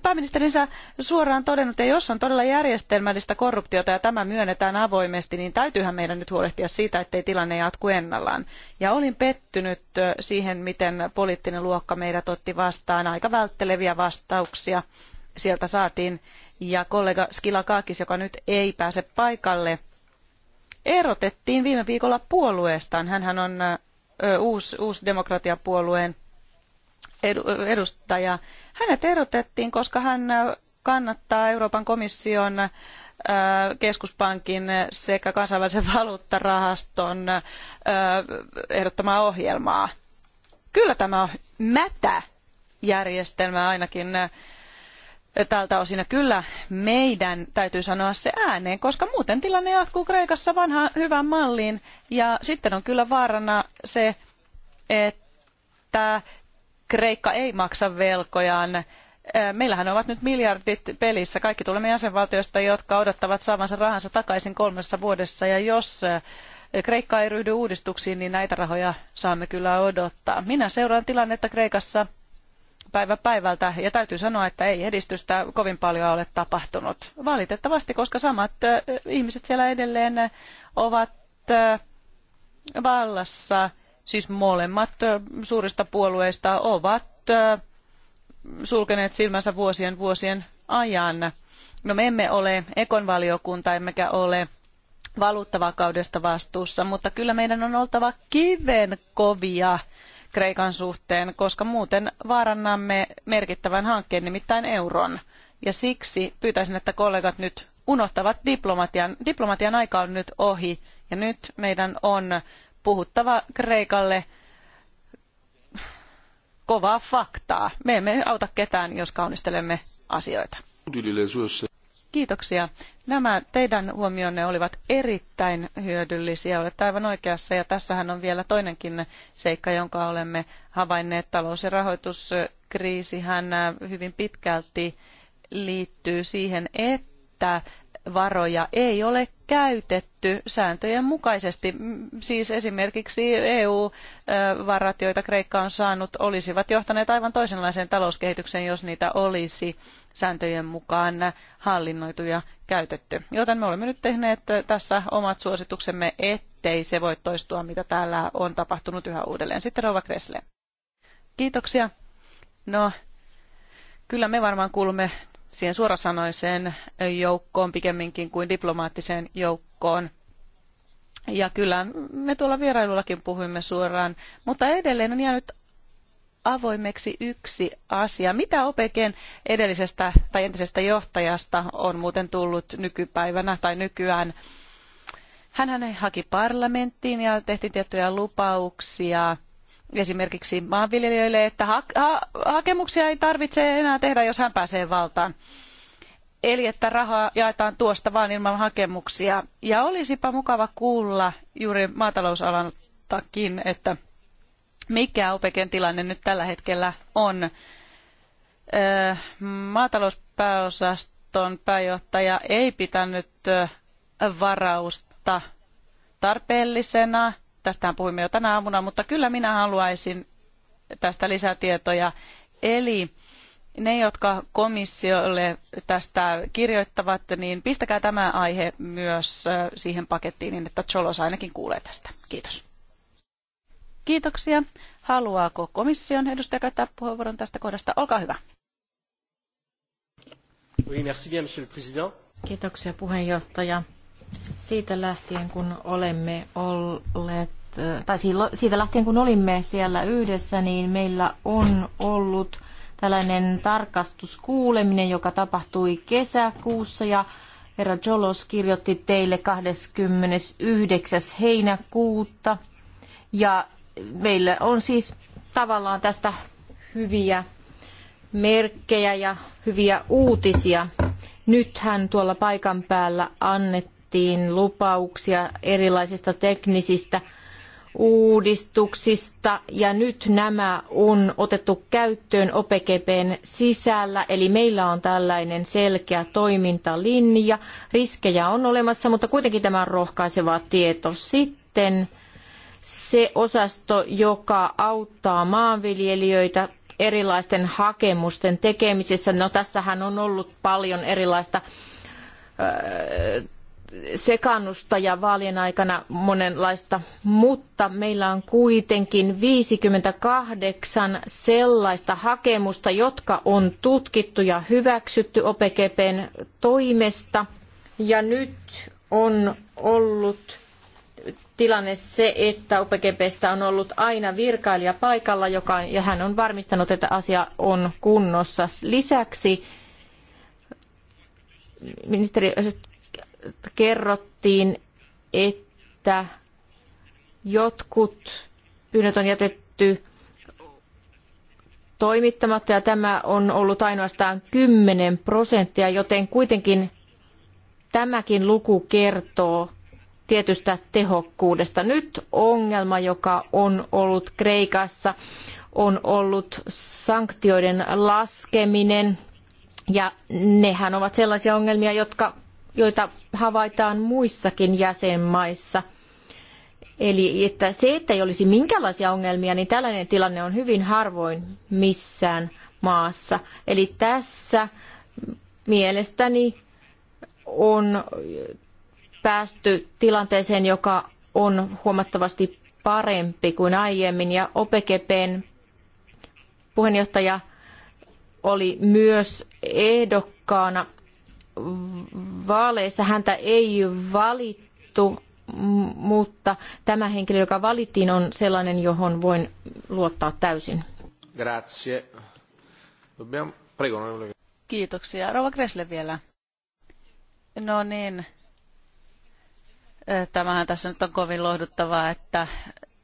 pääministerinsä suoraan todennut, ja jos on todella järjestelmällistä korruptiota ja tämä myönnetään avoimesti, niin täytyyhän meidän nyt huolehtia siitä, ettei tilanne jatku ennallaan. Ja olin pettynyt siihen, miten poliittinen luokka meidät otti vastaan. Aika vältteleviä vastauksia sieltä saatiin. Ja kollega Skilakakis, joka nyt ei pääse paikalle, erotettiin viime viikolla puolueestaan. Hänhän on uusi, uusi demokratiapuolueen edustaja. Hänet erotettiin, koska hän äh, kannattaa Euroopan komission äh, keskuspankin sekä kansainvälisen valuuttarahaston äh, ehdottamaa ohjelmaa. Kyllä tämä on mätä järjestelmä ainakin tältä osin. Ja kyllä meidän täytyy sanoa se ääneen, koska muuten tilanne jatkuu Kreikassa vanhaan hyvään malliin. Ja sitten on kyllä vaarana se, että Kreikka ei maksa velkojaan. Meillähän ovat nyt miljardit pelissä. Kaikki tulemme jäsenvaltioista, jotka odottavat saavansa rahansa takaisin kolmessa vuodessa. Ja jos Kreikka ei ryhdy uudistuksiin, niin näitä rahoja saamme kyllä odottaa. Minä seuraan tilannetta Kreikassa päivä päivältä ja täytyy sanoa, että ei edistystä kovin paljon ole tapahtunut. Valitettavasti, koska samat ihmiset siellä edelleen ovat vallassa siis molemmat suurista puolueista ovat sulkeneet silmänsä vuosien vuosien ajan. No me emme ole ekonvaliokunta emmekä ole valuuttavakaudesta vastuussa, mutta kyllä meidän on oltava kiven kovia Kreikan suhteen, koska muuten vaarannamme merkittävän hankkeen, nimittäin euron. Ja siksi pyytäisin, että kollegat nyt unohtavat diplomatian. Diplomatian aika on nyt ohi ja nyt meidän on puhuttava Kreikalle kovaa faktaa. Me emme auta ketään, jos kaunistelemme asioita. Kiitoksia. Nämä teidän huomionne olivat erittäin hyödyllisiä. Olette aivan oikeassa ja tässähän on vielä toinenkin seikka, jonka olemme havainneet. Talous- ja rahoituskriisihän hyvin pitkälti liittyy siihen, että varoja ei ole käytetty sääntöjen mukaisesti. Siis esimerkiksi EU-varat, joita Kreikka on saanut, olisivat johtaneet aivan toisenlaiseen talouskehitykseen, jos niitä olisi sääntöjen mukaan hallinnoitu ja käytetty. Joten me olemme nyt tehneet tässä omat suosituksemme, ettei se voi toistua, mitä täällä on tapahtunut yhä uudelleen. Sitten Rova Kresle. Kiitoksia. No, kyllä me varmaan kuulumme siihen suorasanoiseen joukkoon pikemminkin kuin diplomaattiseen joukkoon. Ja kyllä me tuolla vierailullakin puhuimme suoraan, mutta edelleen on jäänyt avoimeksi yksi asia. Mitä OPEKen edellisestä tai entisestä johtajasta on muuten tullut nykypäivänä tai nykyään? Hän haki parlamenttiin ja tehtiin tiettyjä lupauksia esimerkiksi maanviljelijöille, että ha ha hakemuksia ei tarvitse enää tehdä, jos hän pääsee valtaan. Eli että rahaa jaetaan tuosta vaan ilman hakemuksia. Ja olisipa mukava kuulla juuri maatalousalaltakin, että mikä OPEKen tilanne nyt tällä hetkellä on. Öö, maatalouspääosaston pääjohtaja ei pitänyt varausta tarpeellisena Tästähän puhuimme jo tänä aamuna, mutta kyllä minä haluaisin tästä lisätietoja. Eli ne, jotka komissiolle tästä kirjoittavat, niin pistäkää tämä aihe myös siihen pakettiin, niin että Cholos ainakin kuulee tästä. Kiitos. Kiitoksia. Haluaako komission edustaja käyttää puheenvuoron tästä kohdasta? Olkaa hyvä. Kiitoksia puheenjohtaja siitä lähtien, kun olemme olleet, tai siitä lähtien, kun olimme siellä yhdessä, niin meillä on ollut tällainen tarkastuskuuleminen, joka tapahtui kesäkuussa ja Herra Jolos kirjoitti teille 29. heinäkuuta. Ja meillä on siis tavallaan tästä hyviä merkkejä ja hyviä uutisia. Nythän tuolla paikan päällä annettiin annettiin lupauksia erilaisista teknisistä uudistuksista ja nyt nämä on otettu käyttöön OPGPn sisällä, eli meillä on tällainen selkeä toimintalinja. Riskejä on olemassa, mutta kuitenkin tämä on rohkaiseva tieto. Sitten se osasto, joka auttaa maanviljelijöitä erilaisten hakemusten tekemisessä. No tässähän on ollut paljon erilaista sekannusta ja vaalien aikana monenlaista, mutta meillä on kuitenkin 58 sellaista hakemusta, jotka on tutkittu ja hyväksytty OPGPn toimesta. Ja nyt on ollut tilanne se, että OPGPstä on ollut aina virkailija paikalla, joka, ja hän on varmistanut, että asia on kunnossa. Lisäksi ministeri kerrottiin, että jotkut pyynnöt on jätetty toimittamatta ja tämä on ollut ainoastaan kymmenen prosenttia, joten kuitenkin tämäkin luku kertoo tietystä tehokkuudesta. Nyt ongelma, joka on ollut Kreikassa, on ollut sanktioiden laskeminen ja nehän ovat sellaisia ongelmia, jotka joita havaitaan muissakin jäsenmaissa. Eli että se, että ei olisi minkälaisia ongelmia, niin tällainen tilanne on hyvin harvoin missään maassa. Eli tässä mielestäni on päästy tilanteeseen, joka on huomattavasti parempi kuin aiemmin. Ja OPGPn puheenjohtaja oli myös ehdokkaana vaaleissa häntä ei valittu, mutta tämä henkilö, joka valittiin, on sellainen, johon voin luottaa täysin. Grazie. Prego, Kiitoksia. Rova Kresle vielä. No niin. Eh, tämähän tässä nyt on kovin lohduttavaa, että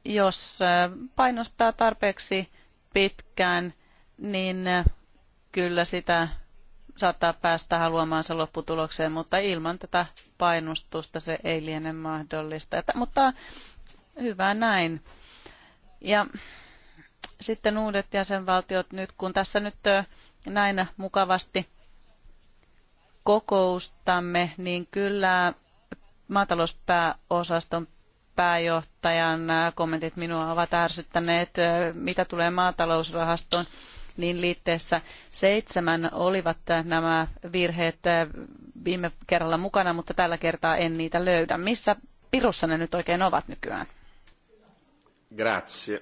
jos eh, painostaa tarpeeksi pitkään, niin eh, kyllä sitä saattaa päästä haluamaansa lopputulokseen, mutta ilman tätä painostusta se ei liene mahdollista. Että, mutta hyvä näin. Ja sitten uudet jäsenvaltiot nyt, kun tässä nyt näin mukavasti kokoustamme, niin kyllä maatalouspääosaston pääjohtajan kommentit minua ovat ärsyttäneet, mitä tulee maatalousrahastoon niin liitteessä seitsemän olivat nämä virheet äh, viime kerralla mukana, mutta tällä kertaa en niitä löydä. Missä pirussa ne nyt oikein ovat nykyään? Grazie.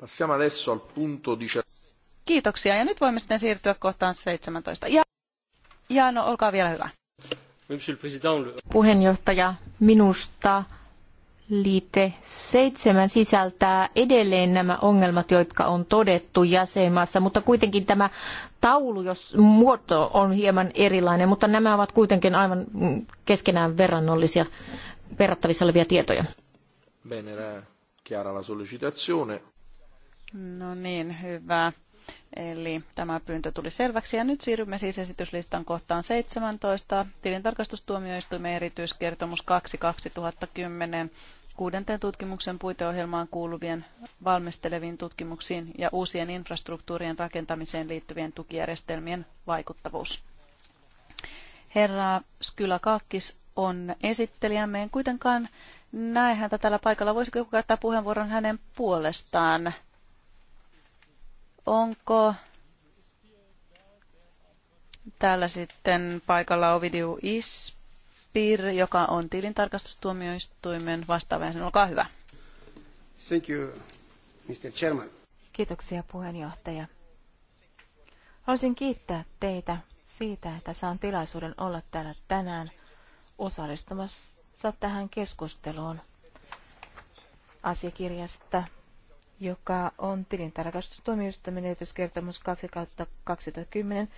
Passiamo adesso al punto 17. Kiitoksia ja nyt voimme sitten siirtyä kohtaan 17. Ja, ja no, olkaa vielä hyvä. Puheenjohtaja, minusta liite 7 sisältää edelleen nämä ongelmat, jotka on todettu jäsenmaassa, mutta kuitenkin tämä taulu, jos muoto on hieman erilainen, mutta nämä ovat kuitenkin aivan keskenään verrannollisia verrattavissa olevia tietoja. Bene, eh, chiara la sollecitazione. No niin, hyvä. Eli tämä pyyntö tuli selväksi ja nyt siirrymme siis esityslistan kohtaan 17. Tilintarkastustuomioistuimen erityiskertomus 2 2010 kuudenteen tutkimuksen puiteohjelmaan kuuluvien valmisteleviin tutkimuksiin ja uusien infrastruktuurien rakentamiseen liittyvien tukijärjestelmien vaikuttavuus. Herra Kaakkis on esittelijämme. En kuitenkaan näe häntä tällä paikalla. Voisiko joku käyttää puheenvuoron hänen puolestaan? Onko täällä sitten paikalla Ovidiu Isp? Pir, joka on tilintarkastustuomioistuimen vastaava. Sen Olkaa hyvä. Thank you, Mr. Chairman. Kiitoksia puheenjohtaja. Haluaisin kiittää teitä siitä, että saan tilaisuuden olla täällä tänään osallistumassa tähän keskusteluun asiakirjasta, joka on tilintarkastustuomioistuimen erityiskertomus 2 2010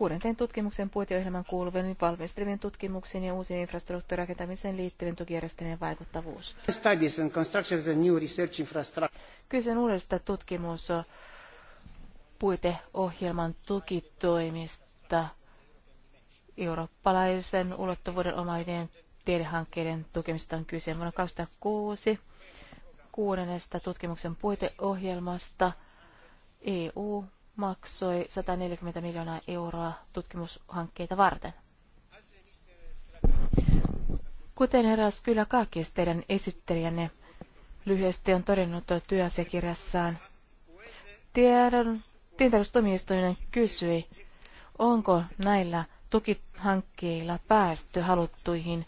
Kuudenteen tutkimuksen puiteohjelman kuuluvien valmistelevien tutkimuksiin ja uusien infrastruktuurirakentamiseen liittyvien tukijärjestelmien vaikuttavuus. Kyse on uudesta tutkimus puiteohjelman tukitoimista eurooppalaisen ulottuvuuden omaavien tiedehankkeiden tukemista on kyse vuonna 2006 kuudennesta tutkimuksen puiteohjelmasta EU maksoi 140 miljoonaa euroa tutkimushankkeita varten. Kuten eräs kyllä kaikki teidän esittelijänne lyhyesti on todennut työasiakirjassaan, tiedon kysyi, onko näillä tukihankkeilla päästy haluttuihin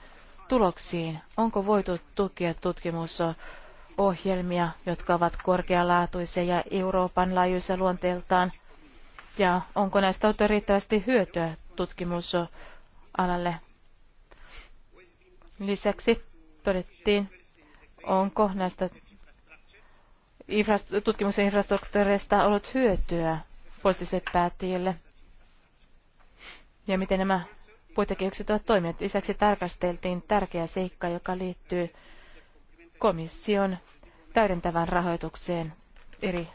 tuloksiin? Onko voitu tukea tutkimusohjelmia, jotka ovat korkealaatuisia ja Euroopan laajuisia luonteeltaan ja onko näistä ollut riittävästi hyötyä tutkimusalalle. Lisäksi todettiin, onko näistä tutkimuksen infrastruktuureista ollut hyötyä poliittisille päättäjille ja miten nämä puitekehykset ovat toimineet. Lisäksi tarkasteltiin tärkeä seikka, joka liittyy komission täydentävään rahoitukseen eri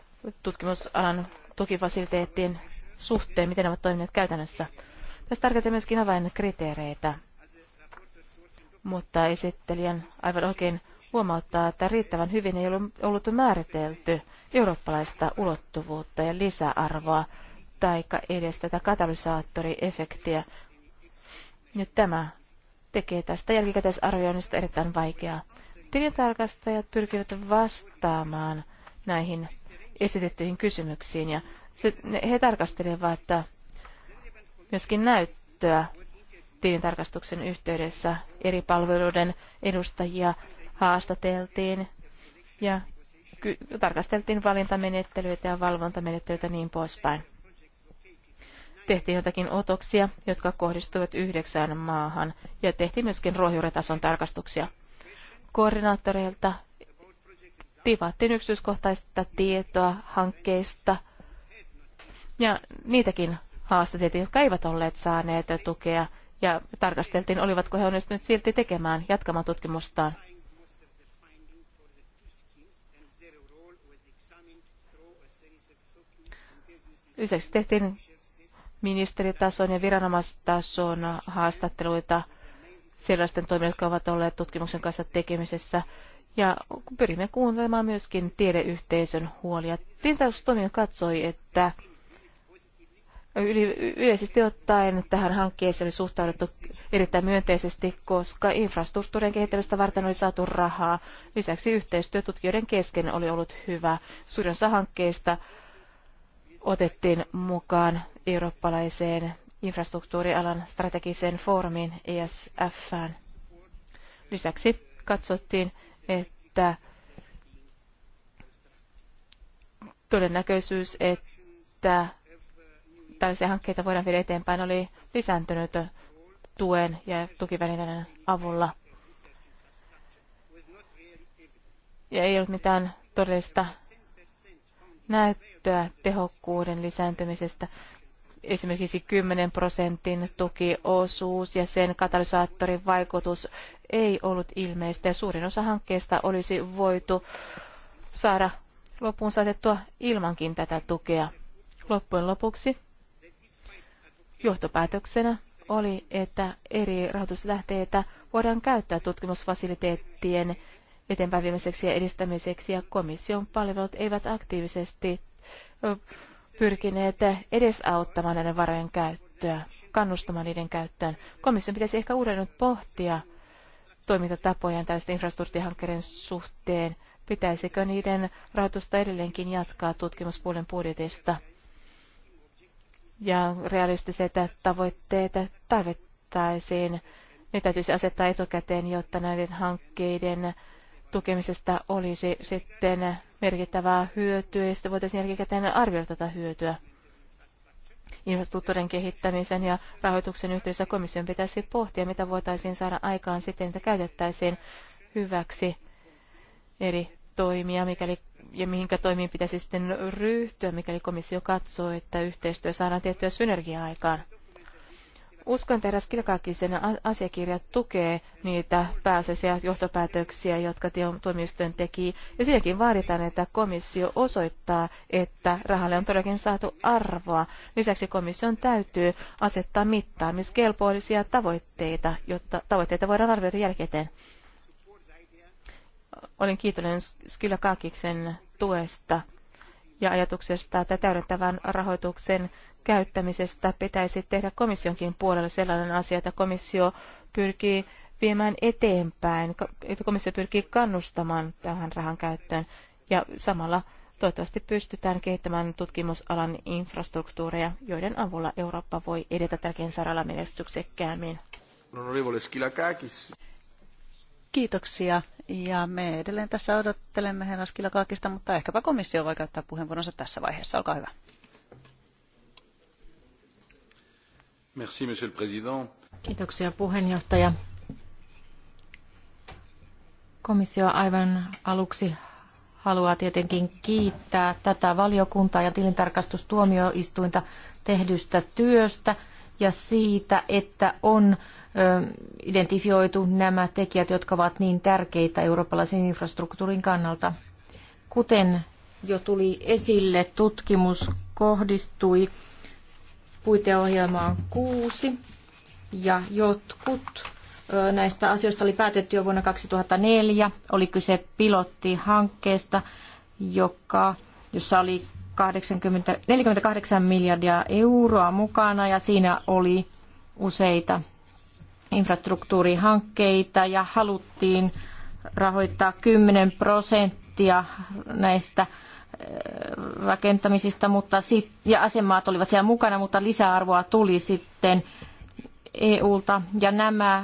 tutkimusalan tukifasiliteettien suhteen, miten ne ovat toimineet käytännössä. Tässä tarkoittaa myöskin avainkriteereitä, mutta esittelijän aivan oikein huomauttaa, että riittävän hyvin ei ollut määritelty eurooppalaista ulottuvuutta ja lisäarvoa tai edes tätä katalysaattoriefektiä. Nyt tämä tekee tästä jälkikäteisarvioinnista erittäin vaikeaa. Tilintarkastajat pyrkivät vastaamaan näihin esitettyihin kysymyksiin. Ja se, ne, he tarkastelevat myöskin näyttöä tilintarkastuksen yhteydessä. Eri palveluiden edustajia haastateltiin ja ky- tarkasteltiin valintamenettelyitä ja valvontamenettelyitä niin poispäin. Tehtiin jotakin otoksia, jotka kohdistuivat yhdeksään maahan, ja tehtiin myöskin ruohonjuuritason tarkastuksia. Koordinaattoreilta tivattiin yksityiskohtaista tietoa hankkeista ja niitäkin haastateltiin, jotka eivät olleet saaneet tukea ja tarkasteltiin, olivatko he onnistuneet silti tekemään, jatkamaan tutkimustaan. Lisäksi tehtiin ministeritason ja viranomaistason haastatteluita sellaisten toimijoiden, jotka ovat olleet tutkimuksen kanssa tekemisessä ja pyrimme kuuntelemaan myöskin tiedeyhteisön huolia. Tintaustoiminta katsoi, että yleisesti ottaen tähän hankkeeseen oli suhtauduttu erittäin myönteisesti, koska infrastruktuurien kehittämistä varten oli saatu rahaa. Lisäksi yhteistyö tutkijoiden kesken oli ollut hyvä. Suurin hankkeista otettiin mukaan eurooppalaiseen infrastruktuurialan strategiseen foorumiin ESFään. Lisäksi katsottiin, että todennäköisyys, että tällaisia hankkeita voidaan viedä eteenpäin, oli lisääntynyt tuen ja tukivälineiden avulla. Ja ei ollut mitään todellista näyttöä tehokkuuden lisääntymisestä esimerkiksi 10 prosentin tukiosuus ja sen katalysaattorin vaikutus ei ollut ilmeistä ja suurin osa hankkeesta olisi voitu saada loppuun saatettua ilmankin tätä tukea. Loppujen lopuksi johtopäätöksenä oli, että eri rahoituslähteitä voidaan käyttää tutkimusfasiliteettien eteenpäin viemiseksi ja edistämiseksi, ja komission palvelut eivät aktiivisesti pyrkineet edesauttamaan näiden varojen käyttöä, kannustamaan niiden käyttöön. Komission pitäisi ehkä uudelleen pohtia toimintatapojaan tällaisten infrastruktuurihankkeiden suhteen. Pitäisikö niiden rahoitusta edelleenkin jatkaa tutkimuspuolen budjetista? Ja realistiset tavoitteet tarvittaisiin. Ne täytyisi asettaa etukäteen, jotta näiden hankkeiden tukemisesta olisi sitten merkittävää hyötyä, ja sitten voitaisiin jälkikäteen arvioida tätä hyötyä. Infrastruktuurin kehittämisen ja rahoituksen yhteydessä komission pitäisi pohtia, mitä voitaisiin saada aikaan siten, että käytettäisiin hyväksi eri toimia, mikäli ja mihinkä toimiin pitäisi sitten ryhtyä, mikäli komissio katsoo, että yhteistyö saadaan tiettyä synergiaa aikaan. Uskon teräs Kilkakisen asiakirja tukee niitä pääasiassa johtopäätöksiä, jotka tuomioistuin teki, ja siinäkin vaaditaan, että komissio osoittaa, että rahalle on todellakin saatu arvoa. Lisäksi komission täytyy asettaa mittaamiskelpoisia tavoitteita, jotta tavoitteita voidaan arvioida jälkeen. Olen kiitollinen Skilakakiksen tuesta ja ajatuksesta, että täydentävän rahoituksen käyttämisestä pitäisi tehdä komissionkin puolella sellainen asia, että komissio pyrkii viemään eteenpäin, että komissio pyrkii kannustamaan tähän rahan käyttöön ja samalla toivottavasti pystytään kehittämään tutkimusalan infrastruktuureja, joiden avulla Eurooppa voi edetä tärkeän saralla menestyksekkäämmin. Kiitoksia. Ja me edelleen tässä odottelemme herra Skilakaakista, mutta ehkäpä komissio voi käyttää puheenvuoronsa tässä vaiheessa. Olkaa hyvä. Merci, monsieur Kiitoksia puheenjohtaja. Komissio aivan aluksi haluaa tietenkin kiittää tätä valiokuntaa ja tilintarkastustuomioistuinta tehdystä työstä ja siitä, että on identifioitu nämä tekijät, jotka ovat niin tärkeitä eurooppalaisen infrastruktuurin kannalta. Kuten jo tuli esille, tutkimus kohdistui puiteohjelma on kuusi ja jotkut näistä asioista oli päätetty jo vuonna 2004. Oli kyse pilottihankkeesta, joka, jossa oli 80, 48 miljardia euroa mukana ja siinä oli useita infrastruktuurihankkeita ja haluttiin rahoittaa 10 prosenttia prosenttia näistä eh, rakentamisista mutta sit, ja asemaat olivat siellä mukana, mutta lisäarvoa tuli sitten EUlta. Ja nämä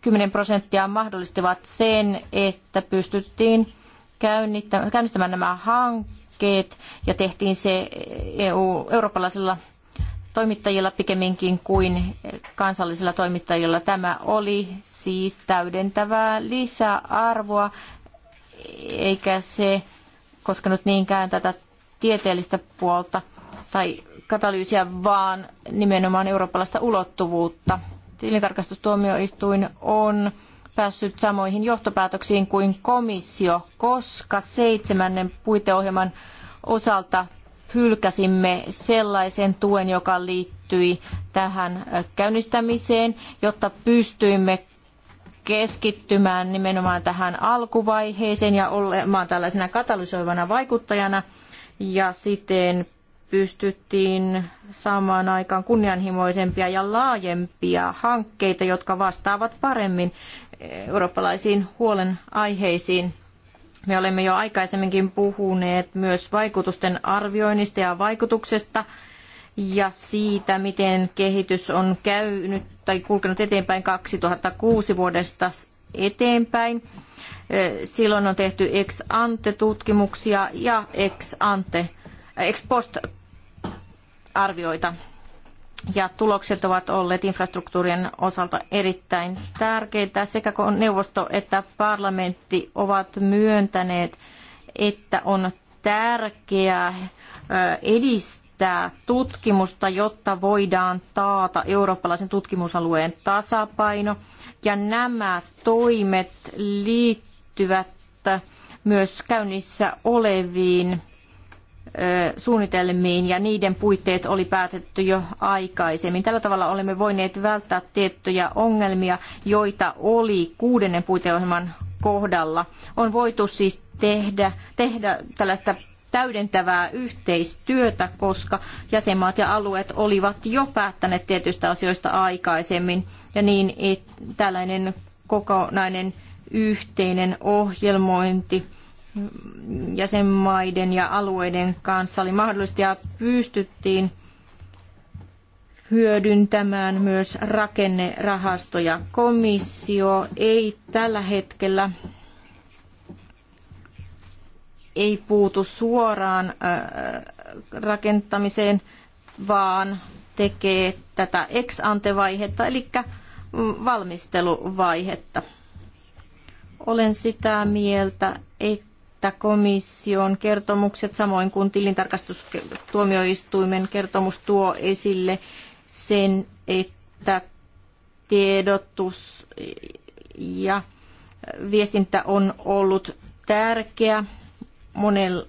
10 prosenttia mahdollistivat sen, että pystyttiin käynnistämään nämä hankkeet ja tehtiin se EU, eurooppalaisilla toimittajilla pikemminkin kuin kansallisilla toimittajilla. Tämä oli siis täydentävää lisäarvoa eikä se koskenut niinkään tätä tieteellistä puolta tai katalyysiä, vaan nimenomaan eurooppalaista ulottuvuutta. Tilintarkastustuomioistuin on päässyt samoihin johtopäätöksiin kuin komissio, koska seitsemännen puiteohjelman osalta hylkäsimme sellaisen tuen, joka liittyi tähän käynnistämiseen, jotta pystyimme keskittymään nimenomaan tähän alkuvaiheeseen ja olemaan tällaisena katalysoivana vaikuttajana. Ja siten pystyttiin saamaan aikaan kunnianhimoisempia ja laajempia hankkeita, jotka vastaavat paremmin eurooppalaisiin huolenaiheisiin. Me olemme jo aikaisemminkin puhuneet myös vaikutusten arvioinnista ja vaikutuksesta ja siitä, miten kehitys on käynyt tai kulkenut eteenpäin 2006 vuodesta eteenpäin. Silloin on tehty ex ante tutkimuksia ja ex ante äh, ex post arvioita. Ja tulokset ovat olleet infrastruktuurien osalta erittäin tärkeitä. Sekä neuvosto että parlamentti ovat myöntäneet, että on tärkeää edistää kehittää tutkimusta, jotta voidaan taata eurooppalaisen tutkimusalueen tasapaino. Ja nämä toimet liittyvät myös käynnissä oleviin suunnitelmiin ja niiden puitteet oli päätetty jo aikaisemmin. Tällä tavalla olemme voineet välttää tiettyjä ongelmia, joita oli kuudennen puiteohjelman kohdalla. On voitu siis tehdä, tehdä tällaista täydentävää yhteistyötä, koska jäsenmaat ja alueet olivat jo päättäneet tietyistä asioista aikaisemmin ja niin et, tällainen kokonainen yhteinen ohjelmointi jäsenmaiden ja alueiden kanssa oli mahdollista ja pystyttiin hyödyntämään myös rakennerahastoja. Komissio ei tällä hetkellä ei puutu suoraan rakentamiseen, vaan tekee tätä ex ante-vaihetta, eli valmisteluvaihetta. Olen sitä mieltä, että komission kertomukset, samoin kuin tilintarkastustuomioistuimen kertomus tuo esille sen, että tiedotus ja viestintä on ollut tärkeä monel,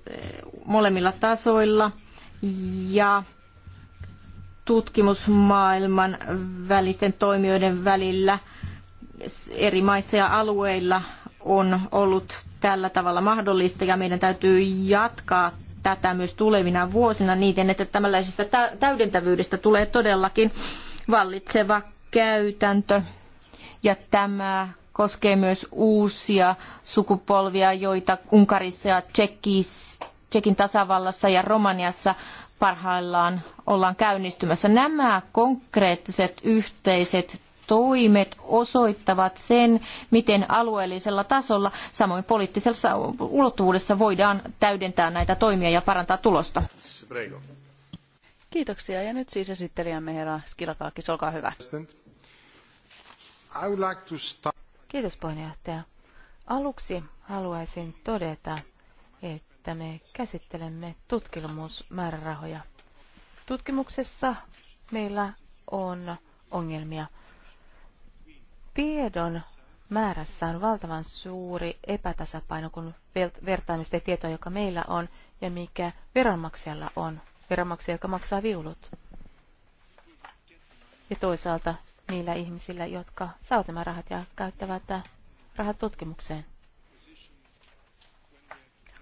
molemmilla tasoilla ja tutkimusmaailman välisten toimijoiden välillä eri maissa ja alueilla on ollut tällä tavalla mahdollista ja meidän täytyy jatkaa tätä myös tulevina vuosina niin, että tällaisesta täydentävyydestä tulee todellakin vallitseva käytäntö ja tämä koskee myös uusia sukupolvia, joita Unkarissa ja Tsekis, Tsekin tasavallassa ja Romaniassa parhaillaan ollaan käynnistymässä. Nämä konkreettiset yhteiset toimet osoittavat sen, miten alueellisella tasolla, samoin poliittisessa ulottuvuudessa voidaan täydentää näitä toimia ja parantaa tulosta. Kiitoksia. Ja nyt siis esittelijämme herra Skilakakis, olkaa hyvä. Kiitos puheenjohtaja. Aluksi haluaisin todeta, että me käsittelemme tutkimusmäärärahoja. Tutkimuksessa meillä on ongelmia. Tiedon määrässä on valtavan suuri epätasapaino, kun vertaamme sitä tietoa, joka meillä on ja mikä veronmaksajalla on. Veronmaksaja, joka maksaa viulut. Ja toisaalta niillä ihmisillä, jotka saavat nämä rahat ja käyttävät äh, rahat tutkimukseen.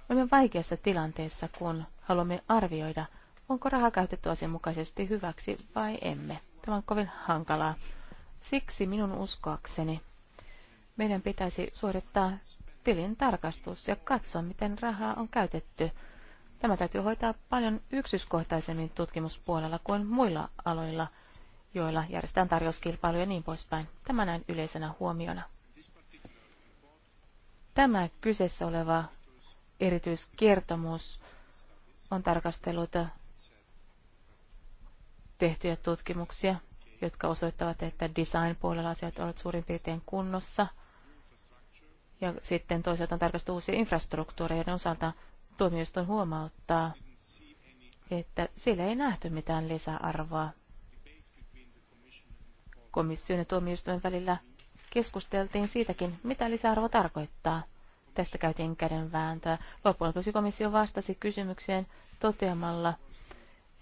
Olemme vaikeassa tilanteessa, kun haluamme arvioida, onko raha käytetty asianmukaisesti hyväksi vai emme. Tämä on kovin hankalaa. Siksi minun uskoakseni meidän pitäisi suorittaa tilin tarkastus ja katsoa, miten rahaa on käytetty. Tämä täytyy hoitaa paljon yksityiskohtaisemmin tutkimuspuolella kuin muilla aloilla – joilla järjestetään tarjouskilpailuja ja niin poispäin. Tämä näin yleisenä huomiona. Tämä kyseessä oleva erityiskertomus on tarkastellut tehtyjä tutkimuksia, jotka osoittavat, että design-puolella asiat ovat suurin piirtein kunnossa. Ja sitten toisaalta on tarkastettu uusia infrastruktuureja, joiden osalta tuomioistuin huomauttaa, että sillä ei nähty mitään lisäarvoa komission ja tuomioistuimen välillä keskusteltiin siitäkin, mitä lisäarvo tarkoittaa. Tästä käytiin kädenvääntöä. Loppujen lopuksi komissio vastasi kysymykseen toteamalla,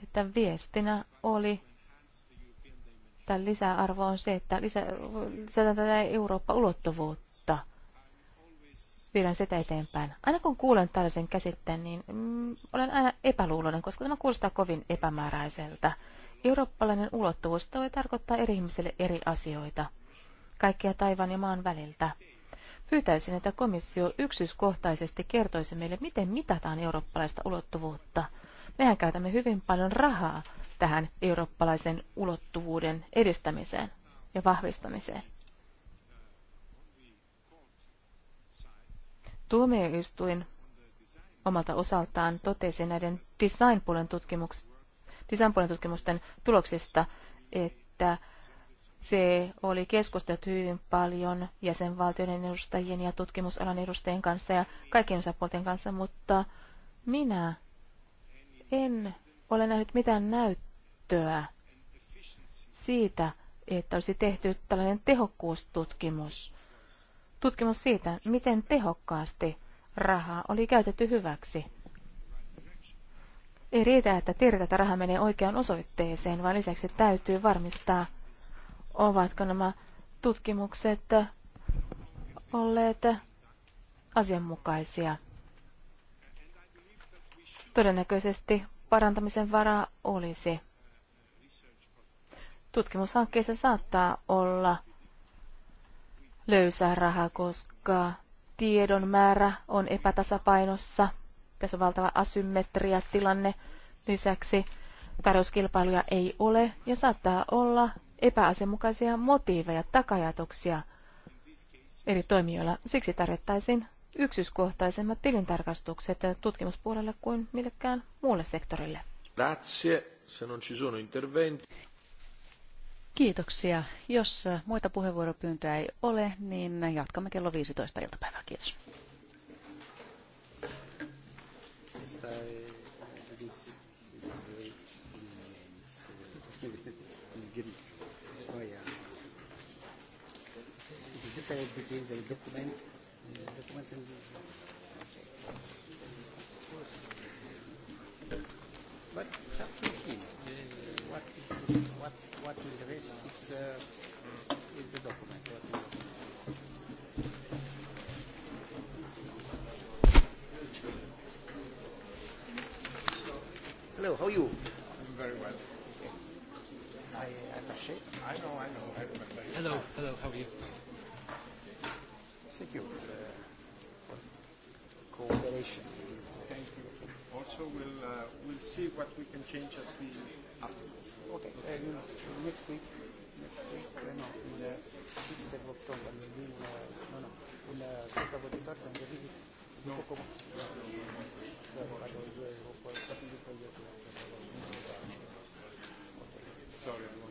että viestinä oli, tämä lisäarvo on se, että lisä, lisätään tätä Eurooppa-ulottuvuutta. Viedään sitä eteenpäin. Aina kun kuulen tällaisen käsitteen, niin mm, olen aina epäluuloinen, koska tämä kuulostaa kovin epämääräiseltä. Eurooppalainen ulottuvuus voi tarkoittaa eri ihmisille eri asioita, kaikkia taivaan ja maan väliltä. Pyytäisin, että komissio yksityiskohtaisesti kertoisi meille, miten mitataan eurooppalaista ulottuvuutta. Mehän käytämme hyvin paljon rahaa tähän eurooppalaisen ulottuvuuden edistämiseen ja vahvistamiseen. Tuomioistuin omalta osaltaan totesi näiden design-puolen Lisämpuolen tutkimusten tuloksista, että se oli keskusteltu hyvin paljon jäsenvaltioiden edustajien ja tutkimusalan edustajien kanssa ja kaikkien osapuolten kanssa, mutta minä en ole nähnyt mitään näyttöä siitä, että olisi tehty tällainen tehokkuustutkimus. Tutkimus siitä, miten tehokkaasti rahaa oli käytetty hyväksi. Ei riitä, että tiedetään, että raha menee oikeaan osoitteeseen, vaan lisäksi täytyy varmistaa, ovatko nämä tutkimukset olleet asianmukaisia. Todennäköisesti parantamisen varaa olisi. Tutkimushankkeessa saattaa olla löysää rahaa, koska tiedon määrä on epätasapainossa – tässä on valtava asymmetria tilanne. Lisäksi tarjouskilpailuja ei ole ja saattaa olla epäasianmukaisia motiiveja, takajatuksia eri toimijoilla. Siksi tarvittaisiin yksityiskohtaisemmat tilintarkastukset tutkimuspuolelle kuin millekään muulle sektorille. Grazie, se non ci sono interventi. Kiitoksia. Jos muita puheenvuoropyyntöjä ei ole, niin jatkamme kello 15 iltapäivällä. Kiitos. shared between the document, the uh, document and the But it's up to him. Uh, what, is, what, what will rest? It's, uh, in the document. What is Hello, how are you? I'm very well. I, I'm ashamed. I know, I know. I remember you. Hello, hello, how are you? secure for cooperation. Thank you. Also, we'll, uh, we'll see what we can change at the Okay, uh, next week, next week, no, in the 6th of October, uh, no, no, we'll uh, talk visit. No. So, I Sorry,